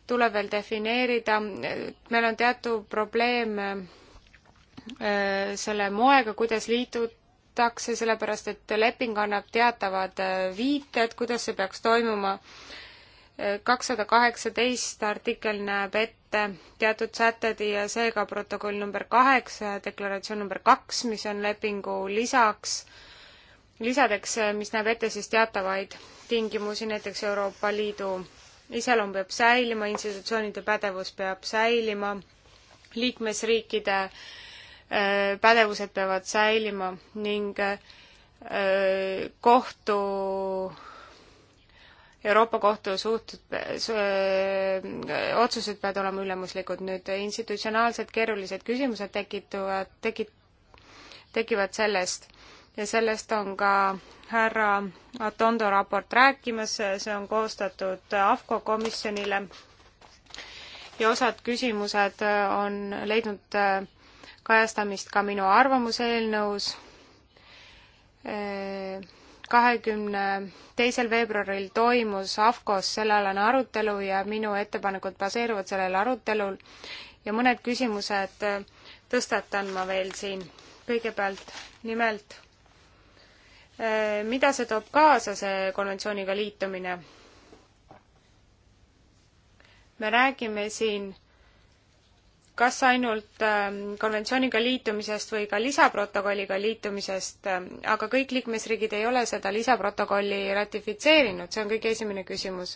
tuleb veel defineerida, meil on teatud probleem selle moega, kuidas liitutakse, sellepärast et leping annab teatavad viited, kuidas see peaks toimuma kakssada kaheksateist artikkel näeb ette teatud sätted ja seega protokoll number kaheksa ja deklaratsioon number kaks, mis on lepingu lisaks, lisadeks, mis näeb ette siis teatavaid tingimusi, näiteks Euroopa Liidu iseloom peab säilima, institutsioonide pädevus peab säilima, liikmesriikide äh, pädevused peavad säilima ning äh, kohtu Euroopa Kohtu suhtud äh, otsused peavad olema ülemuslikud, nüüd institutsionaalsed keerulised küsimused tekituvad, tekit-, tekivad sellest ja sellest on ka härra Atondo raport rääkimas, see on koostatud AFCO komisjonile ja osad küsimused on leidnud äh, kajastamist ka minu arvamuse eelnõus äh, kahekümne teisel veebruaril toimus AFCOs sellealane arutelu ja minu ettepanekud baseeruvad sellel arutelul ja mõned küsimused tõstatan ma veel siin. kõigepealt nimelt, eh, mida see toob kaasa, see konventsiooniga liitumine? me räägime siin kas ainult ähm, konventsiooniga liitumisest või ka lisaprotokolliga liitumisest, ähm, aga kõik liikmesriigid ei ole seda lisaprotokolli ratifitseerinud, see on kõige esimene küsimus.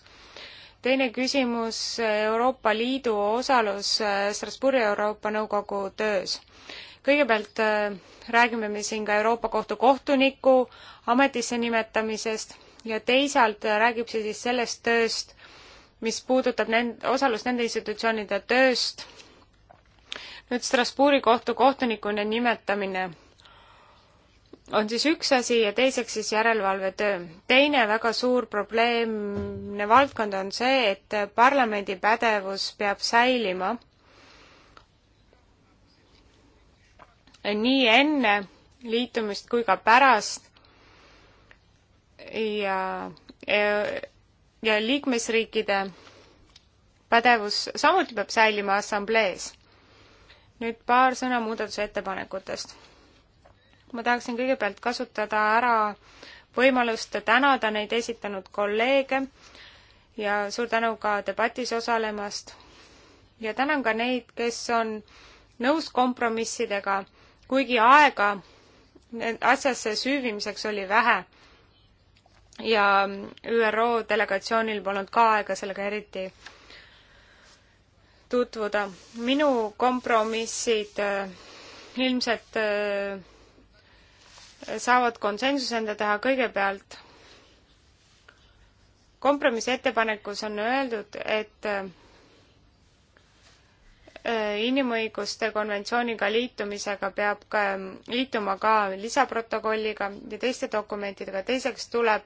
teine küsimus, Euroopa Liidu osalus äh, Strasbourgi Euroopa Nõukogu töös. kõigepealt äh, räägime me siin ka Euroopa Kohtu kohtuniku ametisse nimetamisest ja teisalt äh, räägib see siis sellest tööst, mis puudutab nend-, osalust nende institutsioonide tööst, nüüd Strasbourgi kohtu kohtunikuna nimetamine on siis üks asi ja teiseks siis järelevalvetöö. teine väga suur probleemne valdkond on see, et parlamendi pädevus peab säilima nii enne liitumist kui ka pärast ja, ja liikmesriikide pädevus samuti peab säilima assamblees nüüd paar sõna muudatusettepanekutest. ma tahaksin kõigepealt kasutada ära võimalust tänada neid esitanud kolleege ja suur tänu ka debatis osalemast. ja tänan ka neid, kes on nõus kompromissidega, kuigi aega asjasse süüvimiseks oli vähe. ja ÜRO delegatsioonil polnud ka aega sellega eriti tutvuda. minu kompromissid äh, ilmselt äh, saavad konsensuse enda taha kõigepealt. kompromissettepanekus on öeldud, et äh, inimõiguste konventsiooniga liitumisega peab ka liituma ka lisaprotokolliga ja teiste dokumentidega, teiseks tuleb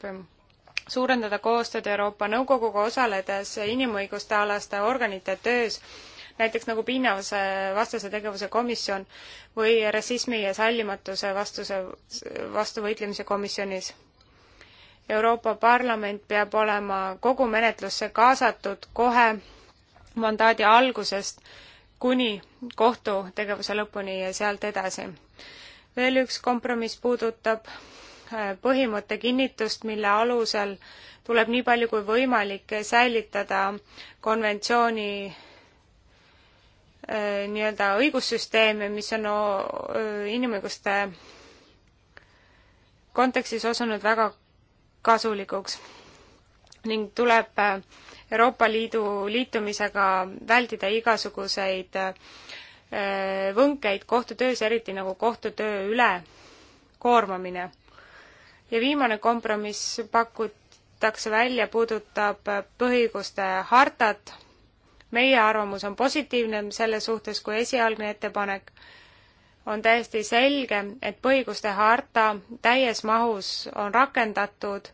suurendada koostööd Euroopa Nõukoguga, osaledes inimõiguste alaste organite töös, näiteks nagu piinavuse vastase tegevuse komisjon või rassismi ja sallimatuse vastuse, vastu võitlemise komisjonis. Euroopa Parlament peab olema kogu menetlusse kaasatud kohe mandaadi algusest kuni kohtutegevuse lõpuni ja sealt edasi. veel üks kompromiss puudutab põhimõtte kinnitust, mille alusel tuleb nii palju kui võimalik säilitada konventsiooni äh, nii-öelda õigussüsteemi, mis on äh, inimõiguste kontekstis osunud väga kasulikuks ning tuleb äh, Euroopa Liidu liitumisega vältida igasuguseid võnkeid kohtutöös, eriti nagu kohtutöö üle koormamine ja viimane kompromiss pakutakse välja, puudutab põhiõiguste hartat. meie arvamus on positiivne selle suhtes, kui esialgne ettepanek on täiesti selge, et põhiõiguste harta täies mahus on rakendatud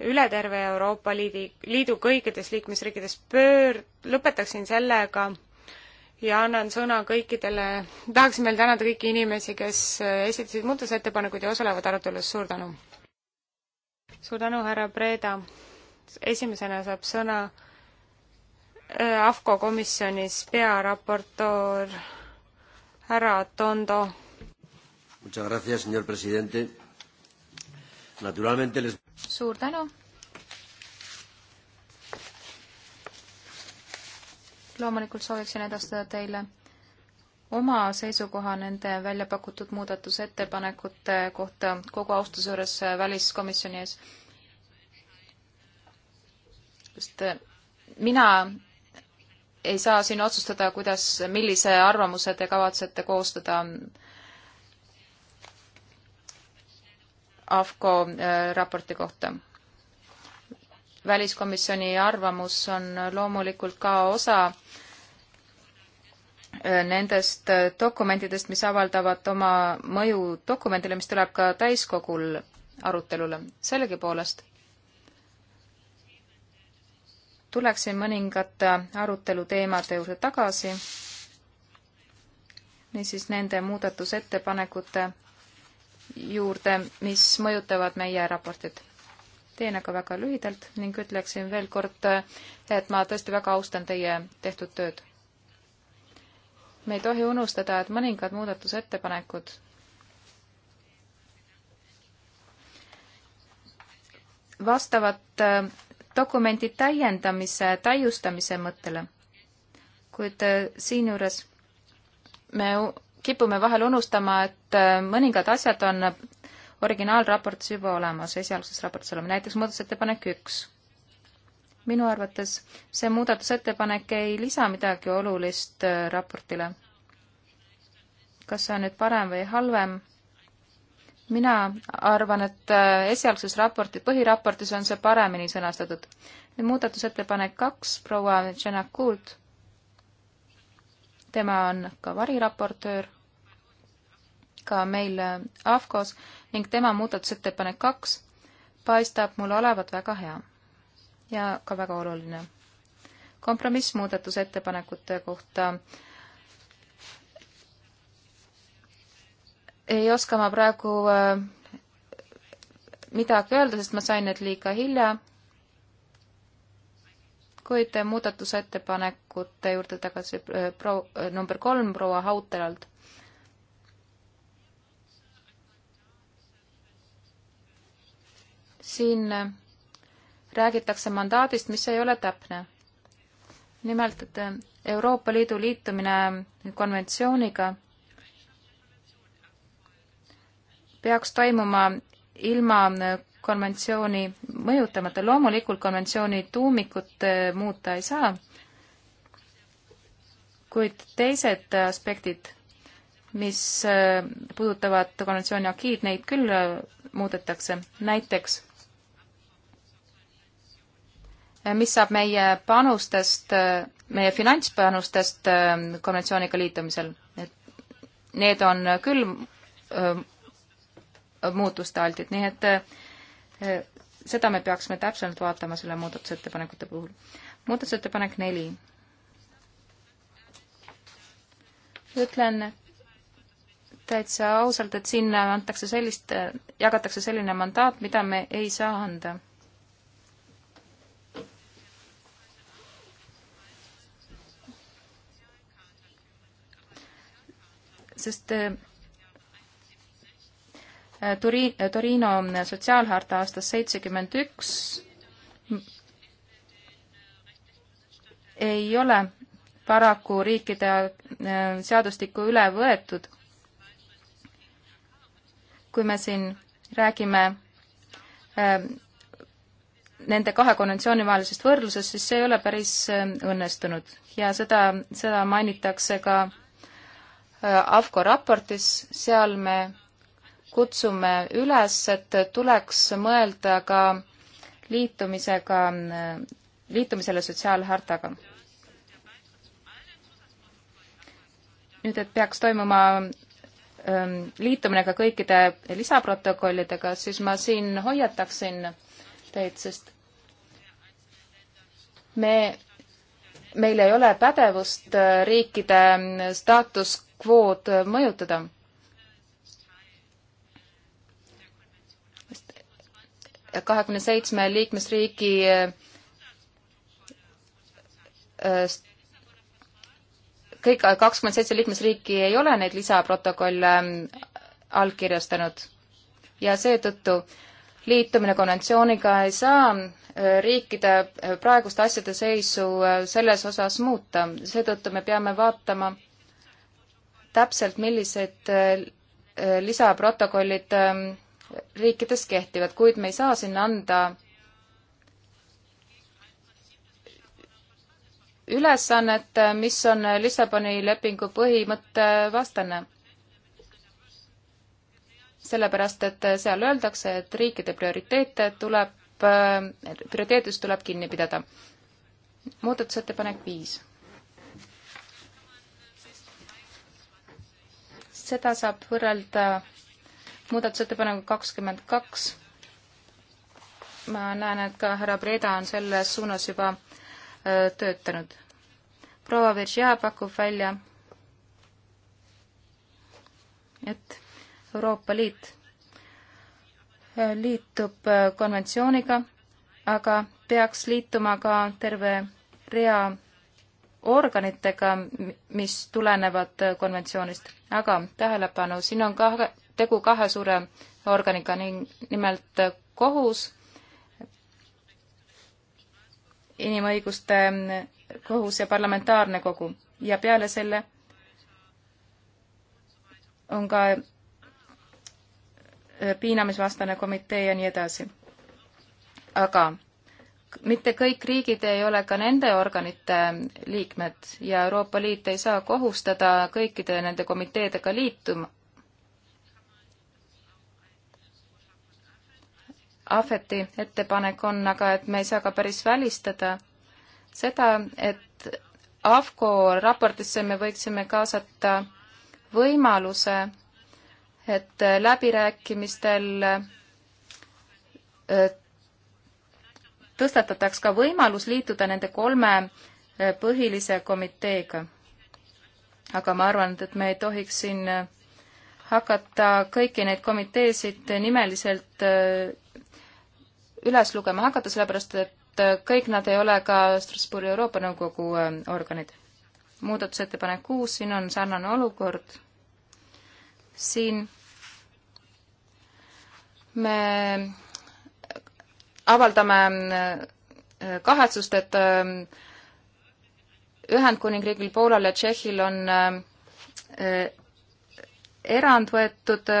üle terve Euroopa Liidi, Liidu kõikides liikmesriikides. pöör-, lõpetaksin sellega ja annan sõna kõikidele, tahaksin veel tänada kõiki inimesi, kes esitasid muudatusettepanekuid ja osalevad arutelus, suur tänu! suur tänu, härra Breda. esimesena saab sõna äh, AFCO komisjonis pearaportöör härra Tondo. Les... suur tänu. loomulikult sooviksin edastada teile oma seisukoha nende välja pakutud muudatusettepanekute kohta kogu austuse juures äh, väliskomisjoni ees. sest äh, mina ei saa siin otsustada, kuidas, millise arvamuse te kavatsete koostada AFCO äh, raporti kohta. väliskomisjoni arvamus on loomulikult ka osa äh, Äh, nendest äh, dokumentidest, mis avaldavad oma mõju dokumendile, mis tuleb ka täiskogul arutelule. sellegipoolest tuleksin mõningate aruteluteemade juurde tagasi, niisiis nende muudatusettepanekute juurde, mis mõjutavad meie raportit. teen aga väga lühidalt ning ütleksin veel kord, et ma tõesti väga austan teie tehtud tööd me ei tohi unustada, et mõningad muudatusettepanekud vastavad äh, dokumendi täiendamise, täiustamise mõttele. kuid äh, siinjuures me kipume vahel unustama, et äh, mõningad asjad on originaalraportis juba olemas, esialgses raportis oleme, näiteks muudatusettepanek üks minu arvates see muudatusettepanek ei lisa midagi olulist äh, raportile. kas see on nüüd parem või halvem? mina arvan, et äh, esialgses raporti, põhiraportis on see paremini sõnastatud. nüüd muudatusettepanek kaks proua Tšenakult. tema on ka variraportöör, ka meil äh, AFCOs ning tema muudatusettepanek kaks paistab mulle olevat väga hea ja ka väga oluline. kompromiss muudatusettepanekute kohta ei oska ma praegu äh, midagi öelda, sest ma sain need liiga hilja. kuid muudatusettepanekute juurde tagasi äh, pro-, äh, number kolm proua Hautelalt. siin räägitakse mandaadist, mis ei ole täpne. nimelt, et Euroopa Liidu liitumine konventsiooniga peaks toimuma ilma konventsiooni mõjutamata. loomulikult konventsiooni tuumikut muuta ei saa, kuid teised aspektid, mis puudutavad konventsiooni akiid, neid küll muudetakse. näiteks mis saab meie panustest, meie finantspanustest ähm, konventsiooniga liitumisel? et need on küll ähm, muutuste altid, nii et äh, seda me peaksime täpsemalt vaatama selle muudatusettepanekute puhul. muudatusettepanek neli. ütlen täitsa ausalt, et siin antakse sellist, äh, jagatakse selline mandaat, mida me ei saa anda sest äh, Turi-, Torino sotsiaalharta aastast seitsekümmend üks ei ole paraku riikide äh, seadustikku üle võetud. kui me siin räägime äh, nende kahe konventsiooni vahelisest võrdlusest, siis see ei ole päris õnnestunud ja seda, seda mainitakse ka AFCO raportis, seal me kutsume üles, et tuleks mõelda ka liitumisega, liitumisele sotsiaalhartaga. nüüd, et peaks toimuma ähm, liitumine ka kõikide lisaprotokollidega, siis ma siin hoiataksin teid, sest me meil ei ole pädevust äh, riikide äh, staatus kvood äh, mõjutada. kahekümne seitsme liikmesriigi kõik kakskümmend seitse liikmesriiki ei ole neid lisaprotokolle allkirjastanud ja seetõttu liitumine konventsiooniga ei saa äh, riikide äh, praegust asjade seisu äh, selles osas muuta, seetõttu me peame vaatama täpselt, millised lisaprotokollid ähm, riikides kehtivad, kuid me ei saa sinna anda ülesannet, mis on Lissaboni lepingu põhimõtte vastane sellepärast et seal öeldakse, et riikide prioriteete tuleb, prioriteetidest tuleb kinni pidada. muudatusettepanek viis. seda saab võrrelda muudatusettepaneku kakskümmend kaks. ma näen, et ka härra Breda on selles suunas juba öö, äh, töötanud. proua Virgia pakub välja, et Euroopa Liit liitub äh, konventsiooniga, aga peaks liituma ka terve rea organitega, mis tulenevad äh, konventsioonist. aga tähelepanu, siin on kahe, tegu kahe suure organiga ning nimelt äh, kohus, inimõiguste kohus ja parlamentaarne kogu ja peale selle on ka Äh, piinamisvastane komitee ja nii edasi. aga mitte kõik riigid ei ole ka nende organite liikmed ja Euroopa Liit ei saa kohustada kõikide nende komiteedega liituma. Ahveti ettepanek on aga, et me ei saa ka päris välistada seda, et AFCO raportisse me võiksime kaasata võimaluse et läbirääkimistel äh, tõstatataks ka võimalus liituda nende kolme äh, põhilise komiteega. aga ma arvan, et me ei tohiks siin äh, hakata kõiki neid komiteesid nimeliselt üles lugema hakata, sellepärast et kõik nad ei ole ka Strasbourgi Euroopa Nõukogu organid. muudatusettepanek kuus, siin on sarnane olukord. siin me avaldame äh, kahetsust, et äh, Ühendkuningriigil, Poolal ja Tšehhil on äh, erand võetud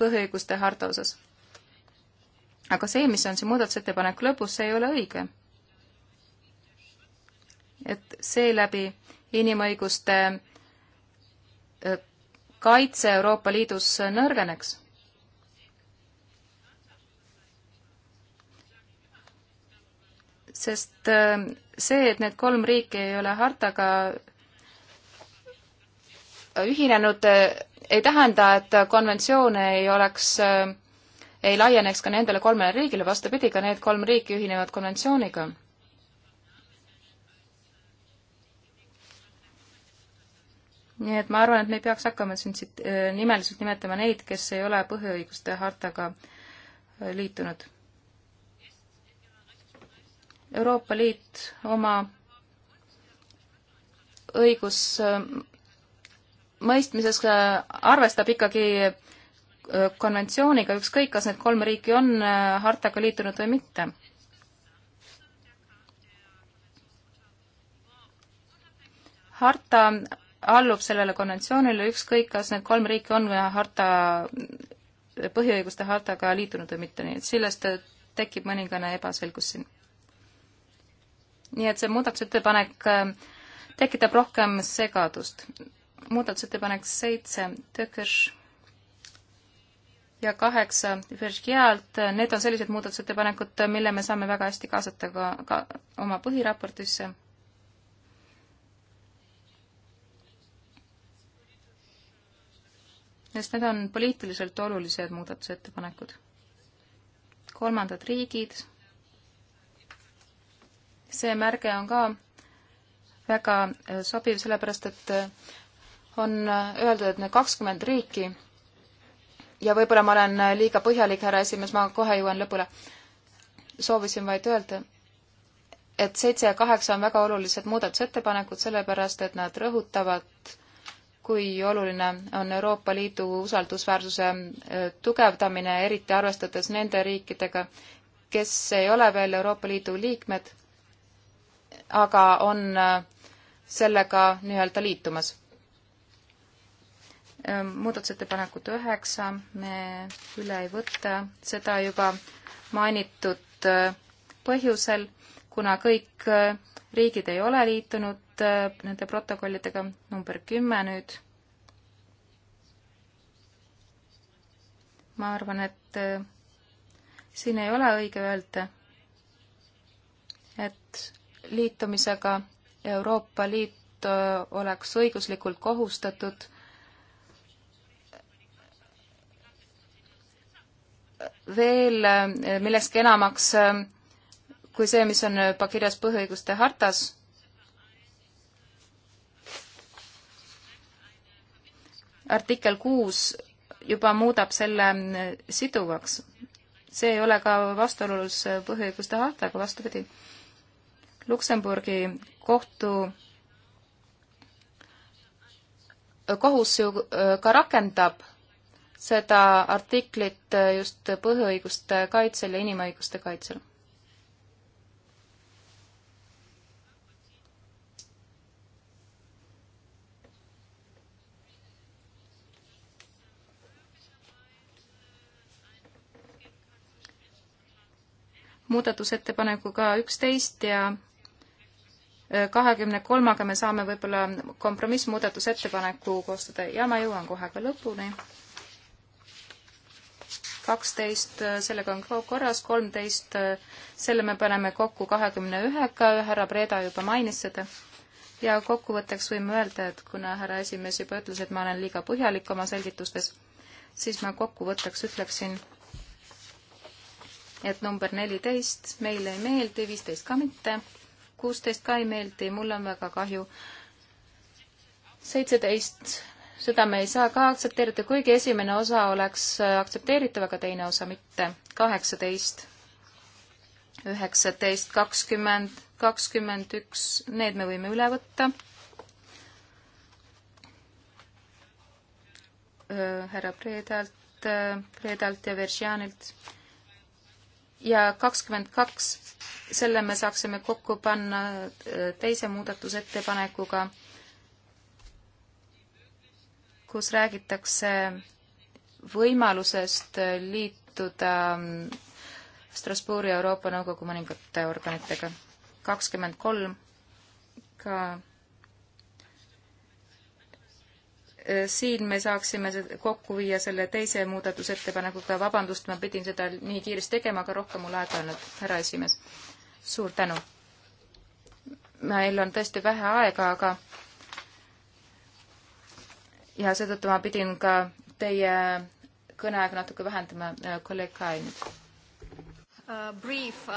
põhiõiguste harta osas. aga see, mis on siin muudatusettepaneku lõpus, see ei ole õige. et seeläbi inimõiguste kaitse Euroopa Liidus nõrgeneks sest äh, see, et need kolm riiki ei ole hartaga ühinenud, äh, ei tähenda, et konventsioon ei oleks, äh, ei laieneks ka nendele kolmele riigile, vastupidi, ka need kolm riiki ühinevad konventsiooniga. nii et ma arvan, et me ei peaks hakkama siin sit-, nimeliselt nimetama neid, kes ei ole põhiõiguste hartaga liitunud Euroopa Liit oma õigusmõistmises äh, äh, arvestab ikkagi äh, konventsiooniga, ükskõik, kas need kolm riiki on hartaga liitunud või mitte. harta allub sellele konventsioonile, ükskõik, kas need kolm riiki on harta, põhiõiguste hartaga liitunud või mitte, nii et sellest tekib mõningane ebaselgus siin nii et see muudatusettepanek äh, tekitab rohkem segadust. muudatusettepanek seitse, Tökõš ja kaheksa, Veržgialt, äh, need on sellised muudatusettepanekud, äh, mille me saame väga hästi kaasata ka, ka oma põhiraportisse sest need on poliitiliselt olulised muudatusettepanekud. kolmandad riigid see märge on ka väga äh, sobiv, sellepärast et äh, on äh, öeldud, et need kakskümmend riiki ja võib-olla ma olen liiga põhjalik, härra esimees, ma kohe jõuan lõpule. soovisin vaid öelda, et seitse ja kaheksa on väga olulised muudatusettepanekud, sellepärast et nad rõhutavad kui oluline on Euroopa Liidu usaldusväärsuse tugevdamine, eriti arvestades nende riikidega, kes ei ole veel Euroopa Liidu liikmed aga on äh, sellega nii-öelda liitumas. Äh, muudatusettepanekut üheksa me üle ei võta, seda juba mainitud äh, põhjusel, kuna kõik riigid ei ole liitunud nende protokollidega, number kümme nüüd. ma arvan, et siin ei ole õige öelda liitumisega Euroopa Liit äh, oleks õiguslikult kohustatud äh, veel äh, millestki enamaks kui see, mis on juba kirjas põhiõiguste hartas artikkel kuus juba muudab selle siduvaks. see ei ole ka vastuolus põhiõiguste hartaga, vastupidi. Luksemburgi kohtu äh, kohus ju äh, ka rakendab seda artiklit äh, just põhiõiguste kaitsel ja inimõiguste kaitsel. muudatusettepanekuga üksteist ja kahekümne kolmaga me saame võib-olla kompromissmuudatusettepaneku koostada ja ma jõuan kohe ka lõpuni. kaksteist, äh, sellega on korras, kolmteist, äh, selle me paneme kokku kahekümne ühega, härra Breda juba mainis seda. ja kokkuvõtteks võime öelda, et kuna härra esimees juba ütles, et ma olen liiga põhjalik oma selgitustes, siis ma kokkuvõtteks ütleksin, et number neliteist meile ei meeldi, viisteist ka mitte kuusteist ka ei meeldi, mul on väga kahju. seitseteist, seda me ei saa ka aktsepteerida, kuigi esimene osa oleks aktsepteeritav, aga teine osa mitte. kaheksateist, üheksateist, kakskümmend, kakskümmend üks, need me võime üle võtta. härra Predalt, Predalt ja Veržjanilt ja kakskümmend kaks, selle me saaksime kokku panna äh, teise muudatusettepanekuga, kus räägitakse võimalusest liituda mm, Strasbourgi Euroopa Nõukogu mõningate organitega. kakskümmend kolm ka äh, siin me saaksime kokku viia selle teise muudatusettepanekuga, vabandust, ma pidin seda nii kiiresti tegema, aga rohkem mul aega ei olnud, härra esimees suur tänu. meil on tõesti vähe aega, aga ja seetõttu ma pidin ka teie kõneaega natuke vähendama, kolleeg Kain uh,. uh.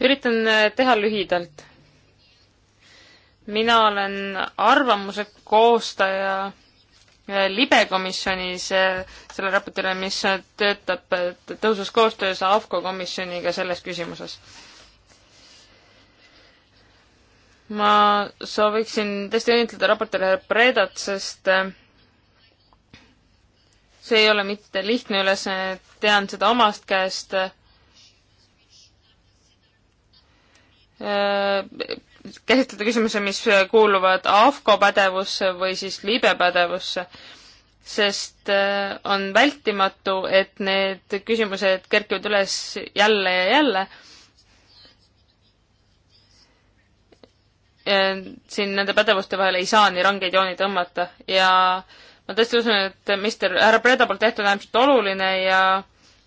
üritan uh, teha lühidalt. mina olen arvamuse koostaja uh, libekomisjonis selle raportile, mis töötab tõhusus koostöös AFCO komisjoniga selles küsimuses ma sooviksin tõesti õnnitleda raportööri Predat, sest äh, see ei ole mitte lihtne ülesanne, tean seda omast käest. Äh, käsitleda küsimusi, mis kuuluvad AFCO pädevusse või siis libe pädevusse, sest äh, on vältimatu, et need küsimused kerkivad üles jälle ja jälle Eh, siin nende pädevuste vahel ei saa nii rangeid jooni tõmmata ja ma tõesti usun, et meister, härra Preda poolt tehtud on äärmiselt oluline ja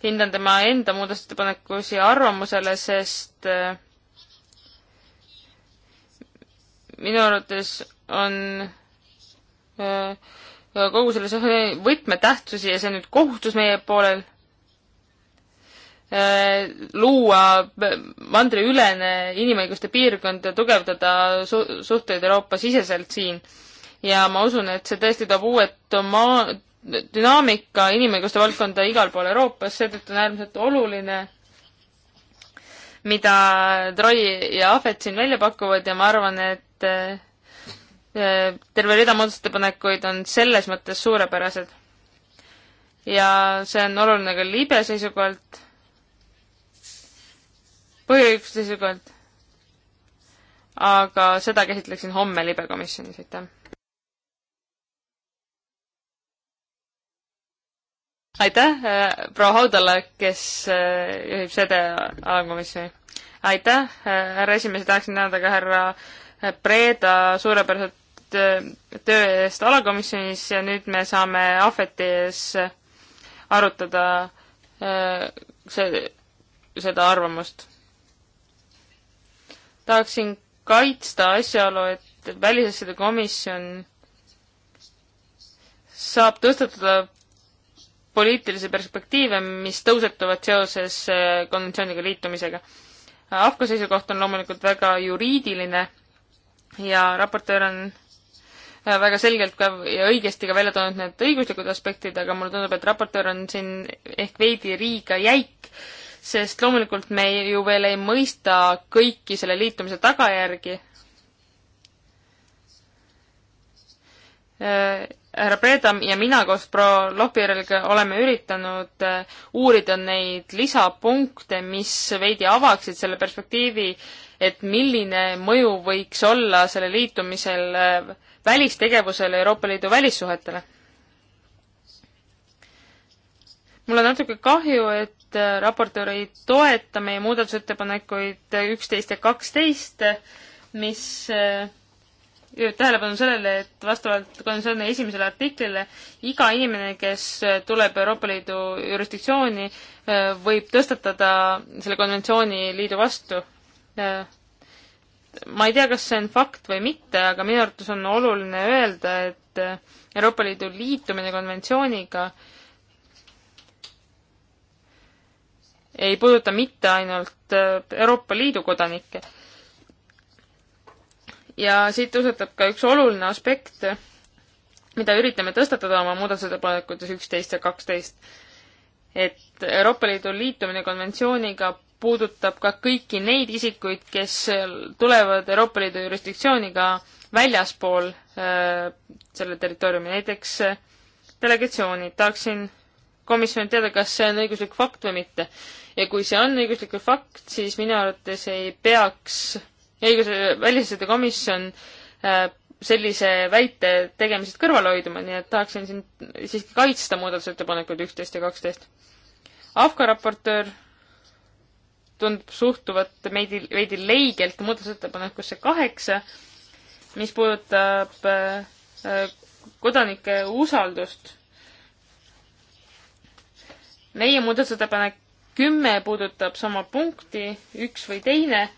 hindan tema enda muudatusettepanekusi arvamusele, sest eh, minu arvates on eh, kogu selles võtmetähtsusi ja see on nüüd kohustus meie poolel Äh, luua mandriülene inimõiguste piirkond ja tugevdada su suhteid Euroopa-siseselt siin. ja ma usun, et see tõesti toob uued maa-, dünaamika inimõiguste valdkonda igal pool Euroopas, seetõttu on äärmiselt oluline, mida Troi ja Ahvet siin välja pakuvad ja ma arvan, et äh, terve rida muudatusettepanekuid on selles mõttes suurepärased. ja see on oluline ka libe seisukohalt põhiõiguste seisukohalt. aga seda käsitleksin homme libekomisjonis, aitäh. aitäh äh, proua Haudale, kes äh, juhib sede alakomisjoni. aitäh, äh, härra esimees, tahaksin tänada ka härra Preeda suurepäraselt töö eest alakomisjonis ja nüüd me saame ahveti ees arutada see, seda arvamust tahaksin kaitsta asjaolu, et välisasjade komisjon saab tõstatada poliitilisi perspektiive, mis tõusetuvad seoses äh, konventsiooniga liitumisega. Afga seisukoht on loomulikult väga juriidiline ja raportöör on äh, väga selgelt ka ja õigesti ka välja toonud need õiguslikud aspektid, aga mulle tundub, et raportöör on siin ehk veidi liiga jäik sest loomulikult me ei, ju veel ei mõista kõiki selle liitumise tagajärgi. härra Predam ja mina koos proua Lohbireliga oleme üritanud äh, uurida neid lisapunkte, mis veidi avaksid selle perspektiivi, et milline mõju võiks olla selle liitumisel äh, välistegevusele Euroopa Liidu välissuhetele mul on natuke kahju, et et äh, raportöör ei toeta meie muudatusettepanekuid äh, üksteist ja kaksteist, äh, mis juhib tähelepanu sellele, et vastavalt konventsiooni esimesele artiklile iga inimene, kes tuleb Euroopa Liidu jurisdiktsiooni, võib tõstatada selle konventsiooni liidu vastu. ma ei tea, kas see on fakt või mitte, aga minu arvates on oluline öelda, et Euroopa Liidu liitumine konventsiooniga äh, ei puuduta mitte ainult äh, Euroopa Liidu kodanikke. ja siit tõusetub ka üks oluline aspekt, mida üritame tõstatada oma muudatusettepanekutes üksteist ja kaksteist. et Euroopa Liidu liitumine konventsiooniga puudutab ka kõiki neid isikuid, kes tulevad Euroopa Liidu jurisdiktsiooniga väljaspool äh, selle territooriumi, näiteks äh, delegatsioonid. tahaksin komisjon teada, kas see on õiguslik fakt või mitte. ja kui see on õiguslik fakt, siis minu arvates ei peaks õiguse, välisasjade komisjon äh, sellise väite tegemisest kõrvale hoiduma, nii et tahaksin siin siiski kaitsta muudatusettepanekuid üksteist ja kaksteist. AFCA raportöör tundub suhtuvat veidi, veidi leigelt muudatusettepanekusse kaheksa, mis puudutab äh, äh kodanike usaldust meie muudatusettepanek kümme puudutab sama punkti, üks või teine.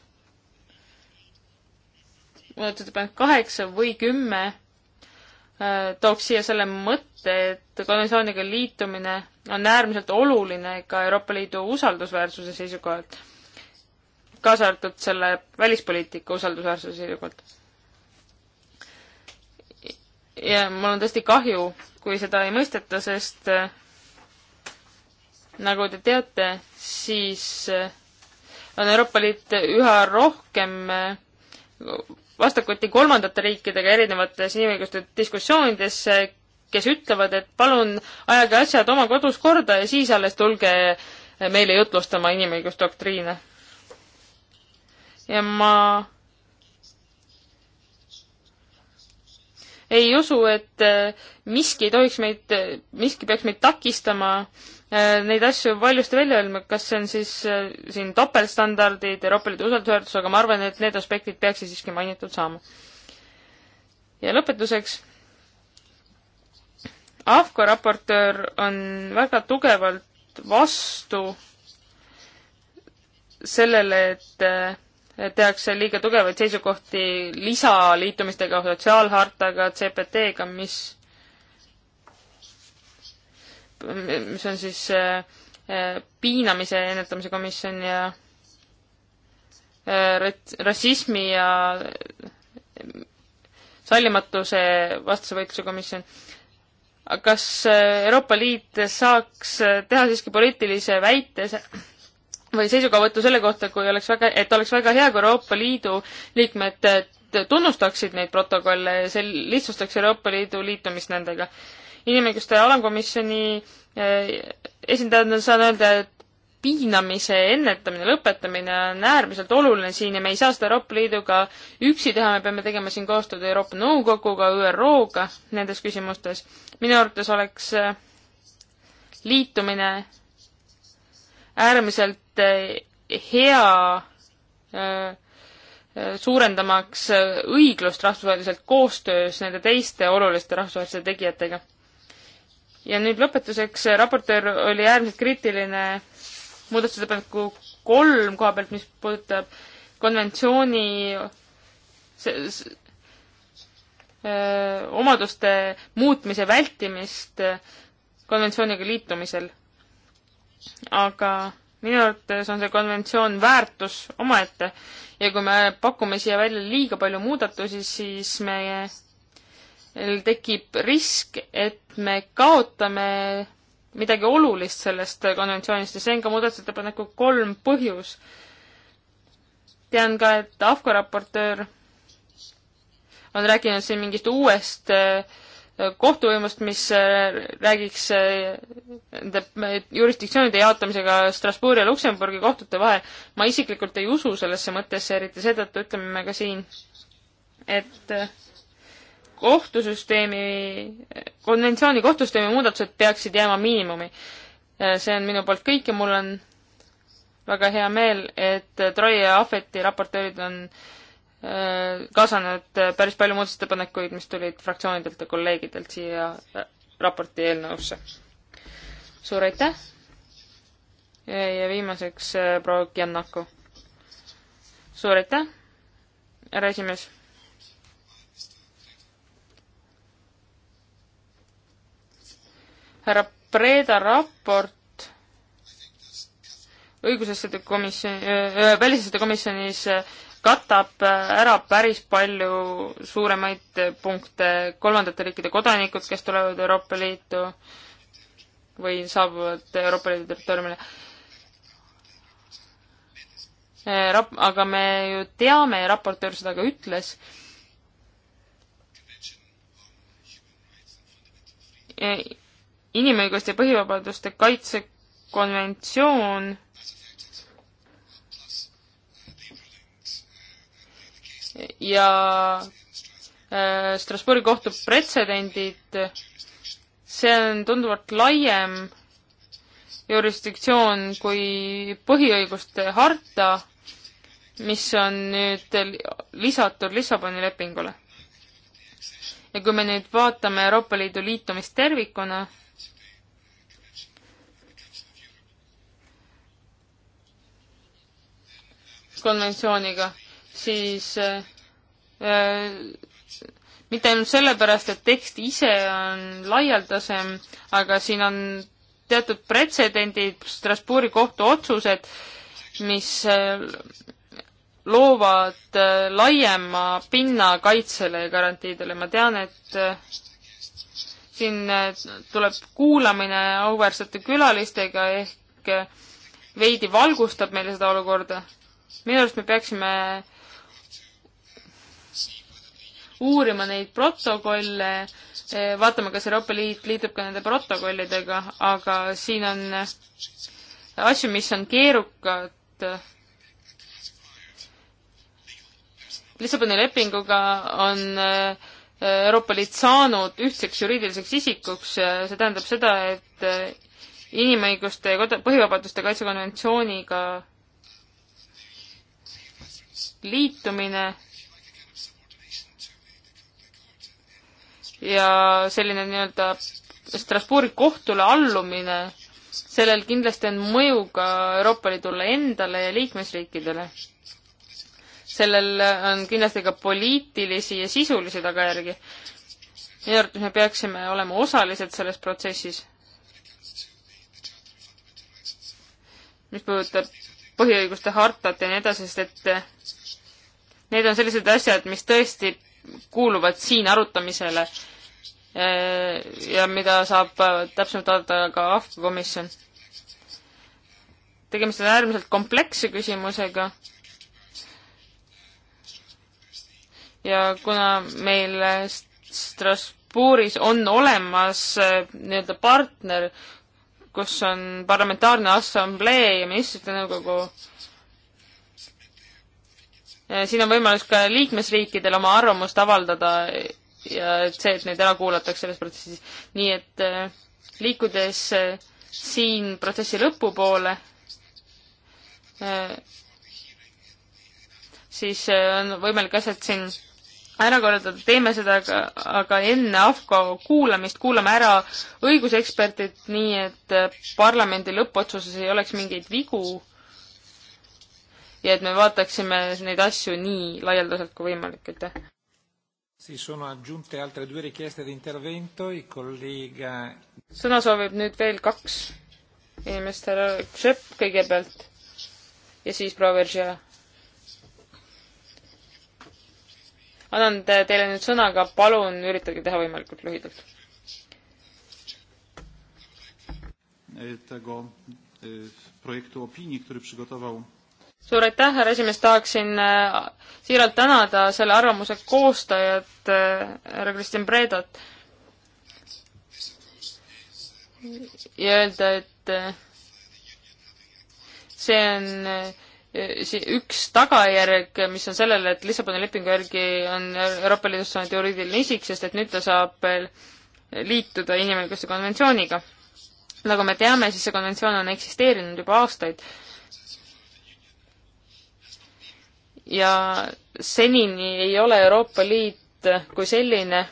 muudatusettepanek kaheksa või kümme äh, tooks siia selle mõtte, et konventsiooniga liitumine on äärmiselt oluline ka Euroopa Liidu usaldusväärsuse seisukohalt, kaasa arvatud selle välispoliitika usaldusväärsuse seisukohalt. ja mul on tõesti kahju, kui seda ei mõisteta, sest äh, nagu te teate, siis äh, on Euroopa Liit üha rohkem äh, vastakuti kolmandate riikidega erinevates inimõiguste diskussioonides, äh, kes ütlevad, et palun ajage asjad oma kodus korda ja siis alles tulge meile jutlustama inimõigusdoktriine. ja ma ei usu, et miski ei tohiks meid, miski peaks meid takistama Äh, neid asju valjusti välja öelma, kas see on siis äh, siin topeltstandardid, Euroopa Liidu usaldusväärtus, aga ma arvan, et need aspektid peaksid siiski mainitud saama. ja lõpetuseks. AFCO raportöör on väga tugevalt vastu sellele, et äh, tehakse liiga tugevaid seisukohti lisaliitumistega, sotsiaalhartaga, CPT-ga, mis mis on siis äh, äh, piinamise ennetamise komisjon ja äh, rassismi ja sallimatuse vastase võitluse komisjon. kas Euroopa Liit saaks teha siiski poliitilise väite või seisukohavõttu selle kohta, kui oleks väga, et oleks väga hea, kui Euroopa Liidu liikmed tunnustaksid neid protokolle ja see lihtsustaks Euroopa Liidu liitumist nendega inimõiguste alamkomisjoni eh, esindajana saan öelda, et piinamise ennetamine, lõpetamine on äärmiselt oluline siin ja me ei saa seda Euroopa Liiduga üksi teha, me peame tegema siin koostööd Euroopa Nõukoguga, ÜRO-ga nendes küsimustes. minu arvates oleks eh, liitumine äärmiselt eh, hea suurendamaks õiglust rahvusvaheliselt koostöös nende teiste oluliste rahvusvaheliste tegijatega ja nüüd lõpetuseks, raportöör oli äärmiselt kriitiline muudatusettepaneku kolm koha pealt, mis puudutab konventsiooni see, see, öö, omaduste muutmise vältimist konventsiooniga liitumisel. aga minu arvates on see konventsioon väärtus omaette ja kui me pakume siia välja liiga palju muudatusi, siis me tekib risk, et me kaotame midagi olulist sellest konventsioonist ja see on ka muudatusettepaneku kolm põhjus. tean ka, et AFCO raportöör on rääkinud siin mingist uuest eh, kohtuvõimust, mis eh, räägiks eh, nende jurisdiktsioonide jaotamisega Strasbourgi ja Luksemburgi kohtute vahel. ma isiklikult ei usu sellesse mõttesse, eriti seetõttu ütleme me ka siin, et kohtusüsteemi, konventsiooni kohtusüsteemi muudatused peaksid jääma miinimumi. see on minu poolt kõik ja mul on väga hea meel, et Troie ja Ahveti raportöörid on äh, kaasanud päris palju muudatusettepanekuid, mis tulid fraktsioonidelt ja kolleegidelt siia raporti eelnõusse. suur aitäh! ja viimaseks äh, proua Jannaku. suur aitäh, härra esimees! härra Preda raport õigusasjade komisjoni äh,, äh välisasjade komisjonis äh, katab äh, ära päris palju suuremaid punkte, kolmandate riikide kodanikud, kes tulevad Euroopa Liitu või saabuvad Euroopa Liidu territooriumile rap-, aga me ju teame ja raportöör seda ka ütles, inimõiguste ja põhivabaduste kaitsekonventsioon ja äh, Strasbourgi kohtu pretsedendid, see on tunduvalt laiem jurisdiktsioon kui põhiõiguste harta, mis on nüüd lisatud Lissaboni lepingule. ja kui me nüüd vaatame Euroopa Liidu liitumist tervikuna, konventsiooniga, siis äh, äh, mitte ainult sellepärast, et tekst ise on laialdasem, aga siin on teatud pretsedendid, Strasbourgi kohtu otsused, mis äh, loovad äh, laiema pinna kaitsele ja garantiidele. ma tean, et äh, siin äh, tuleb kuulamine auväärsete külalistega ehk äh, veidi valgustab meile seda olukorda minu arust me peaksime uurima neid protokolle, eh, vaatame, kas Euroopa Liit liitub ka nende protokollidega, aga siin on eh, asju, mis on keerukad. Lissaboni lepinguga on eh, Euroopa Liit saanud ühtseks juriidiliseks isikuks, see tähendab seda, et inimõiguste ja põhivabaduste kaitsekonventsiooniga liitumine ja selline nii-öelda Strasbourgi kohtule allumine, sellel kindlasti on mõju ka Euroopa Liidule endale ja liikmesriikidele. sellel on kindlasti ka poliitilisi ja sisulisi tagajärgi. minu arvates me peaksime olema osalised selles protsessis. mis puudutab põhiõiguste hartat ja nii edasi, sest et Need on sellised asjad, mis tõesti kuuluvad siin arutamisele eh, ja mida saab äh, täpsemalt vaadata ka AFCO komisjon. tegemist on äärmiselt kompleksse küsimusega. ja kuna meil Strasbourgis on olemas äh, nii-öelda partner, kus on parlamentaarne assamblee ja ministrite nõukogu, siin on võimalus ka liikmesriikidel oma arvamust avaldada ja et see, et neid ära kuulatakse selles protsessis. nii et äh, liikudes äh, siin protsessi lõpupoole, äh, siis on võimalik asjad siin ära korraldada, teeme seda aga, aga enne AFCO kuulamist, kuulame ära õigusekspertid, nii et parlamendi lõppotsuses ei oleks mingeid vigu ja et me vaataksime neid asju nii laialdaselt kui võimalik, aitäh. sõna soovib nüüd veel kaks inimest, härra Kšep kõigepealt ja siis proua Veržia. annan teile nüüd sõna, aga palun üritage teha võimalikult lühidalt. E, tego e, projektu opinii, który przygotował suur aitäh, härra esimees, tahaksin äh, siiralt tänada selle arvamuse koostajat, äh, härra Kristjan Predot. ja öelda, et äh, see on üks tagajärg, mis on sellele, et Lissaboni lepingu järgi on Euroopa Liidust saanud juriidiline isik, sest et nüüd ta saab liituda inimõiguste konventsiooniga. nagu me teame, siis see konventsioon on eksisteerinud juba aastaid ja senini ei ole Euroopa Liit kui selline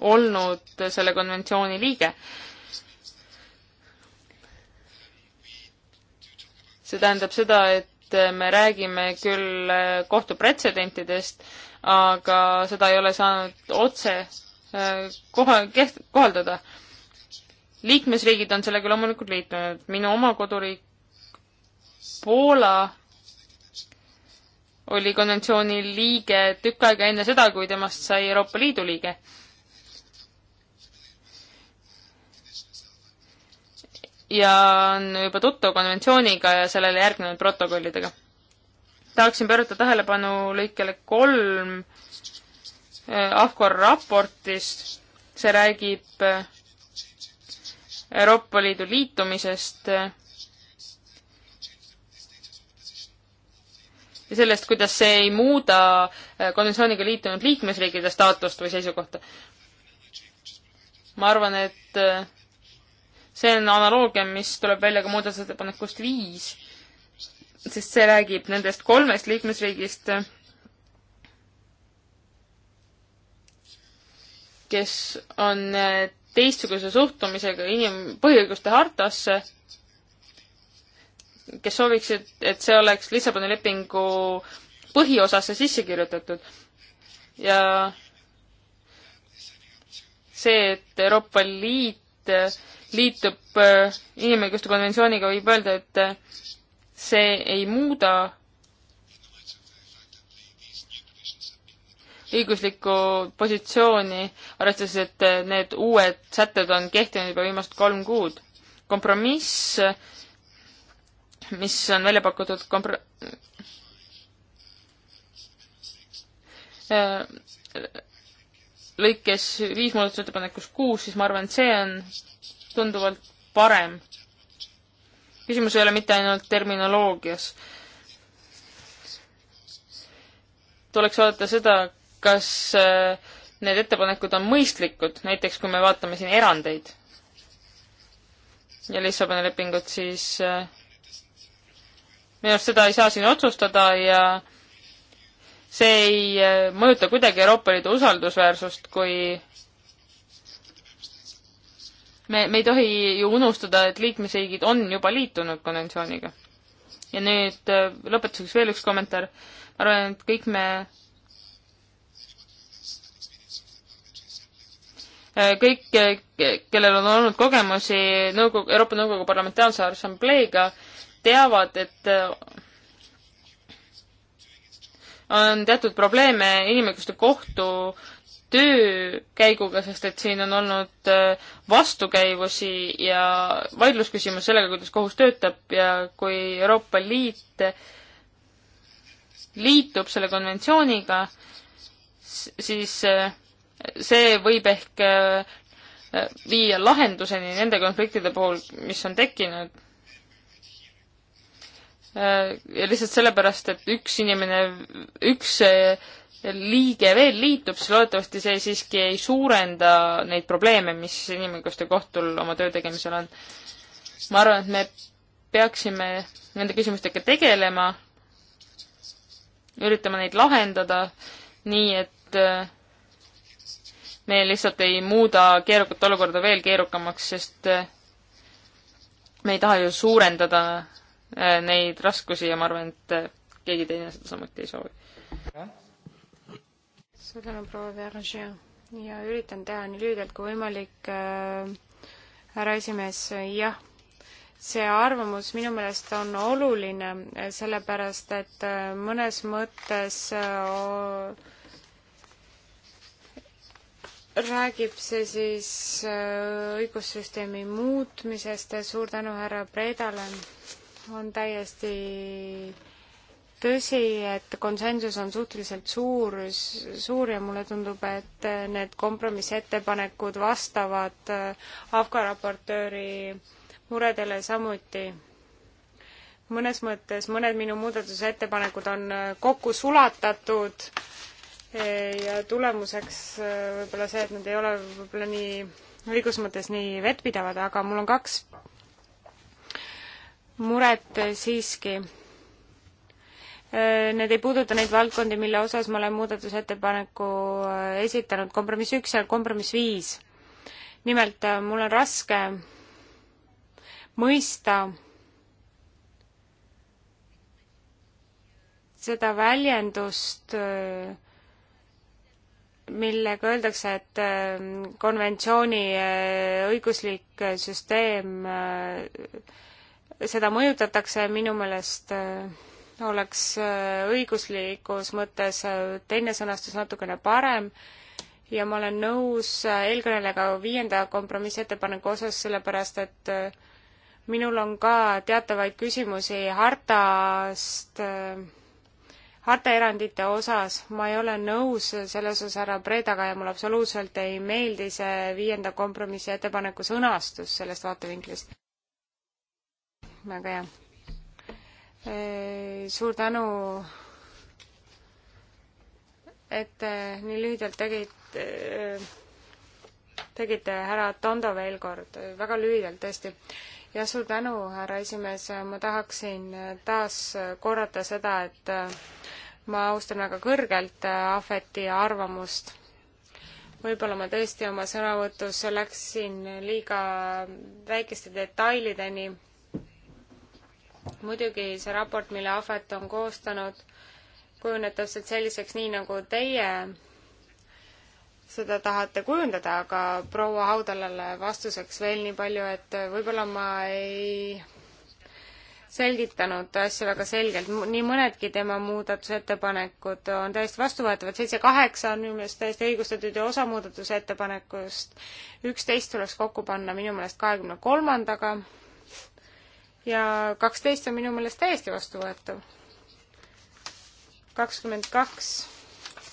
olnud selle konventsiooni liige. see tähendab seda, et me räägime küll kohtupretsedentidest, aga seda ei ole saanud otse äh, kohe keht-, kohaldada. liikmesriigid on sellega loomulikult liitunud, minu oma koduriik Poola oli konventsiooni liige tükk aega enne seda, kui temast sai Euroopa Liidu liige. ja on juba tuttav konventsiooniga ja sellele järgnenud protokollidega. tahaksin pöörata tähelepanu lõikele kolm eh, Ahkor raportist, see räägib eh, Euroopa Liidu liitumisest eh, sellest, kuidas see ei muuda äh, konventsiooniga liitunud liikmesriikide staatust või seisukohta. ma arvan, et äh, see on analoogia, mis tuleb välja ka muudatusettepanekust viis, sest see räägib nendest kolmest liikmesriigist, äh, kes on teistsuguse suhtumisega inim-, põhiõiguste hartasse kes sooviksid, et see oleks Lissaboni lepingu põhiosasse sisse kirjutatud. ja see, et Euroopa Liit liitub äh, inimõiguste konventsiooniga, võib öelda, et äh, see ei muuda õiguslikku positsiooni, arvestades, et äh, need uued sätted on kehtinud juba viimased kolm kuud. kompromiss mis on välja pakutud kompro-, äh, lõikes viis muudatusettepanekus kuus, siis ma arvan, et see on tunduvalt parem. küsimus ei ole mitte ainult terminoloogias. tuleks vaadata seda, kas äh, need ettepanekud on mõistlikud, näiteks kui me vaatame siin erandeid ja Lissaboni lepingut, siis äh, minu arust seda ei saa siin otsustada ja see ei äh, mõjuta kuidagi Euroopa Liidu usaldusväärsust, kui me, me ei tohi ju unustada, et liikmesriigid on juba liitunud konventsiooniga. ja nüüd äh, lõpetuseks veel üks kommentaar. ma arvan, et kõik me äh, kõik, kellel on olnud kogemusi nõukogu, Euroopa Nõukogu Parlamentaarse Assambleega, teavad, et äh, on teatud probleeme inimõiguste kohtu töö käiguga, sest et siin on olnud äh, vastukäivusi ja vaidlusküsimus sellega, kuidas kohus töötab ja kui Euroopa Liit liitub selle konventsiooniga, siis äh, see võib ehk viia lahenduseni nende konfliktide puhul, mis on tekkinud. Äh, ja lihtsalt sellepärast, et üks inimene, üks äh, liige veel liitub, siis loodetavasti see siiski ei suurenda neid probleeme, mis inimõiguste kohtul oma töö tegemisel on. ma arvan, et me peaksime nende küsimustega tegelema, üritama neid lahendada nii, et äh, me lihtsalt ei muuda keerukat olukorda veel keerukamaks, sest me ei taha ju suurendada Äh, neid raskusi ja ma arvan, et äh, keegi teine seda samuti ei soovi. suur tänu, proua Verge ja üritan teha nii lühidalt kui võimalik äh,, härra esimees, jah see arvamus minu meelest on oluline, äh, sellepärast et mõnes mõttes räägib see siis õigussüsteemi muutmisest ja suur tänu härra Predale on täiesti tõsi, et konsensus on suhteliselt suur, suur ja mulle tundub, et need kompromissettepanekud vastavad äh, AFGA raportööri muredele samuti. mõnes mõttes mõned minu muudatusettepanekud on äh, kokku sulatatud äh, ja tulemuseks võib-olla see, et nad ei ole võib-olla nii õigus mõttes nii vettpidavad, aga mul on kaks muret siiski. Äh, need ei puuduta neid valdkondi, mille osas ma olen muudatusettepaneku äh, esitanud, kompromiss üks ja kompromiss viis. nimelt äh, mul on raske mõista seda väljendust, millega öeldakse, et konventsiooni õiguslik süsteem seda mõjutatakse, minu meelest äh, oleks äh, õiguslikus mõttes äh, teine sõnastus natukene parem ja ma olen nõus eelkõnelejaga viienda kompromissettepaneku osas, sellepärast et minul on ka teatavaid küsimusi hartast, hartaerandite osas. ma ei ole nõus selles osas härra Predaga ja mulle absoluutselt ei meeldi see viienda kompromissettepaneku sõnastus sellest vaatevinklist väga hea. suur tänu, et nii lühidalt tegite, tegite härra Tondo veel kord, väga lühidalt tõesti. ja suur tänu, härra esimees, ma tahaksin taas korrata seda, et ma austan väga kõrgelt Ahveti arvamust võib-olla ma tõesti oma sõnavõtus läksin liiga väikeste detailideni muidugi see raport, mille Ahvet on koostanud, kujuneb täpselt selliseks, nii nagu teie seda tahate kujundada, aga proua Haudalale vastuseks veel nii palju, et võib-olla ma ei selgitanud asja väga selgelt, nii mõnedki tema muudatusettepanekud on täiesti vastuvõetavad, seitse-kaheksa on minu meelest täiesti õigustatud ja osa muudatusettepanekust üksteist tuleks kokku panna minu meelest kahekümne kolmandaga ja kaksteist on minu meelest täiesti vastuvõetav. kakskümmend kaks,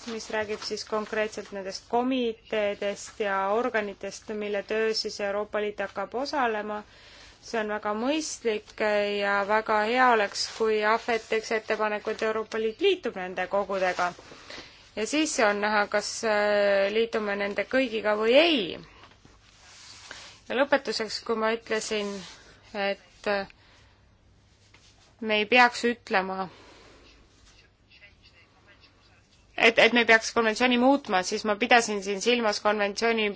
mis räägib siis konkreetselt nendest komiteedest ja organitest, mille töös siis Euroopa Liit hakkab osalema, see on väga mõistlik ja väga hea oleks, kui ahvet teeks ettepaneku, et Euroopa Liit liitub nende kogudega. ja siis on näha, kas äh, liitume nende kõigiga või ei. ja lõpetuseks, kui ma ütlesin, et äh, me ei peaks ütlema, et, et me peaks konventsiooni muutma, siis ma pidasin siin silmas konventsiooni,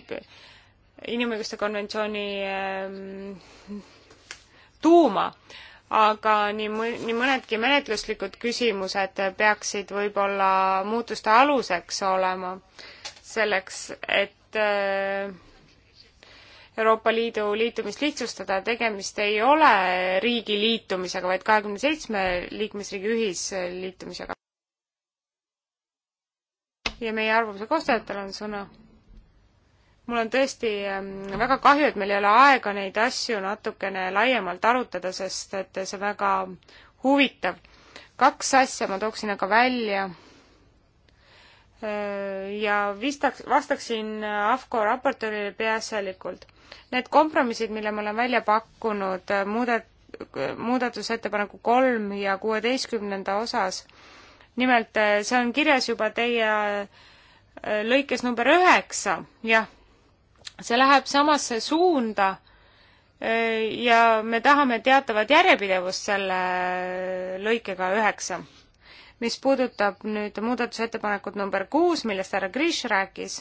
inimõiguste konventsiooni ähm, tuuma, aga nii mõ-, nii mõnedki menetluslikud küsimused peaksid võib-olla muutuste aluseks olema, selleks et äh, Euroopa Liidu liitumist lihtsustada, tegemist ei ole riigi liitumisega, vaid kahekümne seitsme liikmesriigi ühisliitumisega. ja meie arvamuse koostajatel on sõna. mul on tõesti ähm, väga kahju, et meil ei ole aega neid asju natukene laiemalt arutada, sest et see väga huvitav. kaks asja ma tooksin aga välja äh, ja vistaks, vastaksin AFCO raportöörile peaasjalikult. Need kompromissid, mille ma olen välja pakkunud äh, muudet-, äh, muudatusettepaneku kolm ja kuueteistkümnenda osas, nimelt äh, see on kirjas juba teie lõikes number üheksa, jah, see läheb samasse suunda ja me tahame teatavat järjepidevust selle lõikega üheksa. mis puudutab nüüd muudatusettepanekut number kuus, millest härra Grish rääkis,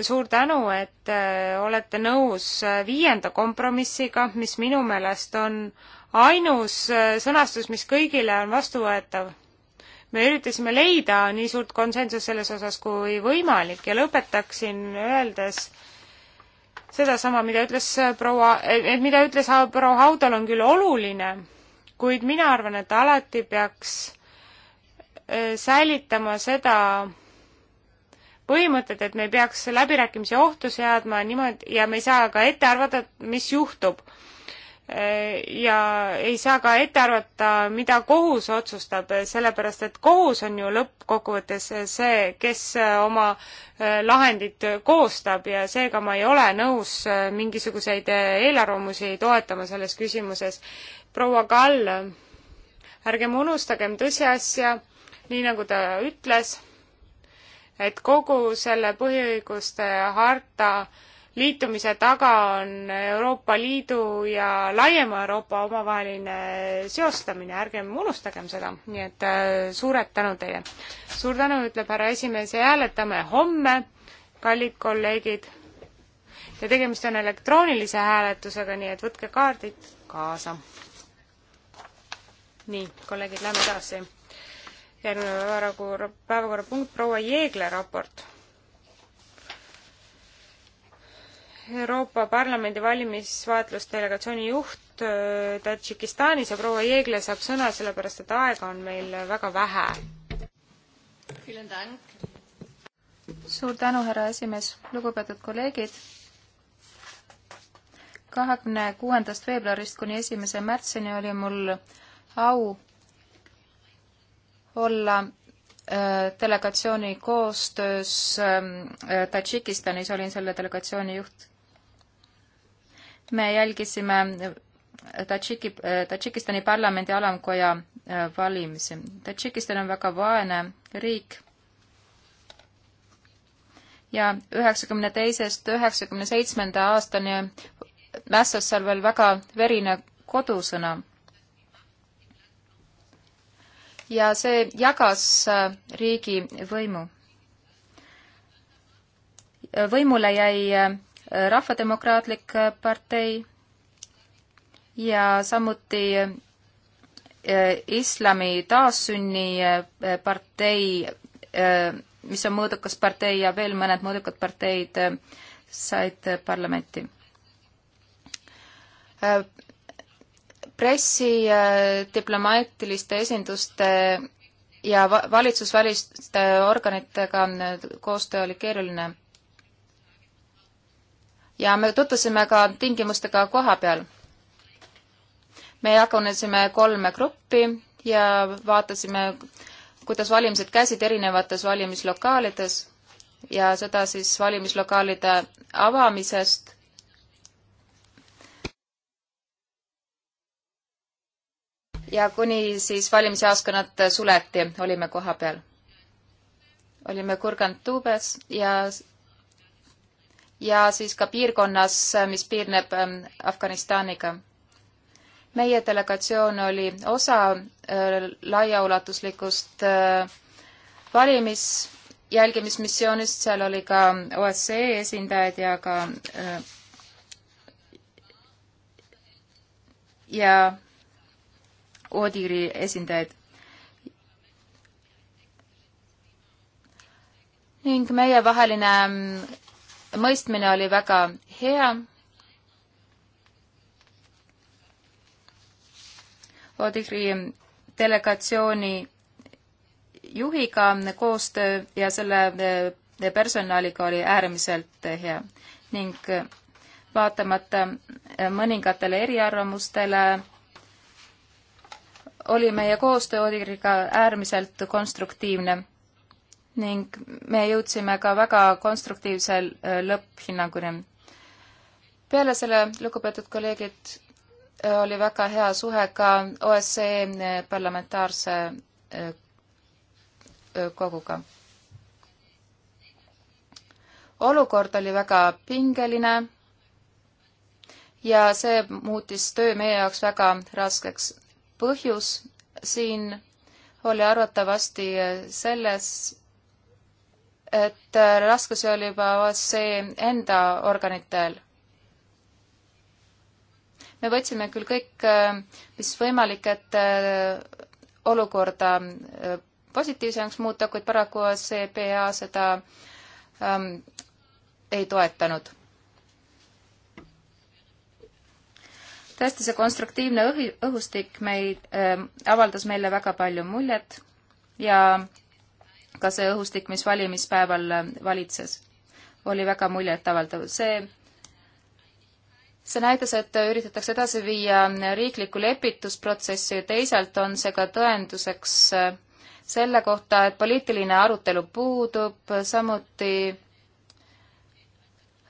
suur tänu, et äh, olete nõus äh, viienda kompromissiga, mis minu meelest on ainus äh, sõnastus, mis kõigile on vastuvõetav. me üritasime leida nii suurt konsensust selles osas kui võimalik ja lõpetaksin öeldes sedasama, mida ütles proua, et mida ütles proua Haudal, on küll oluline, kuid mina arvan, et alati peaks säilitama seda põhimõtet, et me ei peaks läbirääkimisi ohtu seadma niimoodi ja me ei saa ka ette arvata, mis juhtub. ja ei saa ka ette arvata, mida kohus otsustab, sellepärast et kohus on ju lõppkokkuvõttes see, kes oma eh, lahendit koostab ja seega ma ei ole nõus eh, mingisuguseid eh, eelarvamusi toetama selles küsimuses. proua Kall, ärgem unustagem tõsiasja, nii nagu ta ütles et kogu selle põhiõiguste harta liitumise taga on Euroopa Liidu ja laiema Euroopa omavaheline seostamine, ärgem unustagem seda, nii et äh, suured tänu teile. suur tänu, ütleb härra esimees ja hääletame homme, kallid kolleegid. ja tegemist on elektroonilise hääletusega, nii et võtke kaardid kaasa. nii, kolleegid, lähme edasi järgneva päevakorrapunkt, proua Jeegle raport. Euroopa Parlamendi valimisvaatlusdelegatsiooni juht äh, Tadžikistanis ja proua Jeegle saab sõna, sellepärast et aega on meil väga vähe. suur tänu, härra esimees, lugupeetud kolleegid. kahekümne kuuendast veebruarist kuni esimese märtsini oli mul au olla äh, delegatsiooni koostöös ähm, äh, Tadžikistanis, olin selle delegatsiooni juht. me jälgisime äh, Tadžiki, Tadžikistani parlamendi alamkoja valimisi. Tadžikistan on väga vaene riik ja üheksakümne teisest üheksakümne seitsmenda aastani mässas seal veel väga verine kodusõna ja see jagas äh, riigi võimu. võimule jäi äh, Rahvademokraatlik äh, partei ja samuti islami taassünni partei, mis on mõõdukas partei ja veel mõned mõõdukad parteid said parlamenti pressi, äh, diplomaatiliste esinduste ja valitsusväliste organitega äh, koostöö oli keeruline. ja me tutvusime ka tingimustega koha peal. me jagunesime kolme gruppi ja vaatasime, kuidas valimised käisid erinevates valimislokaalides ja seda siis valimislokaalide avamisest ja kuni siis valimisjaoskonnad suleti, olime koha peal. olime Kurgantubes ja, ja siis ka piirkonnas, mis piirneb ähm, Afganistaniga. meie delegatsioon oli osa äh, laiaulatuslikust äh, valimis jälgimismissioonist, seal oli ka OSCE esindajad ja ka äh, ja Odiri esindajaid. ning meievaheline mm, mõistmine oli väga hea. Odiri delegatsiooni juhiga koostöö ja selle mm, personaliga oli äärmiselt hea ning vaatamata mm, mõningatele eriarvamustele oli meie koostöö Odiriga äärmiselt konstruktiivne ning me jõudsime ka väga konstruktiivse äh, lõpphinnanguni. peale selle, lugupeetud kolleegid, äh, oli väga hea suhe ka OSCE äh, parlamentaarse koguga. olukord oli väga pingeline ja see muutis töö meie jaoks väga raskeks põhjus siin oli arvatavasti selles, et raskusi oli juba see enda organitel. me võtsime küll kõik, mis võimalik, et olukorda positiivsemaks muuta, kuid paraku see PA seda ähm, ei toetanud tõesti, see konstruktiivne õhi, õhustik meid äh,, avaldas meile väga palju muljet ja ka see õhustik, mis valimispäeval ähm, valitses, oli väga muljetavaldav. see, see näitas, et üritatakse edasi viia ähm, riiklikku lepitusprotsessi ja teisalt on see ka tõenduseks äh, selle kohta, et poliitiline arutelu puudub, samuti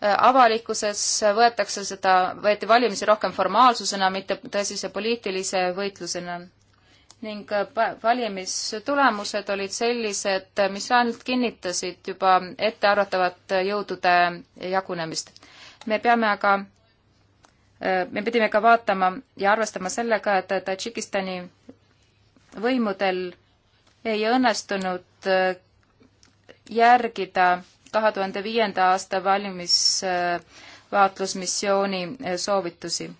avalikkuses võetakse seda, võeti valimisi rohkem formaalsusena, mitte tõsise poliitilise võitlusena. ning äh, valimistulemused olid sellised, mis ainult kinnitasid juba ettearvatavat jõudude jagunemist. me peame aga, äh, me pidime ka vaatama ja arvestama sellega, et Tadžikistani võimudel ei õnnestunud äh, järgida kahe tuhande viienda aasta valimisvaatlusmissiooni eh, soovitusi.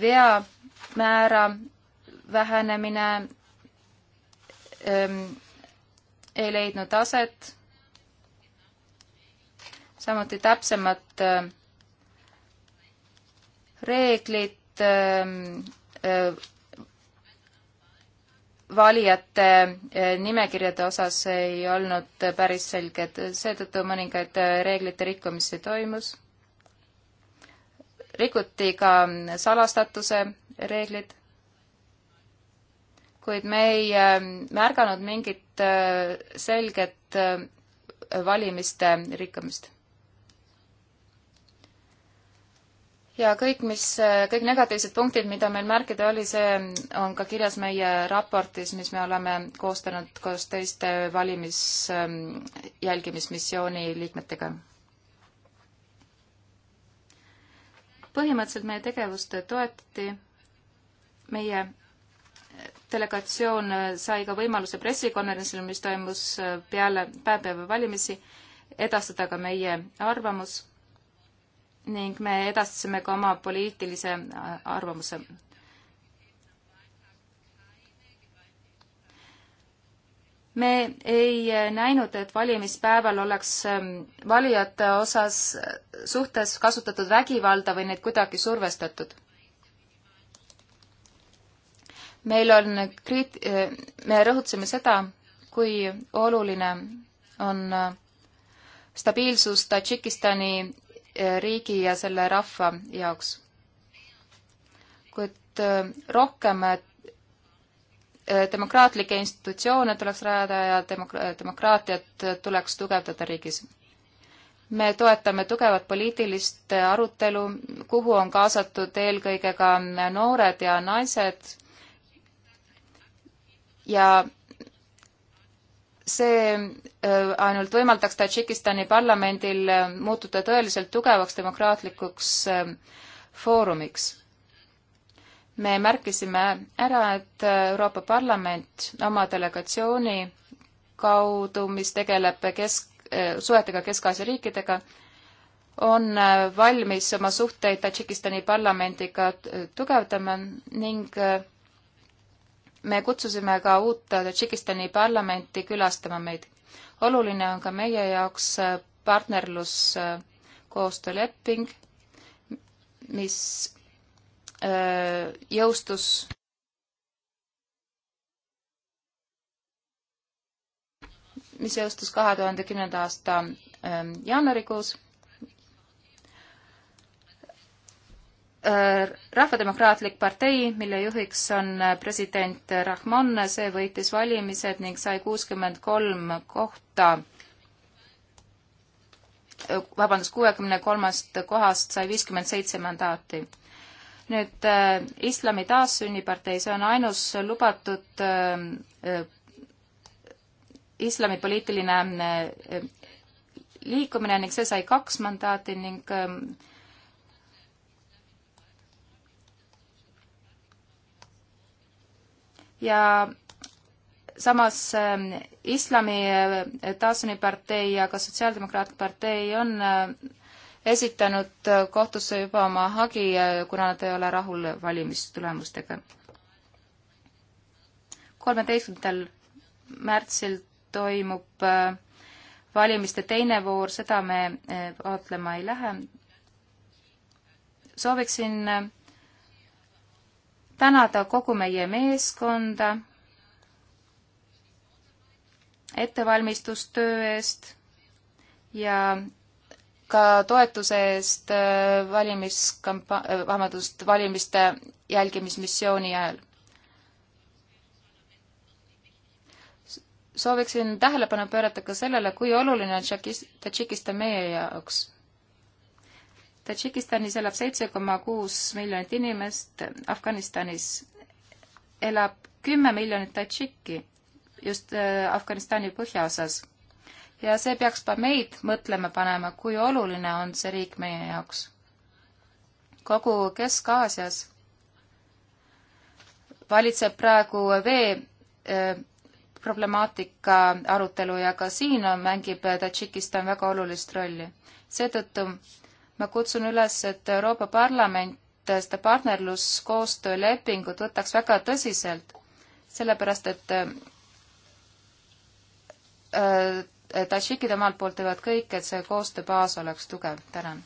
veamäära vähenemine ähm, ei leidnud aset, samuti täpsemad äh, reeglid äh, valijate eh, nimekirjade osas ei olnud päris selged, seetõttu mõningaid eh, reeglite rikkumisi toimus. rikuti ka salastatuse reeglid, kuid me ei eh, märganud mingit selget valimiste rikkumist ja kõik, mis, kõik negatiivsed punktid, mida meil märkida oli, see on ka kirjas meie raportis, mis me oleme koostanud koos teiste valimis ähm, jälgimismissiooni liikmetega. põhimõtteliselt meie tegevust toetati, meie äh, delegatsioon äh, sai ka võimaluse pressikonverentsil, mis toimus äh, peale, päev peale valimisi, edastada ka meie arvamus ning me edastasime ka oma poliitilise äh, arvamuse. me ei äh, näinud, et valimispäeval oleks ähm, valijate osas äh, suhtes kasutatud vägivalda või neid kuidagi survestatud meil on kriit-, me rõhutasime seda, kui oluline on stabiilsus Tadžikistani riigi ja selle rahva jaoks. kuid äh, rohkem äh, demokraatlikke institutsioone tuleks rajada ja demok-, demokraatiat tuleks tugevdada riigis. me toetame tugevat poliitilist arutelu, kuhu on kaasatud eelkõige ka noored ja naised ja see äh, ainult võimaldaks Tadžikistani parlamendil äh, muutuda tõeliselt tugevaks demokraatlikuks äh, foorumiks. me märkisime ära, et Euroopa Parlament oma delegatsiooni kaudu, mis tegeleb kesk, suhetega Kesk-Aasia riikidega, on valmis oma suhteid Tadžikistani parlamendiga tugevdama ning me kutsusime ka uut Tadžikistani parlamenti külastama meid. oluline on ka meie jaoks äh, partnerluskoostööleping, äh, mis äh, jõustus mis jõustus kahe tuhande kümnenda aasta jaanuarikuus Äh, Rahvademokraatlik partei, mille juhiks on äh, president Rahmon, see võitis valimised ning sai kuuskümmend kolm kohta. Äh, vabandust, kuuekümne kolmast kohast sai viiskümmend seitse mandaati. nüüd äh, Islami taassünnipartei, see on ainus lubatud äh, islami poliitiline äh, liikumine ning see sai kaks mandaati ning äh, ja samas ähm, Islami äh, taasunipartei ja ka Sotsiaaldemokraatlik partei on äh, esitanud äh, kohtusse juba oma hagi, kuna nad ei ole rahul valimistulemustega. kolmeteistkümnendal märtsil toimub valimiste teine voor, seda me vaatlema ei lähe. sooviksin tänada kogu meie meeskonda ettevalmistustöö eest ja ka toetuse eest äh, valimiskampa-, äh, vabandust, valimiste jälgimismissiooni ajal. sooviksin tähelepanu pöörata ka sellele, kui oluline on Tšekis-, Tadžikistan meie jaoks Tadžikistanis elab seitse koma kuus miljonit inimest, Afganistanis elab kümme miljonit tadžikki just äh, Afganistani põhjaosas. ja see peaks ka meid mõtlema panema, kui oluline on see riik meie jaoks. kogu Kesk-Aasias valitseb praegu vee äh, problemaatika arutelu ja ka siin on, mängib Tadžikistan väga olulist rolli. seetõttu ma kutsun üles, et Euroopa Parlament äh, seda partnerluskoostöölepingut võtaks väga tõsiselt, sellepärast et äh, äh, Tadžikid omalt poolt teevad kõik, et see koostööbaas oleks tugev. tänan.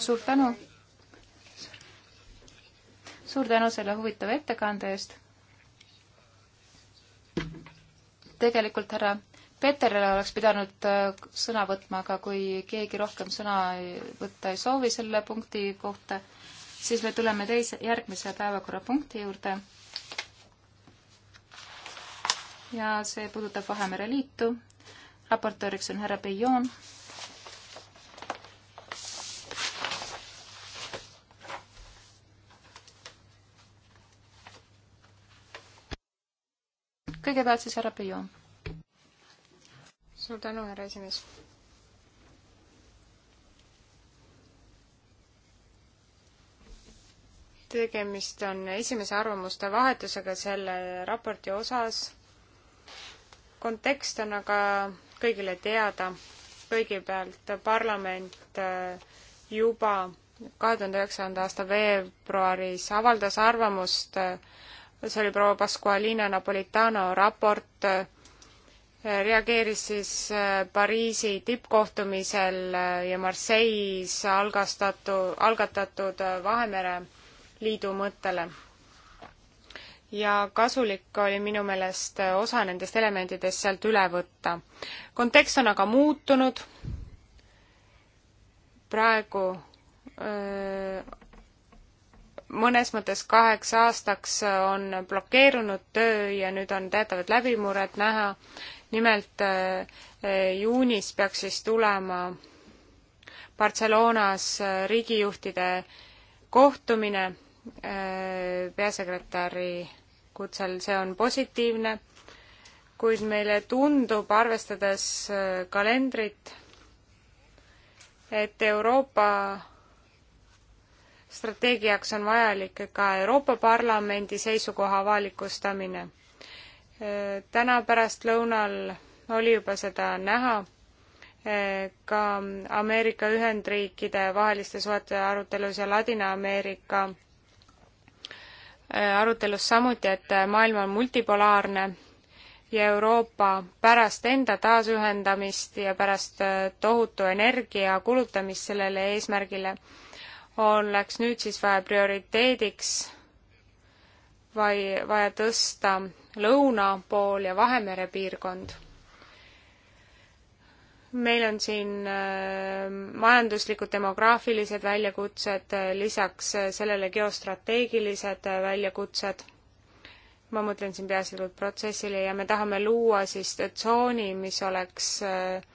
suur tänu. suur tänu selle huvitava ettekande eest. tegelikult härra Peterle oleks pidanud äh, sõna võtma, aga kui keegi rohkem sõna võtta ei soovi selle punkti kohta, siis me tuleme teise, järgmise päevakorrapunkti juurde. ja see puudutab Vahemere Liitu. raportööriks on härra Beijon. kõigepealt siis härra Beijon suur tänu, härra esimees. tegemist on esimese arvamuste vahetusega selle raporti osas. kontekst on aga kõigile teada. kõigepealt parlament äh, juba kahe tuhande üheksanda aasta veebruaris avaldas arvamust, see oli proua Pascualina Napolitano raport äh, reageeris siis äh, Pariisi tippkohtumisel äh, ja Marseilles algastatu, algatatud äh, Vahemere liidu mõttele. ja kasulik oli minu meelest osa nendest elementidest sealt üle võtta. kontekst on aga muutunud, praegu öö, mõnes mõttes kaheks aastaks on blokeerunud töö ja nüüd on teatavad läbimured näha nimelt eh, eh, juunis peaks siis tulema Barcelonas eh, riigijuhtide kohtumine peasekretäri kutsel, see on positiivne, kuid meile tundub, arvestades kalendrit, et Euroopa strateegiaks on vajalik ka Euroopa Parlamendi seisukoha avalikustamine täna pärastlõunal oli juba seda näha e, ka Ameerika Ühendriikide vaheliste suhete arutelus ja Ladina-Ameerika e, arutelus samuti, et maailm on multipolaarne ja Euroopa pärast enda taasühendamist ja pärast e, tohutu energia kulutamist sellele eesmärgile oleks nüüd siis vaja prioriteediks vai vaja tõsta lõuna pool ja Vahemere piirkond. meil on siin äh, majanduslikud, demograafilised väljakutsed, äh, lisaks äh, sellele geostrateegilised väljakutsed, ma mõtlen siin peaasjalikult protsessile ja me tahame luua siis tsooni, mis oleks äh,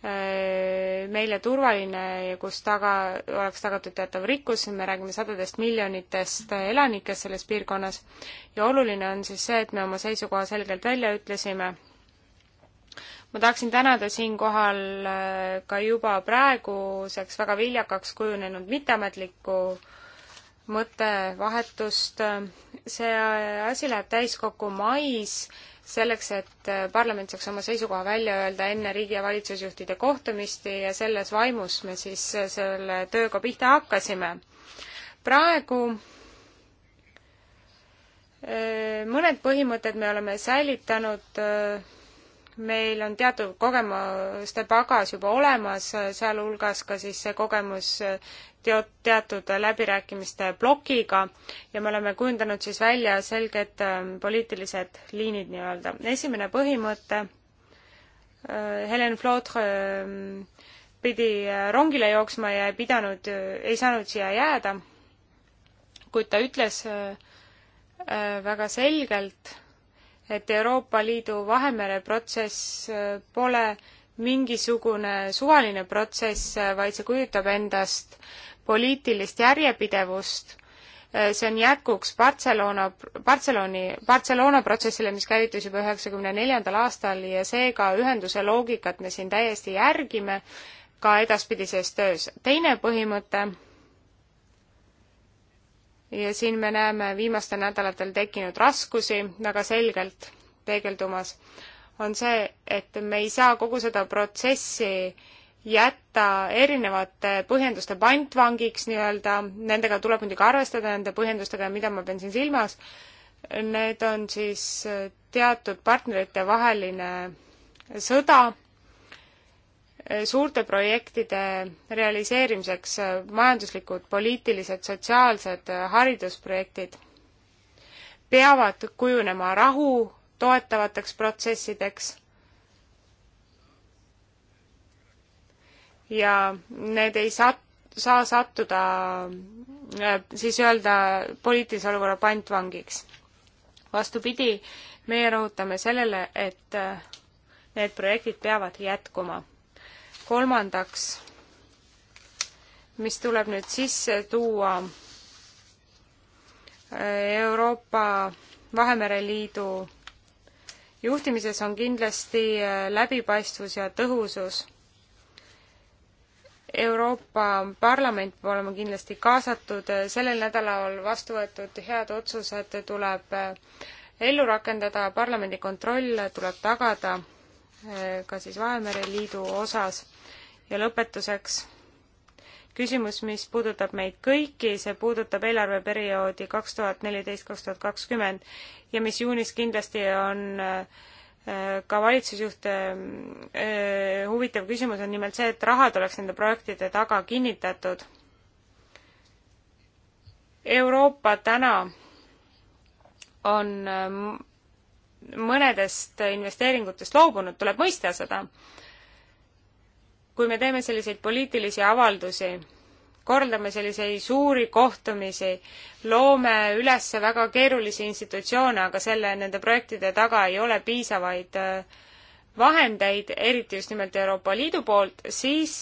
Äh, meile turvaline ja kus taga, oleks tagatud teatav rikkus, me räägime sadadest miljonitest elanikest selles piirkonnas ja oluline on siis see, et me oma seisukoha selgelt välja ütlesime. ma tahaksin tänada siinkohal äh, ka juba praeguseks väga viljakaks kujunenud mitteametlikku mõttevahetust. see asi läheb täiskokku mais selleks, et äh, parlament saaks oma seisukoha välja öelda enne riigi- ja valitsusjuhtide kohtumist ja selles vaimus me siis äh, selle tööga pihta hakkasime. praegu äh, mõned põhimõtted me oleme säilitanud meil on teatud kogemuste pagas juba olemas, sealhulgas ka siis see kogemus äh, teot-, teatud läbirääkimiste plokiga ja me oleme kujundanud siis välja selged äh, poliitilised liinid nii-öelda. esimene põhimõte, äh, Helen Flotre pidi rongile jooksma ja ei pidanud, ei saanud siia jääda, kuid ta ütles väga selgelt, et Euroopa Liidu Vahemere protsess äh, pole mingisugune suvaline protsess, äh, vaid see kujutab endast poliitilist järjepidevust, äh, see on jätkuks Barcelona, Barceloni, Barcelona protsessile, mis käivitus juba üheksakümne neljandal aastal ja seega ühenduse loogikat me siin täiesti järgime ka edaspidises töös. teine põhimõte ja siin me näeme viimastel nädalatel tekkinud raskusi väga selgelt peegeldumas, on see, et me ei saa kogu seda protsessi jätta erinevate põhjenduste pantvangiks nii-öelda, nendega tuleb muidugi arvestada, nende põhjendustega, mida ma pean siin silmas, need on siis teatud partnerite vaheline sõda suurte projektide realiseerimiseks äh, majanduslikud, poliitilised, sotsiaalsed äh, haridusprojektid peavad kujunema rahu toetavateks protsessideks ja need ei saa, saa sattuda äh, siis öelda poliitilise olukorra pantvangiks. vastupidi, meie rõhutame sellele, et need projektid peavad jätkuma kolmandaks, mis tuleb nüüd sisse tuua Euroopa Vahemere Liidu juhtimises on kindlasti äh, läbipaistvus ja tõhusus. Euroopa Parlament peab olema kindlasti kaasatud, äh, sellel nädalal vastu võetud head otsused tuleb äh, ellu rakendada, parlamendi kontroll tuleb tagada ka siis Vahemere Liidu osas ja lõpetuseks küsimus, mis puudutab meid kõiki, see puudutab eelarveperioodi kaks tuhat neliteist, kaks tuhat kakskümmend ja mis juunis kindlasti on äh, ka valitsusjuhte äh, huvitav küsimus on nimelt see, et rahad oleks nende projektide taga kinnitatud. Euroopa täna on äh, mõnedest investeeringutest loobunud, tuleb mõista seda kui me teeme selliseid poliitilisi avaldusi, korraldame selliseid suuri kohtumisi, loome üles väga keerulisi institutsioone, aga selle, nende projektide taga ei ole piisavaid äh, vahendeid, eriti just nimelt Euroopa Liidu poolt, siis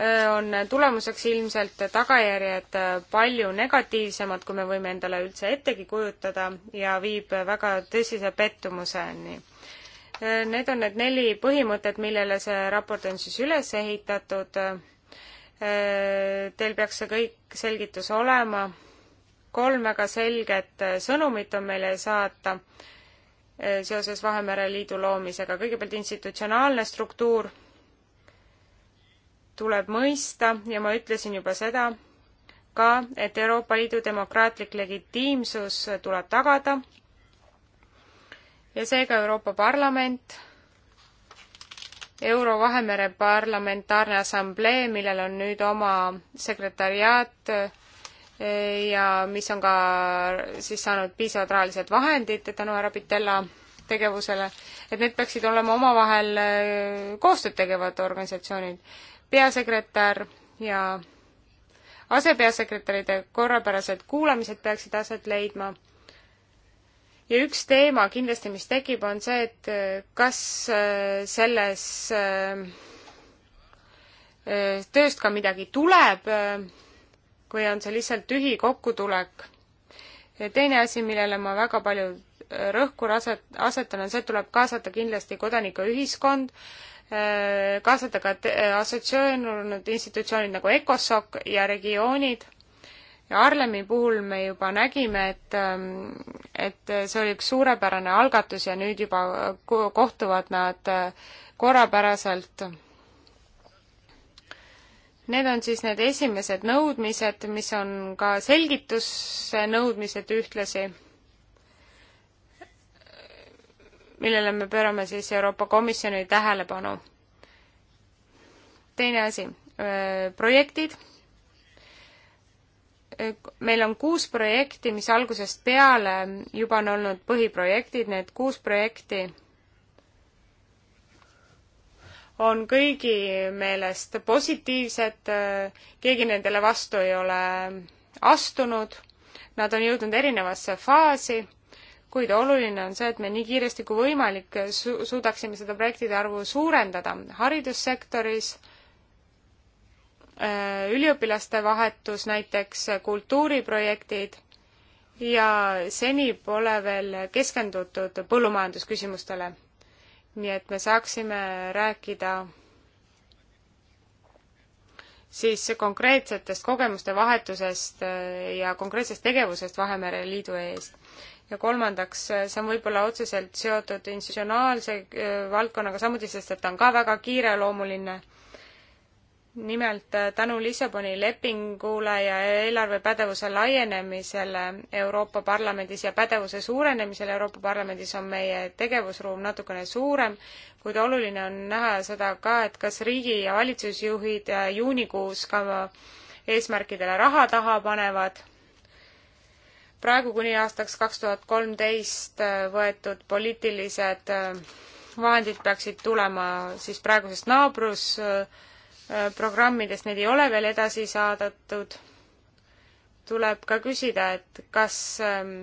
äh, on tulemuseks ilmselt tagajärjed äh, palju negatiivsemad, kui me võime endale üldse ettegi kujutada ja viib väga tõsise pettumuseni. Need on need neli põhimõtet, millele see raport on siis üles ehitatud. Teil peaks see kõik selgitus olema. kolm väga selget sõnumit on meile saata seoses Vahemere Liidu loomisega. kõigepealt institutsionaalne struktuur tuleb mõista ja ma ütlesin juba seda ka, et Euroopa Liidu demokraatlik legitiimsus tuleb tagada ja seega Euroopa Parlament, Euro-Vahemere Parlamentaarne Assamblee, millel on nüüd oma sekretariaat eh, ja mis on ka siis saanud piisavad rahalised vahendid tänu härra Pitella tegevusele, et need peaksid olema omavahel eh, koostööd tegevad organisatsioonid. peasekretär ja asepeasekretäride korrapärased kuulamised peaksid aset leidma ja üks teema kindlasti, mis tekib, on see, et äh, kas äh, selles äh, tööst ka midagi tuleb või on see lihtsalt tühi kokkutulek. teine asi, millele ma väga palju rõhku aset-, asetan, on see, et tuleb kaasata kindlasti kodanikuühiskond, kaasata ka assotsieerunud institutsioonid nagu ECOSOC ja regioonid ja Arlemi puhul me juba nägime, et, ähm, et see oli üks suurepärane algatus ja nüüd juba äh, kohtuvad nad äh, korrapäraselt. Need on siis need esimesed nõudmised, mis on ka selgituse nõudmised ühtlasi millele me pöörame siis Euroopa Komisjoni tähelepanu. teine asi, äh, projektid meil on kuus projekti, mis algusest peale juba on olnud põhiprojektid, need kuus projekti on kõigi meelest positiivsed, keegi nendele vastu ei ole astunud, nad on jõudnud erinevasse faasi, kuid oluline on see, et me nii kiiresti kui võimalik su-, suudaksime seda projektide arvu suurendada. haridussektoris äh, Äh, üliõpilaste vahetus, näiteks kultuuriprojektid ja seni pole veel keskendutud põllumajandusküsimustele. nii et me saaksime rääkida siis konkreetsetest kogemuste vahetusest äh, ja konkreetsest tegevusest Vahemere Liidu eest ja kolmandaks, äh, see on võib-olla otseselt seotud institutsionaalse valdkonnaga samuti, sest et ta on ka väga kiireloomuline nimelt äh, tänu Lissaboni lepingule ja eelarvepädevuse laienemisele Euroopa Parlamendis ja pädevuse suurenemisele Euroopa Parlamendis on meie tegevusruum natukene suurem, kuid oluline on näha seda ka, et kas riigi- ja valitsusjuhid äh, juunikuus ka eesmärkidele raha taha panevad. praegu kuni aastaks kaks tuhat kolmteist äh, võetud poliitilised vahendid peaksid tulema siis praegusest naabrus- Äh, programmides neid ei ole veel edasi saadetud, tuleb ka küsida, et kas ähm,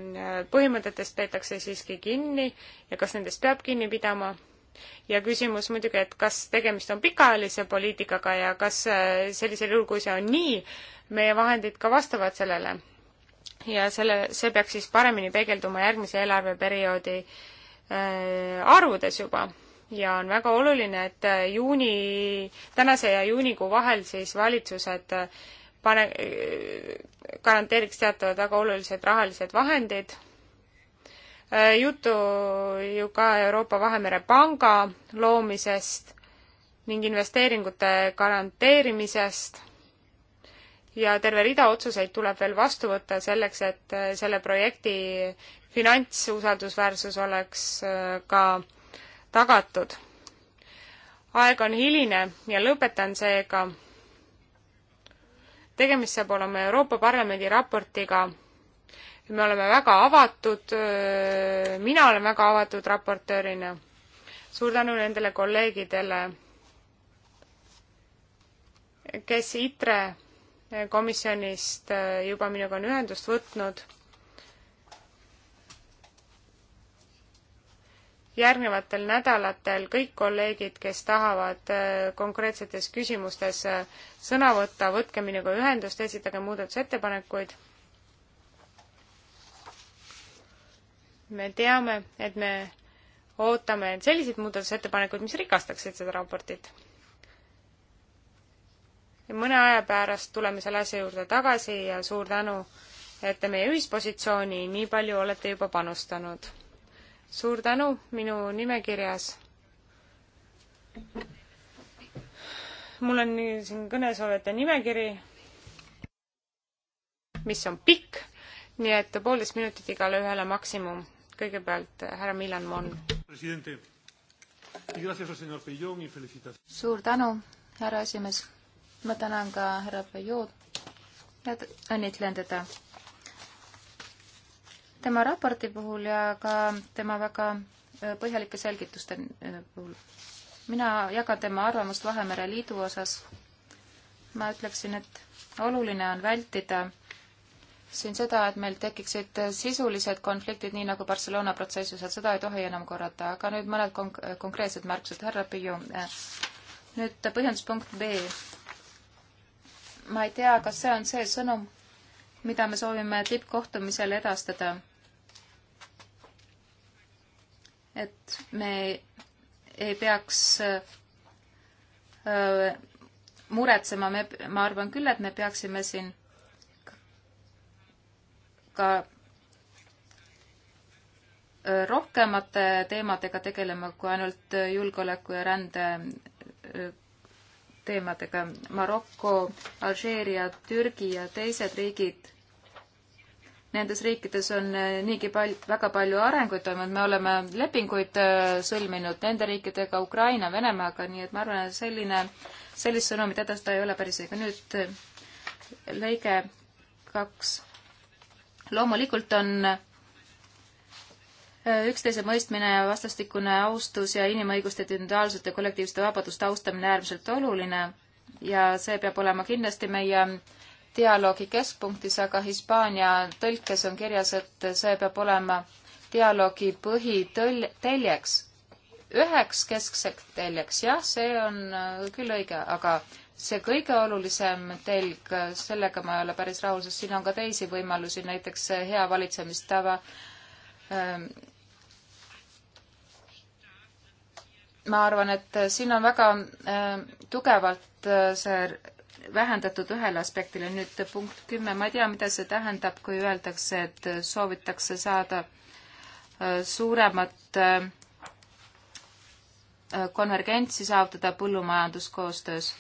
põhimõtetest peetakse siiski kinni ja kas nendest peab kinni pidama. ja küsimus muidugi, et kas tegemist on pikaajalise poliitikaga ja kas äh, sellisel juhul, kui see on nii, meie vahendid ka vastavad sellele. ja selle, see peaks siis paremini peegelduma järgmise eelarveperioodi äh, arvudes juba ja on väga oluline, et äh, juuni, tänase ja juunikuu vahel siis valitsused äh, pane, äh, garanteeriks teatavad väga olulised rahalised vahendid. juttu ju ka Euroopa Vahemere Panga loomisest ning investeeringute garanteerimisest ja terve rida otsuseid tuleb veel vastu võtta selleks, et selle projekti finantsusaldusväärsus oleks ka äh, tagatud. aeg on hiline ja lõpetan seega. tegemist saab olema Euroopa Parlamendi raportiga. me oleme väga avatud, mina olen väga avatud raportöörina. suur tänu nendele kolleegidele, kes ITRE komisjonist juba minuga on ühendust võtnud järgnevatel nädalatel kõik kolleegid, kes tahavad äh, konkreetsetes küsimustes äh, sõna võtta, võtke minuga ühendust, esitage muudatusettepanekuid. me teame, et me ootame selliseid muudatusettepanekuid, mis rikastaksid seda raportit. ja mõne aja pärast tuleme selle asja juurde tagasi ja suur tänu, et te meie ühispositsiooni nii palju olete juba panustanud suur tänu minu nimekirjas mul on siin kõnesoovijate nimekiri, mis on pikk, nii et poolteist minutit igale ühele maksimum. kõigepealt härra Milan Mon. suur tänu, härra esimees. ma tänan ka härra Peugeot ja õnnitlen teda tema raporti puhul ja ka tema väga äh, põhjalike selgituste äh, puhul. mina jagan tema arvamust Vahemere Liidu osas. ma ütleksin, et oluline on vältida siin seda, et meil tekiksid sisulised konfliktid, nii nagu Barcelona protsessis, et seda ei tohi enam korrata, aga nüüd mõned konk-, konkreetsed märkused, härra Piiu. Äh, nüüd põhjenduspunkt B. ma ei tea, kas see on see sõnum, mida me soovime tippkohtumisel edastada et me ei peaks muretsema, me, ma arvan küll, et me peaksime siin ka rohkemate teemadega tegelema kui ainult julgeoleku ja rände teemadega. Maroko, Alžeeria, Türgi ja teised riigid nendes riikides on eh, niigi pal-, väga palju arenguid toimunud, me oleme lepinguid eh, sõlminud nende riikidega, Ukraina, Venemaaga, nii et ma arvan, et selline, sellist sõnumit edastada ei ole päris õige. nüüd eh, lõige kaks. loomulikult on üksteise mõistmine, vastastikune austus ja inimõiguste, individuaalsete, kollektiivsete vabaduste austamine äärmiselt oluline ja see peab olema kindlasti meie äh, dialoogi keskpunktis, aga Hispaania tõlkes on kirjas, et see peab olema dialoogi põhitõl-, teljeks. üheks keskseks teljeks, jah, see on äh, küll õige, aga see kõige olulisem telg, äh, sellega ma ei ole päris rahul, sest siin on ka teisi võimalusi, näiteks hea valitsemistava. Ähm, ma arvan, et äh, siin on väga tugevalt see vähendatud ühele aspektile. nüüd punkt kümme, ma ei tea, mida see tähendab, kui öeldakse, et soovitakse saada äh, suuremat äh, konvergentsi saavutada põllumajanduskoostöös.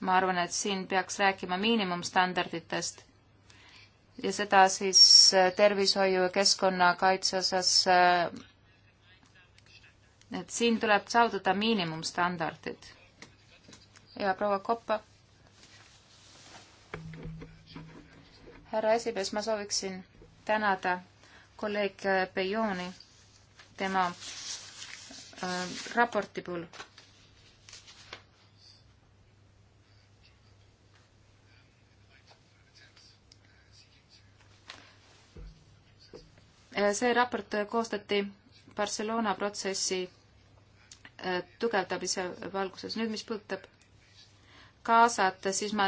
ma arvan, et siin peaks rääkima miinimumstandarditest ja seda siis äh, tervishoiu ja keskkonnakaitse osas. et siin tuleb saavutada miinimumstandardid. ja proua Koppa härra esimees, ma sooviksin tänada kolleeg Bejoni tema äh, raporti puhul. Äh, see raport koostati Barcelona protsessi äh, tugevdamise valguses. nüüd, mis puudutab kaasat, siis ma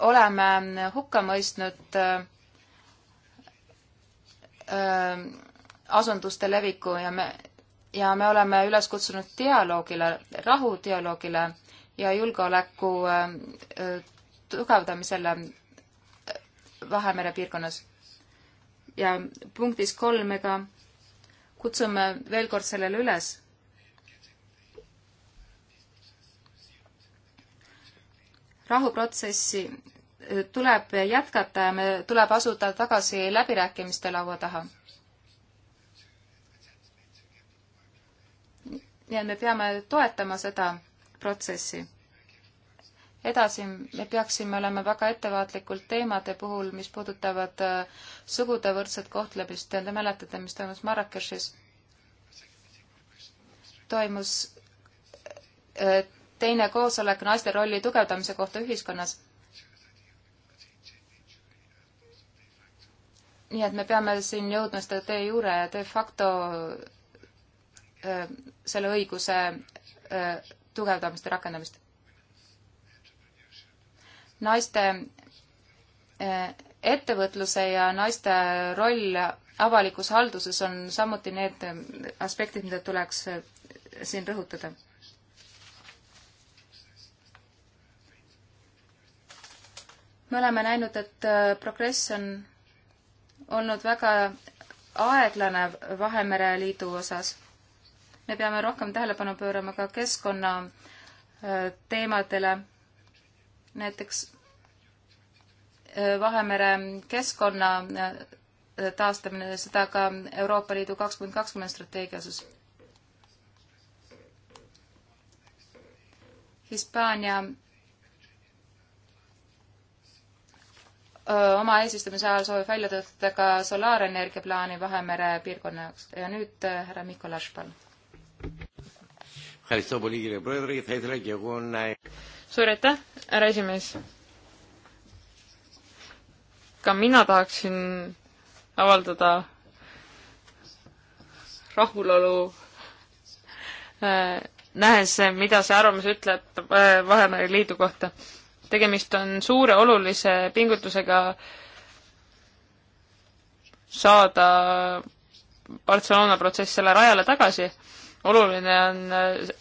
oleme hukka mõistnud äh, äh, asunduste leviku ja me, ja me oleme üles kutsunud dialoogile, rahudialoogile ja julgeoleku äh, tugevdamisele Vahemere piirkonnas. ja punktis kolm, ega kutsume veel kord sellele üles rahuprotsessi äh, tuleb jätkata ja me tuleb asuda tagasi läbirääkimiste laua taha. nii et me peame toetama seda protsessi. edasi me peaksime olema väga ettevaatlikult teemade puhul, mis puudutavad äh, sugude võrdset kohtlemist. Te mäletate, mis toimus Marrakechis? toimus äh, teine koosolek naiste rolli tugevdamise kohta ühiskonnas. nii et me peame siin jõudma seda de jure ja de facto selle õiguse tugevdamist ja rakendamist. naiste ettevõtluse ja naiste roll avalikus halduses on samuti need aspektid, mida tuleks siin rõhutada me oleme näinud, et äh, progress on olnud väga aeglane Vahemere Liidu osas. me peame rohkem tähelepanu pöörama ka keskkonna äh, teemadele. näiteks äh, Vahemere keskkonna taastamine, seda ka Euroopa Liidu kakskümmend kakskümmend strateegia osas. Hispaania oma eesistumise ajal soovib välja töötada ka solaarenergia plaani Vahemere piirkonna jaoks ja nüüd äh, härra Mikko Lašpal. suur aitäh, härra esimees! ka mina tahaksin avaldada rahulolu äh, nähes, mida see arvamus ütleb äh, Vahemere Liidu kohta tegemist on suure olulise pingutusega saada Barcelona protsess selle rajale tagasi. oluline on,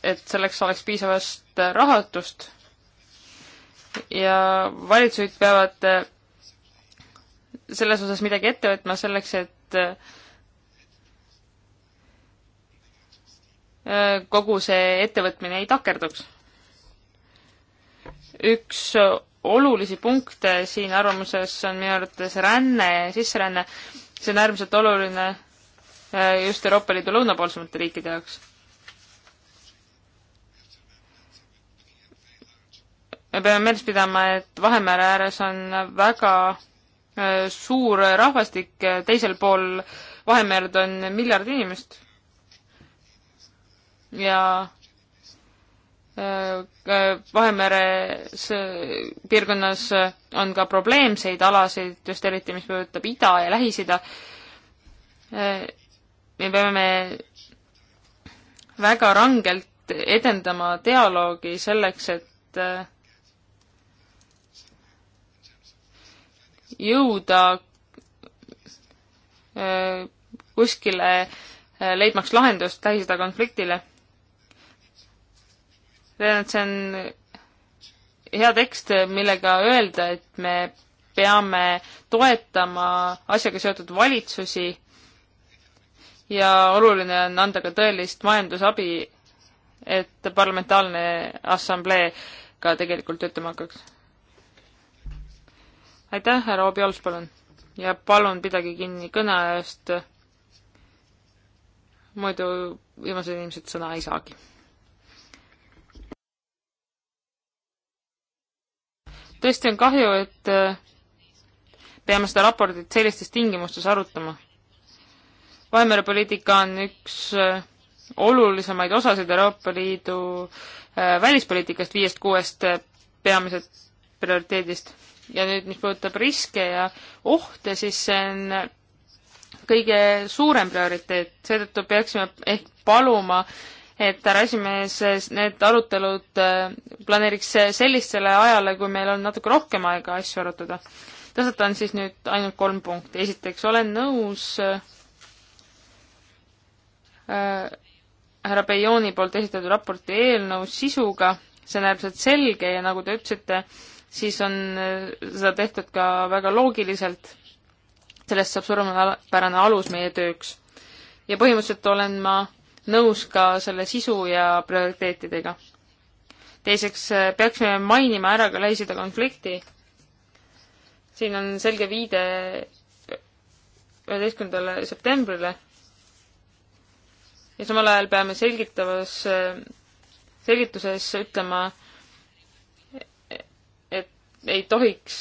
et selleks oleks piisavast rahastust ja valitsused peavad selles osas midagi ette võtma selleks, et kogu see ettevõtmine ei takerduks üks olulisi punkte siin arvamuses on minu arvates ränne, sisseränne. see on äärmiselt oluline äh, just Euroopa Liidu lõunapoolsemate riikide jaoks. me peame meeles pidama, et Vahemere ääres on väga äh, suur rahvastik, teisel pool Vahemerd on miljard inimest. ja Äh, äh, Vahemeres äh, piirkonnas on ka probleemseid alasid, just eriti, mis puudutab Ida ja Lähis-Ida. me peame väga rangelt edendama dialoogi selleks, et jõuda kuskile leidmaks lahendust Lähis-Ida konfliktile öelnud, see on hea tekst, millega öelda, et me peame toetama asjaga seotud valitsusi ja oluline on anda ka tõelist majandusabi, et parlamentaarne assamblee ka tegelikult töötama hakkaks. aitäh, härra Obiols, palun! ja palun pidage kinni kõneajast, muidu viimased inimesed sõna ei saagi tõesti on kahju, et äh, peame seda raportit sellistes tingimustes arutama. Vaimere poliitika on üks äh, olulisemaid osasid Euroopa Liidu äh, välispoliitikast, viiest-kuuest peamised prioriteedist. ja nüüd, mis puudutab riske ja ohte, siis see on kõige suurem prioriteet, seetõttu peaksime ehk paluma et härra esimees, need arutelud äh, planeeriks sellistele ajale, kui meil on natuke rohkem aega asju arutada. tõstatan siis nüüd ainult kolm punkti. esiteks, olen nõus äh, härra Bejooni poolt esitatud raporti eelnõu sisuga, see on äärmiselt selge ja nagu te ütlesite, siis on äh, seda tehtud ka väga loogiliselt. sellest saab suurepärane alus meie tööks. ja põhimõtteliselt olen ma nõus ka selle sisu ja prioriteetidega. teiseks äh, peaksime mainima ära ka Lähis-Ida konflikti. siin on selge viide üheteistkümnendale septembrile. ja samal ajal peame selgitavas, äh, selgituses ütlema, et ei tohiks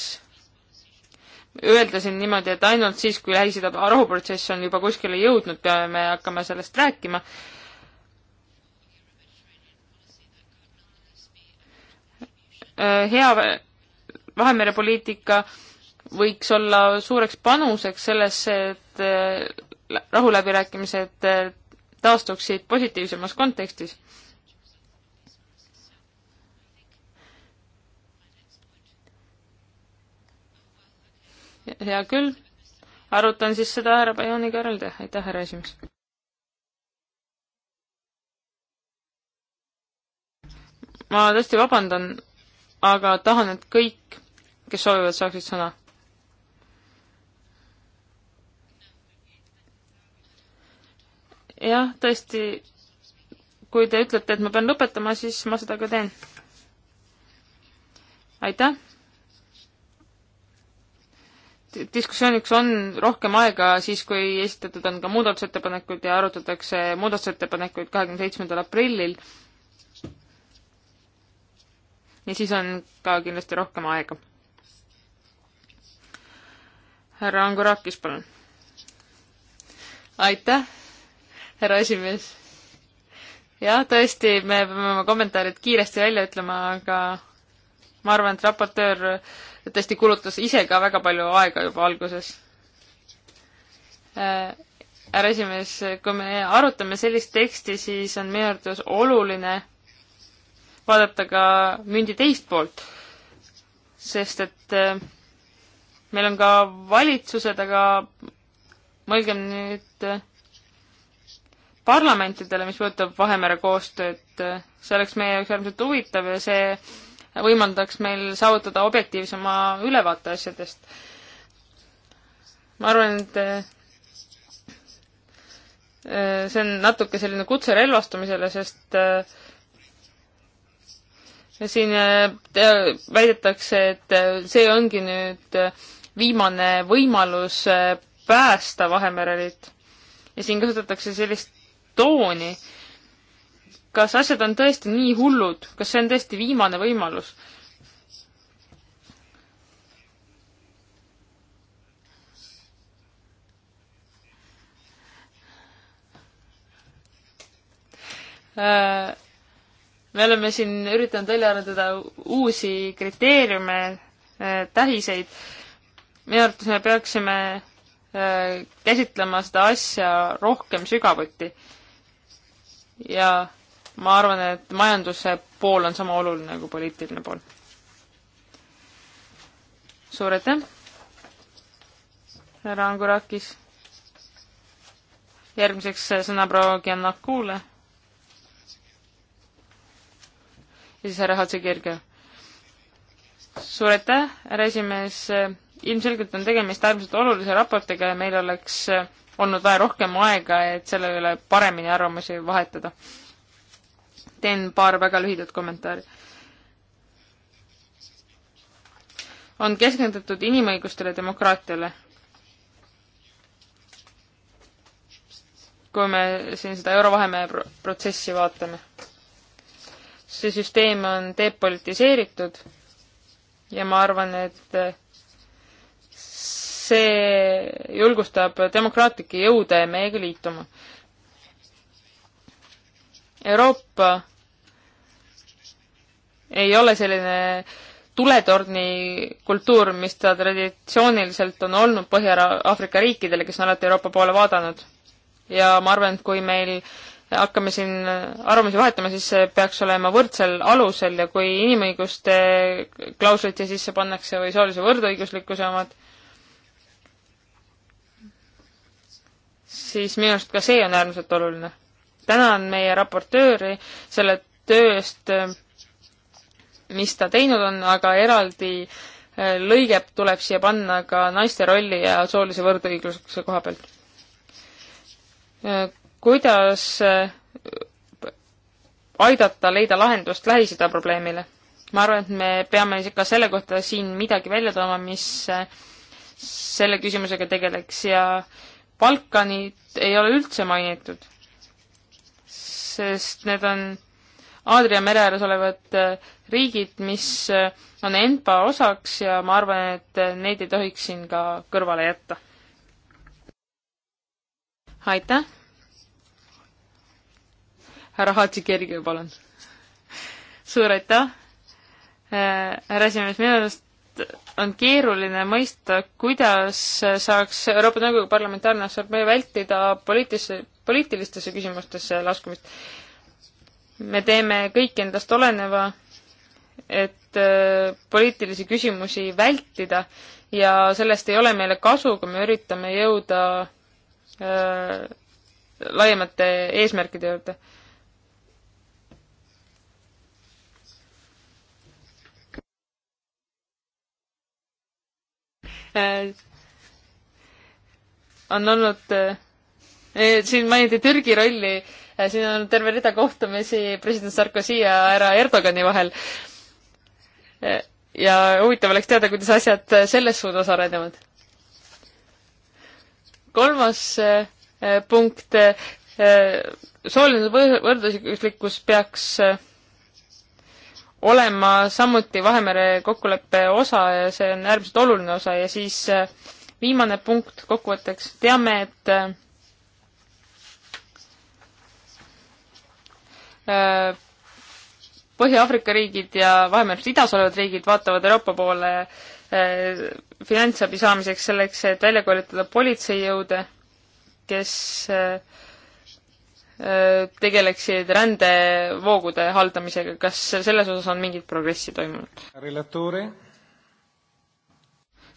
öelda siin niimoodi, et ainult siis, kui Lähis-Ida rahuprotsess on juba kuskile jõudnud, peame hakkama sellest rääkima, Äh, hea Vahemere poliitika võiks olla suureks panuseks sellesse, et äh, rahuläbirääkimised äh, taastuksid positiivsemas kontekstis. hea küll, arutan siis seda härra Bajoniga eraldi, aitäh, härra esimees. ma tõesti vabandan aga tahan, et kõik, kes soovivad, saaksid sõna. jah, tõesti, kui te ütlete, et ma pean lõpetama, siis ma seda ka teen. aitäh! diskussiooniks on rohkem aega siis, kui esitatud on ka muudatusettepanekud ja arutatakse muudatusettepanekuid kahekümne seitsmendal aprillil ja siis on ka kindlasti rohkem aega. härra Angurakis, palun. aitäh, härra esimees. jah, tõesti, me peame oma kommentaarid kiiresti välja ütlema, aga ma arvan, et raportöör tõesti kulutas ise ka väga palju aega juba alguses äh, härra esimees, kui me arutame sellist teksti, siis on minu arvates oluline äh, vaadata ka mündi teist poolt, sest et äh, meil on ka valitsused, aga mõelgem nüüd äh, parlamentidele, mis puudutab Vahemere koostööd, see oleks meie jaoks äärmiselt huvitav ja see võimaldaks meil saavutada objektiivsema ülevaate asjadest. ma arvan, et äh, see on natuke selline kutse relvastumisele, sest äh, siin äh, väidetakse, et äh, see ongi nüüd äh, viimane võimalus päästa Vahemerelit ja siin kasutatakse sellist tooni. kas asjad on tõesti nii hullud, kas see on tõesti viimane võimalus? äh, me oleme siin üritanud välja arendada uusi kriteeriume, äh, tähiseid. minu arvates me peaksime äh, käsitlema seda asja rohkem sügavuti. ja ma arvan, et majanduse pool on sama oluline kui poliitiline pool. suur aitäh, härra Angurakis. järgmiseks äh, sõna proua Giannakule ja siis härra Hatsikirge. suur aitäh, härra esimees, ilmselgelt on tegemist äärmiselt olulise raportiga ja meil oleks olnud vaja rohkem aega, et selle üle paremini arvamusi vahetada. teen paar väga lühidat kommentaari. on keskendutud inimõigustele ja demokraatiale kui me siin seda Eurovahemere protsessi vaatame see süsteem on depolitiseeritud ja ma arvan, et see julgustab demokraatlikke jõude meiega liituma. Euroopa ei ole selline tuletorni kultuur, mis ta traditsiooniliselt on olnud Põhja-Aafrika riikidele, kes on alati Euroopa poole vaadanud. ja ma arvan, et kui meil hakkame siin arvamusi vahetama, siis see peaks olema võrdsel alusel ja kui inimõiguste klauslid siia sisse pannakse või soolise võrdõiguslikkuse omad, siis minu arust ka see on äärmiselt oluline. tänan meie raportööri selle töö eest, mis ta teinud on, aga eraldi äh, lõige tuleb siia panna ka naiste rolli ja soolise võrdõiguslikkuse koha pealt äh, kuidas äh, aidata leida lahendust Lähis-Ida probleemile. ma arvan, et me peame ka selle kohta siin midagi välja tooma, mis äh, selle küsimusega tegeleks ja Balkanit ei ole üldse mainitud, sest need on Aadria mere ääres olevad äh, riigid, mis on ENPA osaks ja ma arvan, et neid ei tohiks siin ka kõrvale jätta. aitäh! härra Hatsikirgi, palun. suur aitäh, äh, härra esimees, minu arust on keeruline mõista, kuidas saaks Euroopa Nõukogu Parlamentaarne Assamblee vältida poliitilisse, poliitilistesse küsimustesse laskumist. me teeme kõik endast oleneva, et äh, poliitilisi küsimusi vältida ja sellest ei ole meile kasu, kui me üritame jõuda öö, äh, laiemate eesmärkide juurde Äh, on olnud, äh, eh, siin mainiti Türgi rolli, äh, siin on olnud terve rida kohtumisi president Sarkozy ja härra Erdogani vahel. ja huvitav oleks teada, kuidas asjad selles suunas arenevad. kolmas punkt, sooline võrdõiguslikkus peaks olema samuti Vahemere kokkuleppe osa ja see on äärmiselt oluline osa ja siis äh, viimane punkt kokkuvõtteks, teame, et äh, Põhja-Aafrika riigid ja Vahemerest idas olevad riigid vaatavad Euroopa poole äh, finantsabi saamiseks selleks, et välja koolitada politseijõude, kes äh, tegeleksid rändevoogude haldamisega, kas selles osas on mingit progressi toimunud?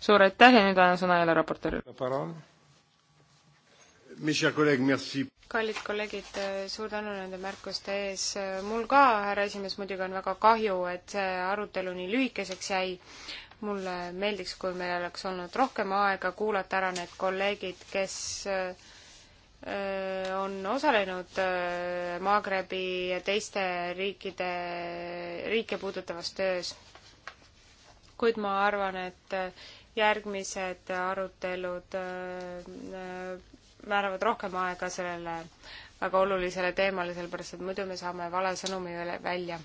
suur aitäh ja nüüd annan sõna jälle raportöörile. kallid kolleegid, suur tänu nende märkuste ees. mul ka, härra esimees, muidugi on väga kahju, et see arutelu nii lühikeseks jäi. mulle meeldiks, kui meil oleks olnud rohkem aega kuulata ära need kolleegid, kes äh, on osalenud Maagrebi ja teiste riikide, riike puudutavas töös. kuid ma arvan, et järgmised arutelud määravad rohkem aega sellele väga olulisele teemale, sellepärast et muidu me saame vale sõnumi välja.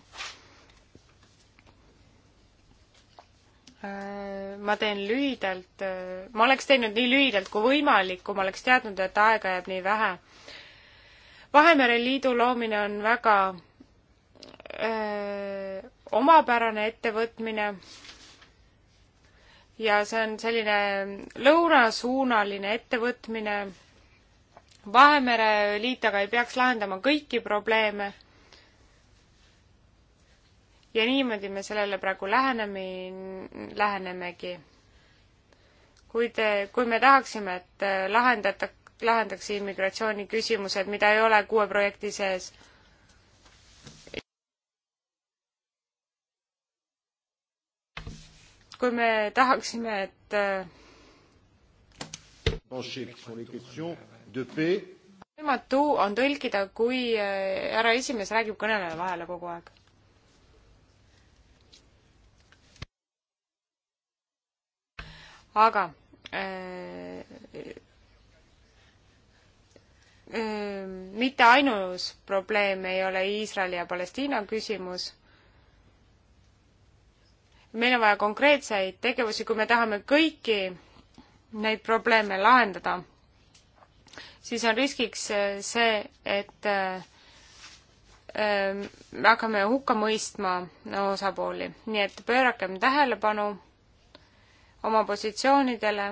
Äh, ma teen lühidalt, äh, ma oleks teinud nii lühidalt kui võimalik, kui ma oleks teadnud, et aega jääb nii vähe. Vahemere Liidu loomine on väga öö, äh, omapärane ettevõtmine ja see on selline lõunasuunaline ettevõtmine. Vahemere Liit aga ei peaks lahendama kõiki probleeme ja niimoodi me sellele praegu läheneme, lähenemegi. kui te, kui me tahaksime, et äh, lahendata, lahendaks immigratsiooniküsimused, mida ei ole kuue projekti sees, kui me tahaksime, et äh, teema tu on tõlkida, kui härra äh, esimees räägib kõneleja vahele kogu aeg. aga äh, äh, mitte ainus probleem ei ole Iisraeli ja Palestiina küsimus meil on vaja konkreetseid tegevusi, kui me tahame kõiki neid probleeme lahendada, siis on riskiks äh, see, et äh, äh, me hakkame hukka mõistma osapooli, nii et pöörakem tähelepanu oma positsioonidele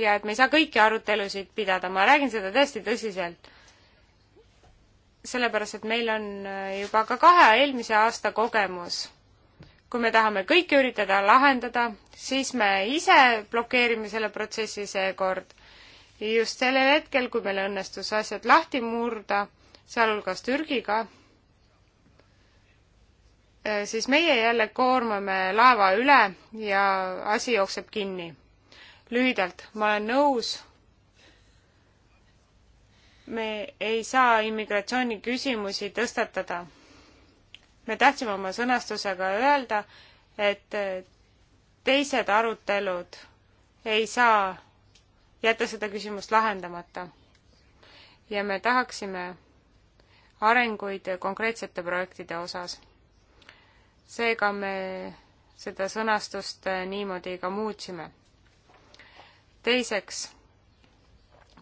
ja et me ei saa kõiki arutelusid pidada, ma räägin seda tõesti tõsiselt. sellepärast, et meil on äh, juba ka kahe eelmise aasta kogemus. kui me tahame kõike üritada lahendada, siis me ise blokeerime selle protsessi seekord. just sellel hetkel, kui meil õnnestus asjad lahti murda, sealhulgas Türgiga Äh, siis meie jälle koormame laeva üle ja asi jookseb kinni. lühidalt, ma olen nõus. me ei saa immigratsiooniküsimusi tõstatada. me tahtsime oma sõnastusega öelda, et äh, teised arutelud ei saa jätta seda küsimust lahendamata. ja me tahaksime arenguid konkreetsete projektide osas seega me seda sõnastust äh, niimoodi ka muutsime. teiseks,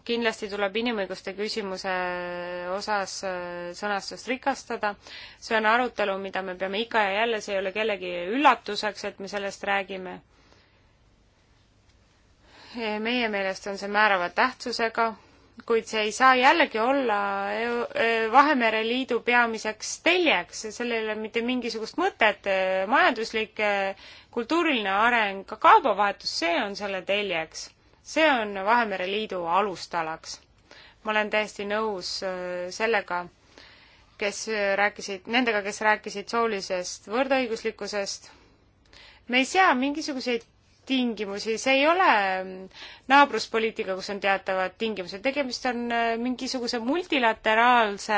kindlasti tuleb inimõiguste küsimuse äh, osas äh, sõnastust rikastada, see on arutelu, mida me peame ikka ja jälle, see ei ole kellegi üllatuseks, et me sellest räägime. meie meelest on see määrava tähtsusega kuid see ei saa jällegi olla eh, Vahemere Liidu peamiseks teljeks, sellel ei ole mitte mingisugust mõtet, eh, majanduslik, eh, kultuuriline areng, ka kaubavahetus, see on selle teljeks. see on Vahemere Liidu alustalaks. ma olen täiesti nõus sellega, kes rääkisid, nendega, kes rääkisid soolisest võrdõiguslikkusest. me ei sea mingisuguseid tingimusi, see ei ole naabruspoliitika, kus on teatavad tingimused, tegemist on äh, mingisuguse multilateraalse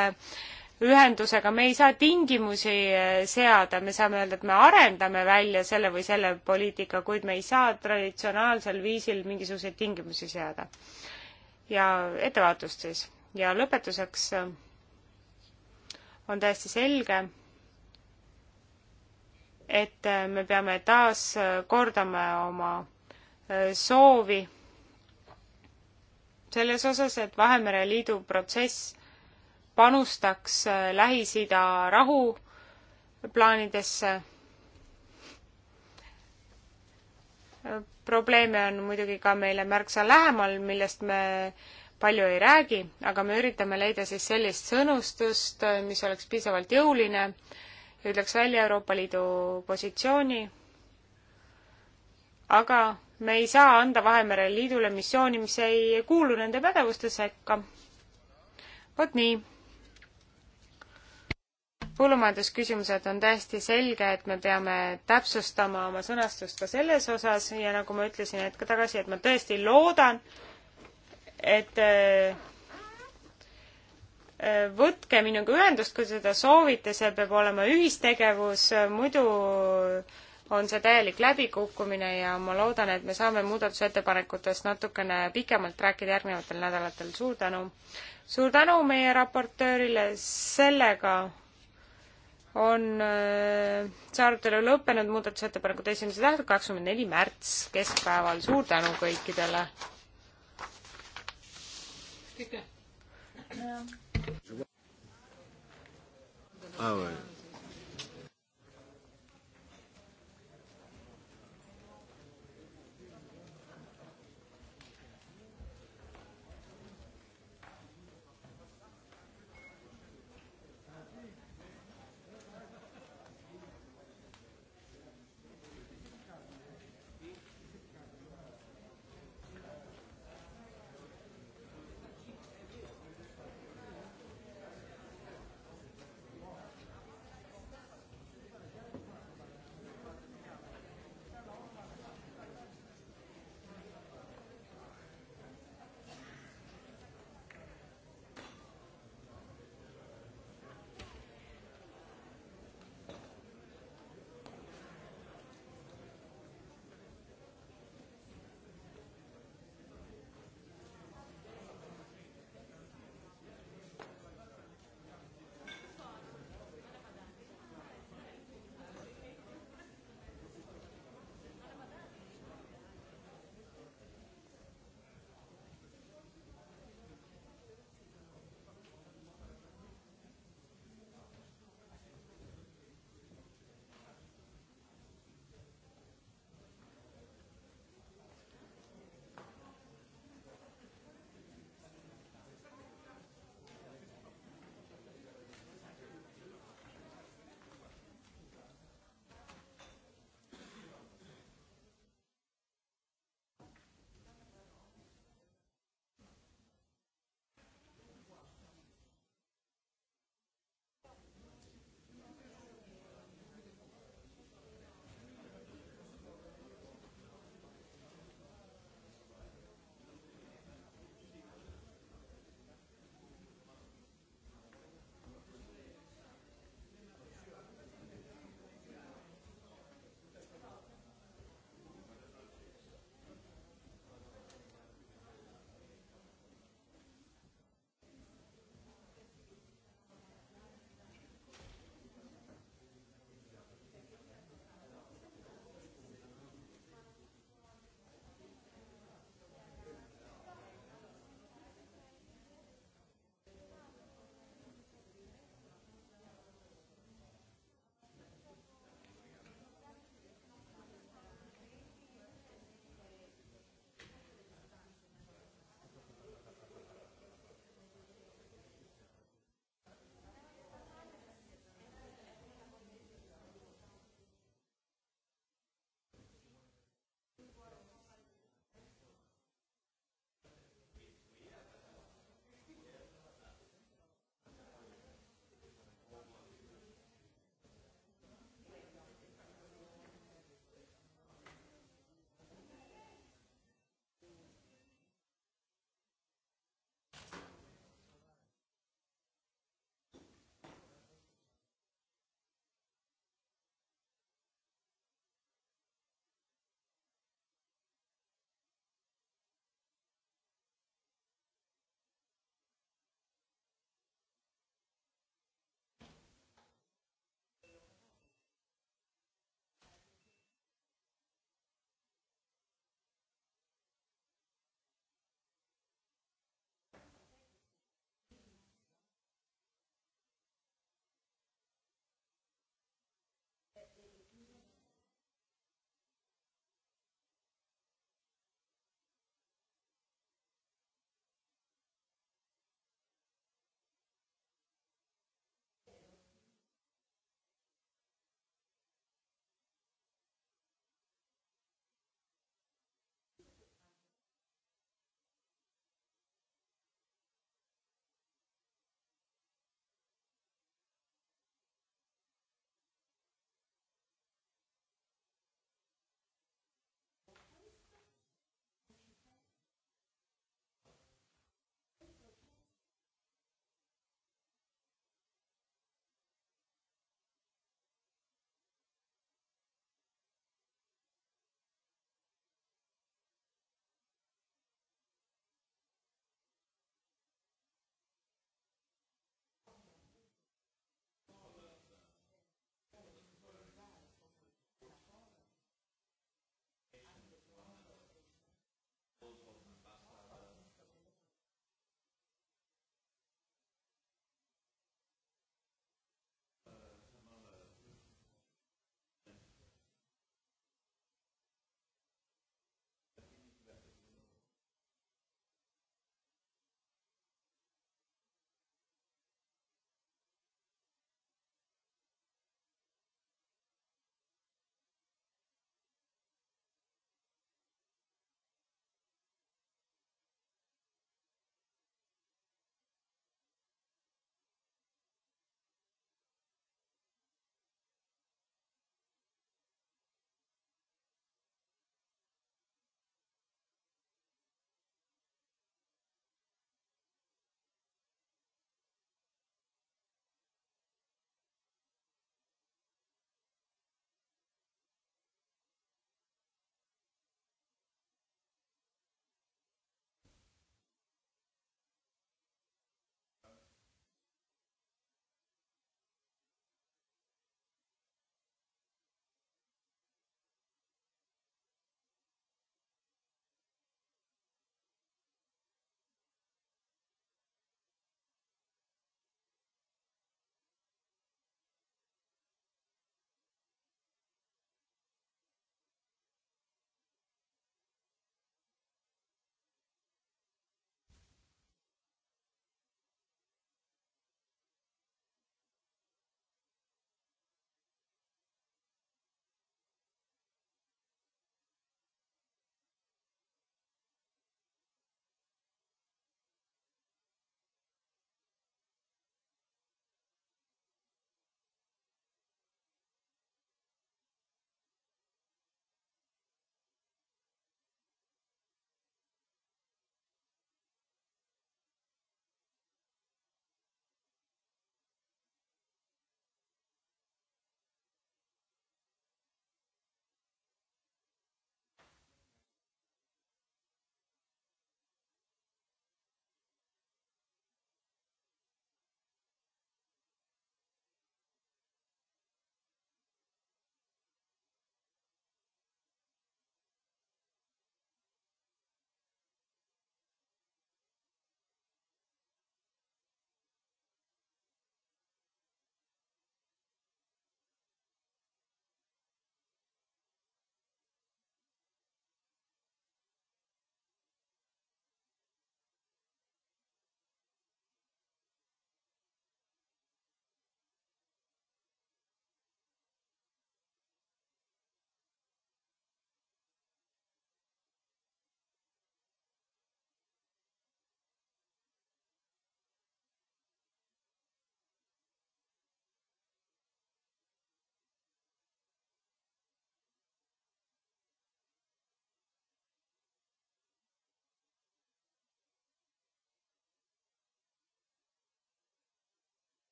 ühendusega, me ei saa tingimusi äh, seada, me saame öelda, et me arendame välja selle või selle poliitika, kuid me ei saa traditsionaalsel viisil mingisuguseid tingimusi seada. ja ettevaatust siis. ja lõpetuseks äh, on täiesti selge et äh, me peame taas äh, kordama oma äh, soovi selles osas, et Vahemere Liidu protsess panustaks Lähis-Ida rahuplaanidesse. probleeme on muidugi ka meile märksa lähemal, millest me palju ei räägi, aga me üritame leida siis sellist sõnustust, mis oleks piisavalt jõuline äh, ütleks välja Euroopa Liidu positsiooni, aga me ei saa anda Vahemere Liidule missiooni, mis ei kuulu nende pädevuste sekka. vot nii. põllumajandusküsimused on täiesti selge, et me peame täpsustama oma sõnastust ka selles osas ja nagu ma ütlesin hetk tagasi, et ma tõesti loodan, et äh, võtke minuga ühendust, kui seda soovite, see peab olema ühistegevus, muidu on see täielik läbikukkumine ja ma loodan, et me saame muudatusettepanekutest natukene pikemalt rääkida järgnevatel nädalatel. suur tänu! suur tänu meie raportöörile, sellega on äh, see arutelu lõppenud, muudatusettepanekute esimese tähtaeg kakskümmend neli märts keskpäeval, suur tänu kõikidele! kõike! Ah ouais.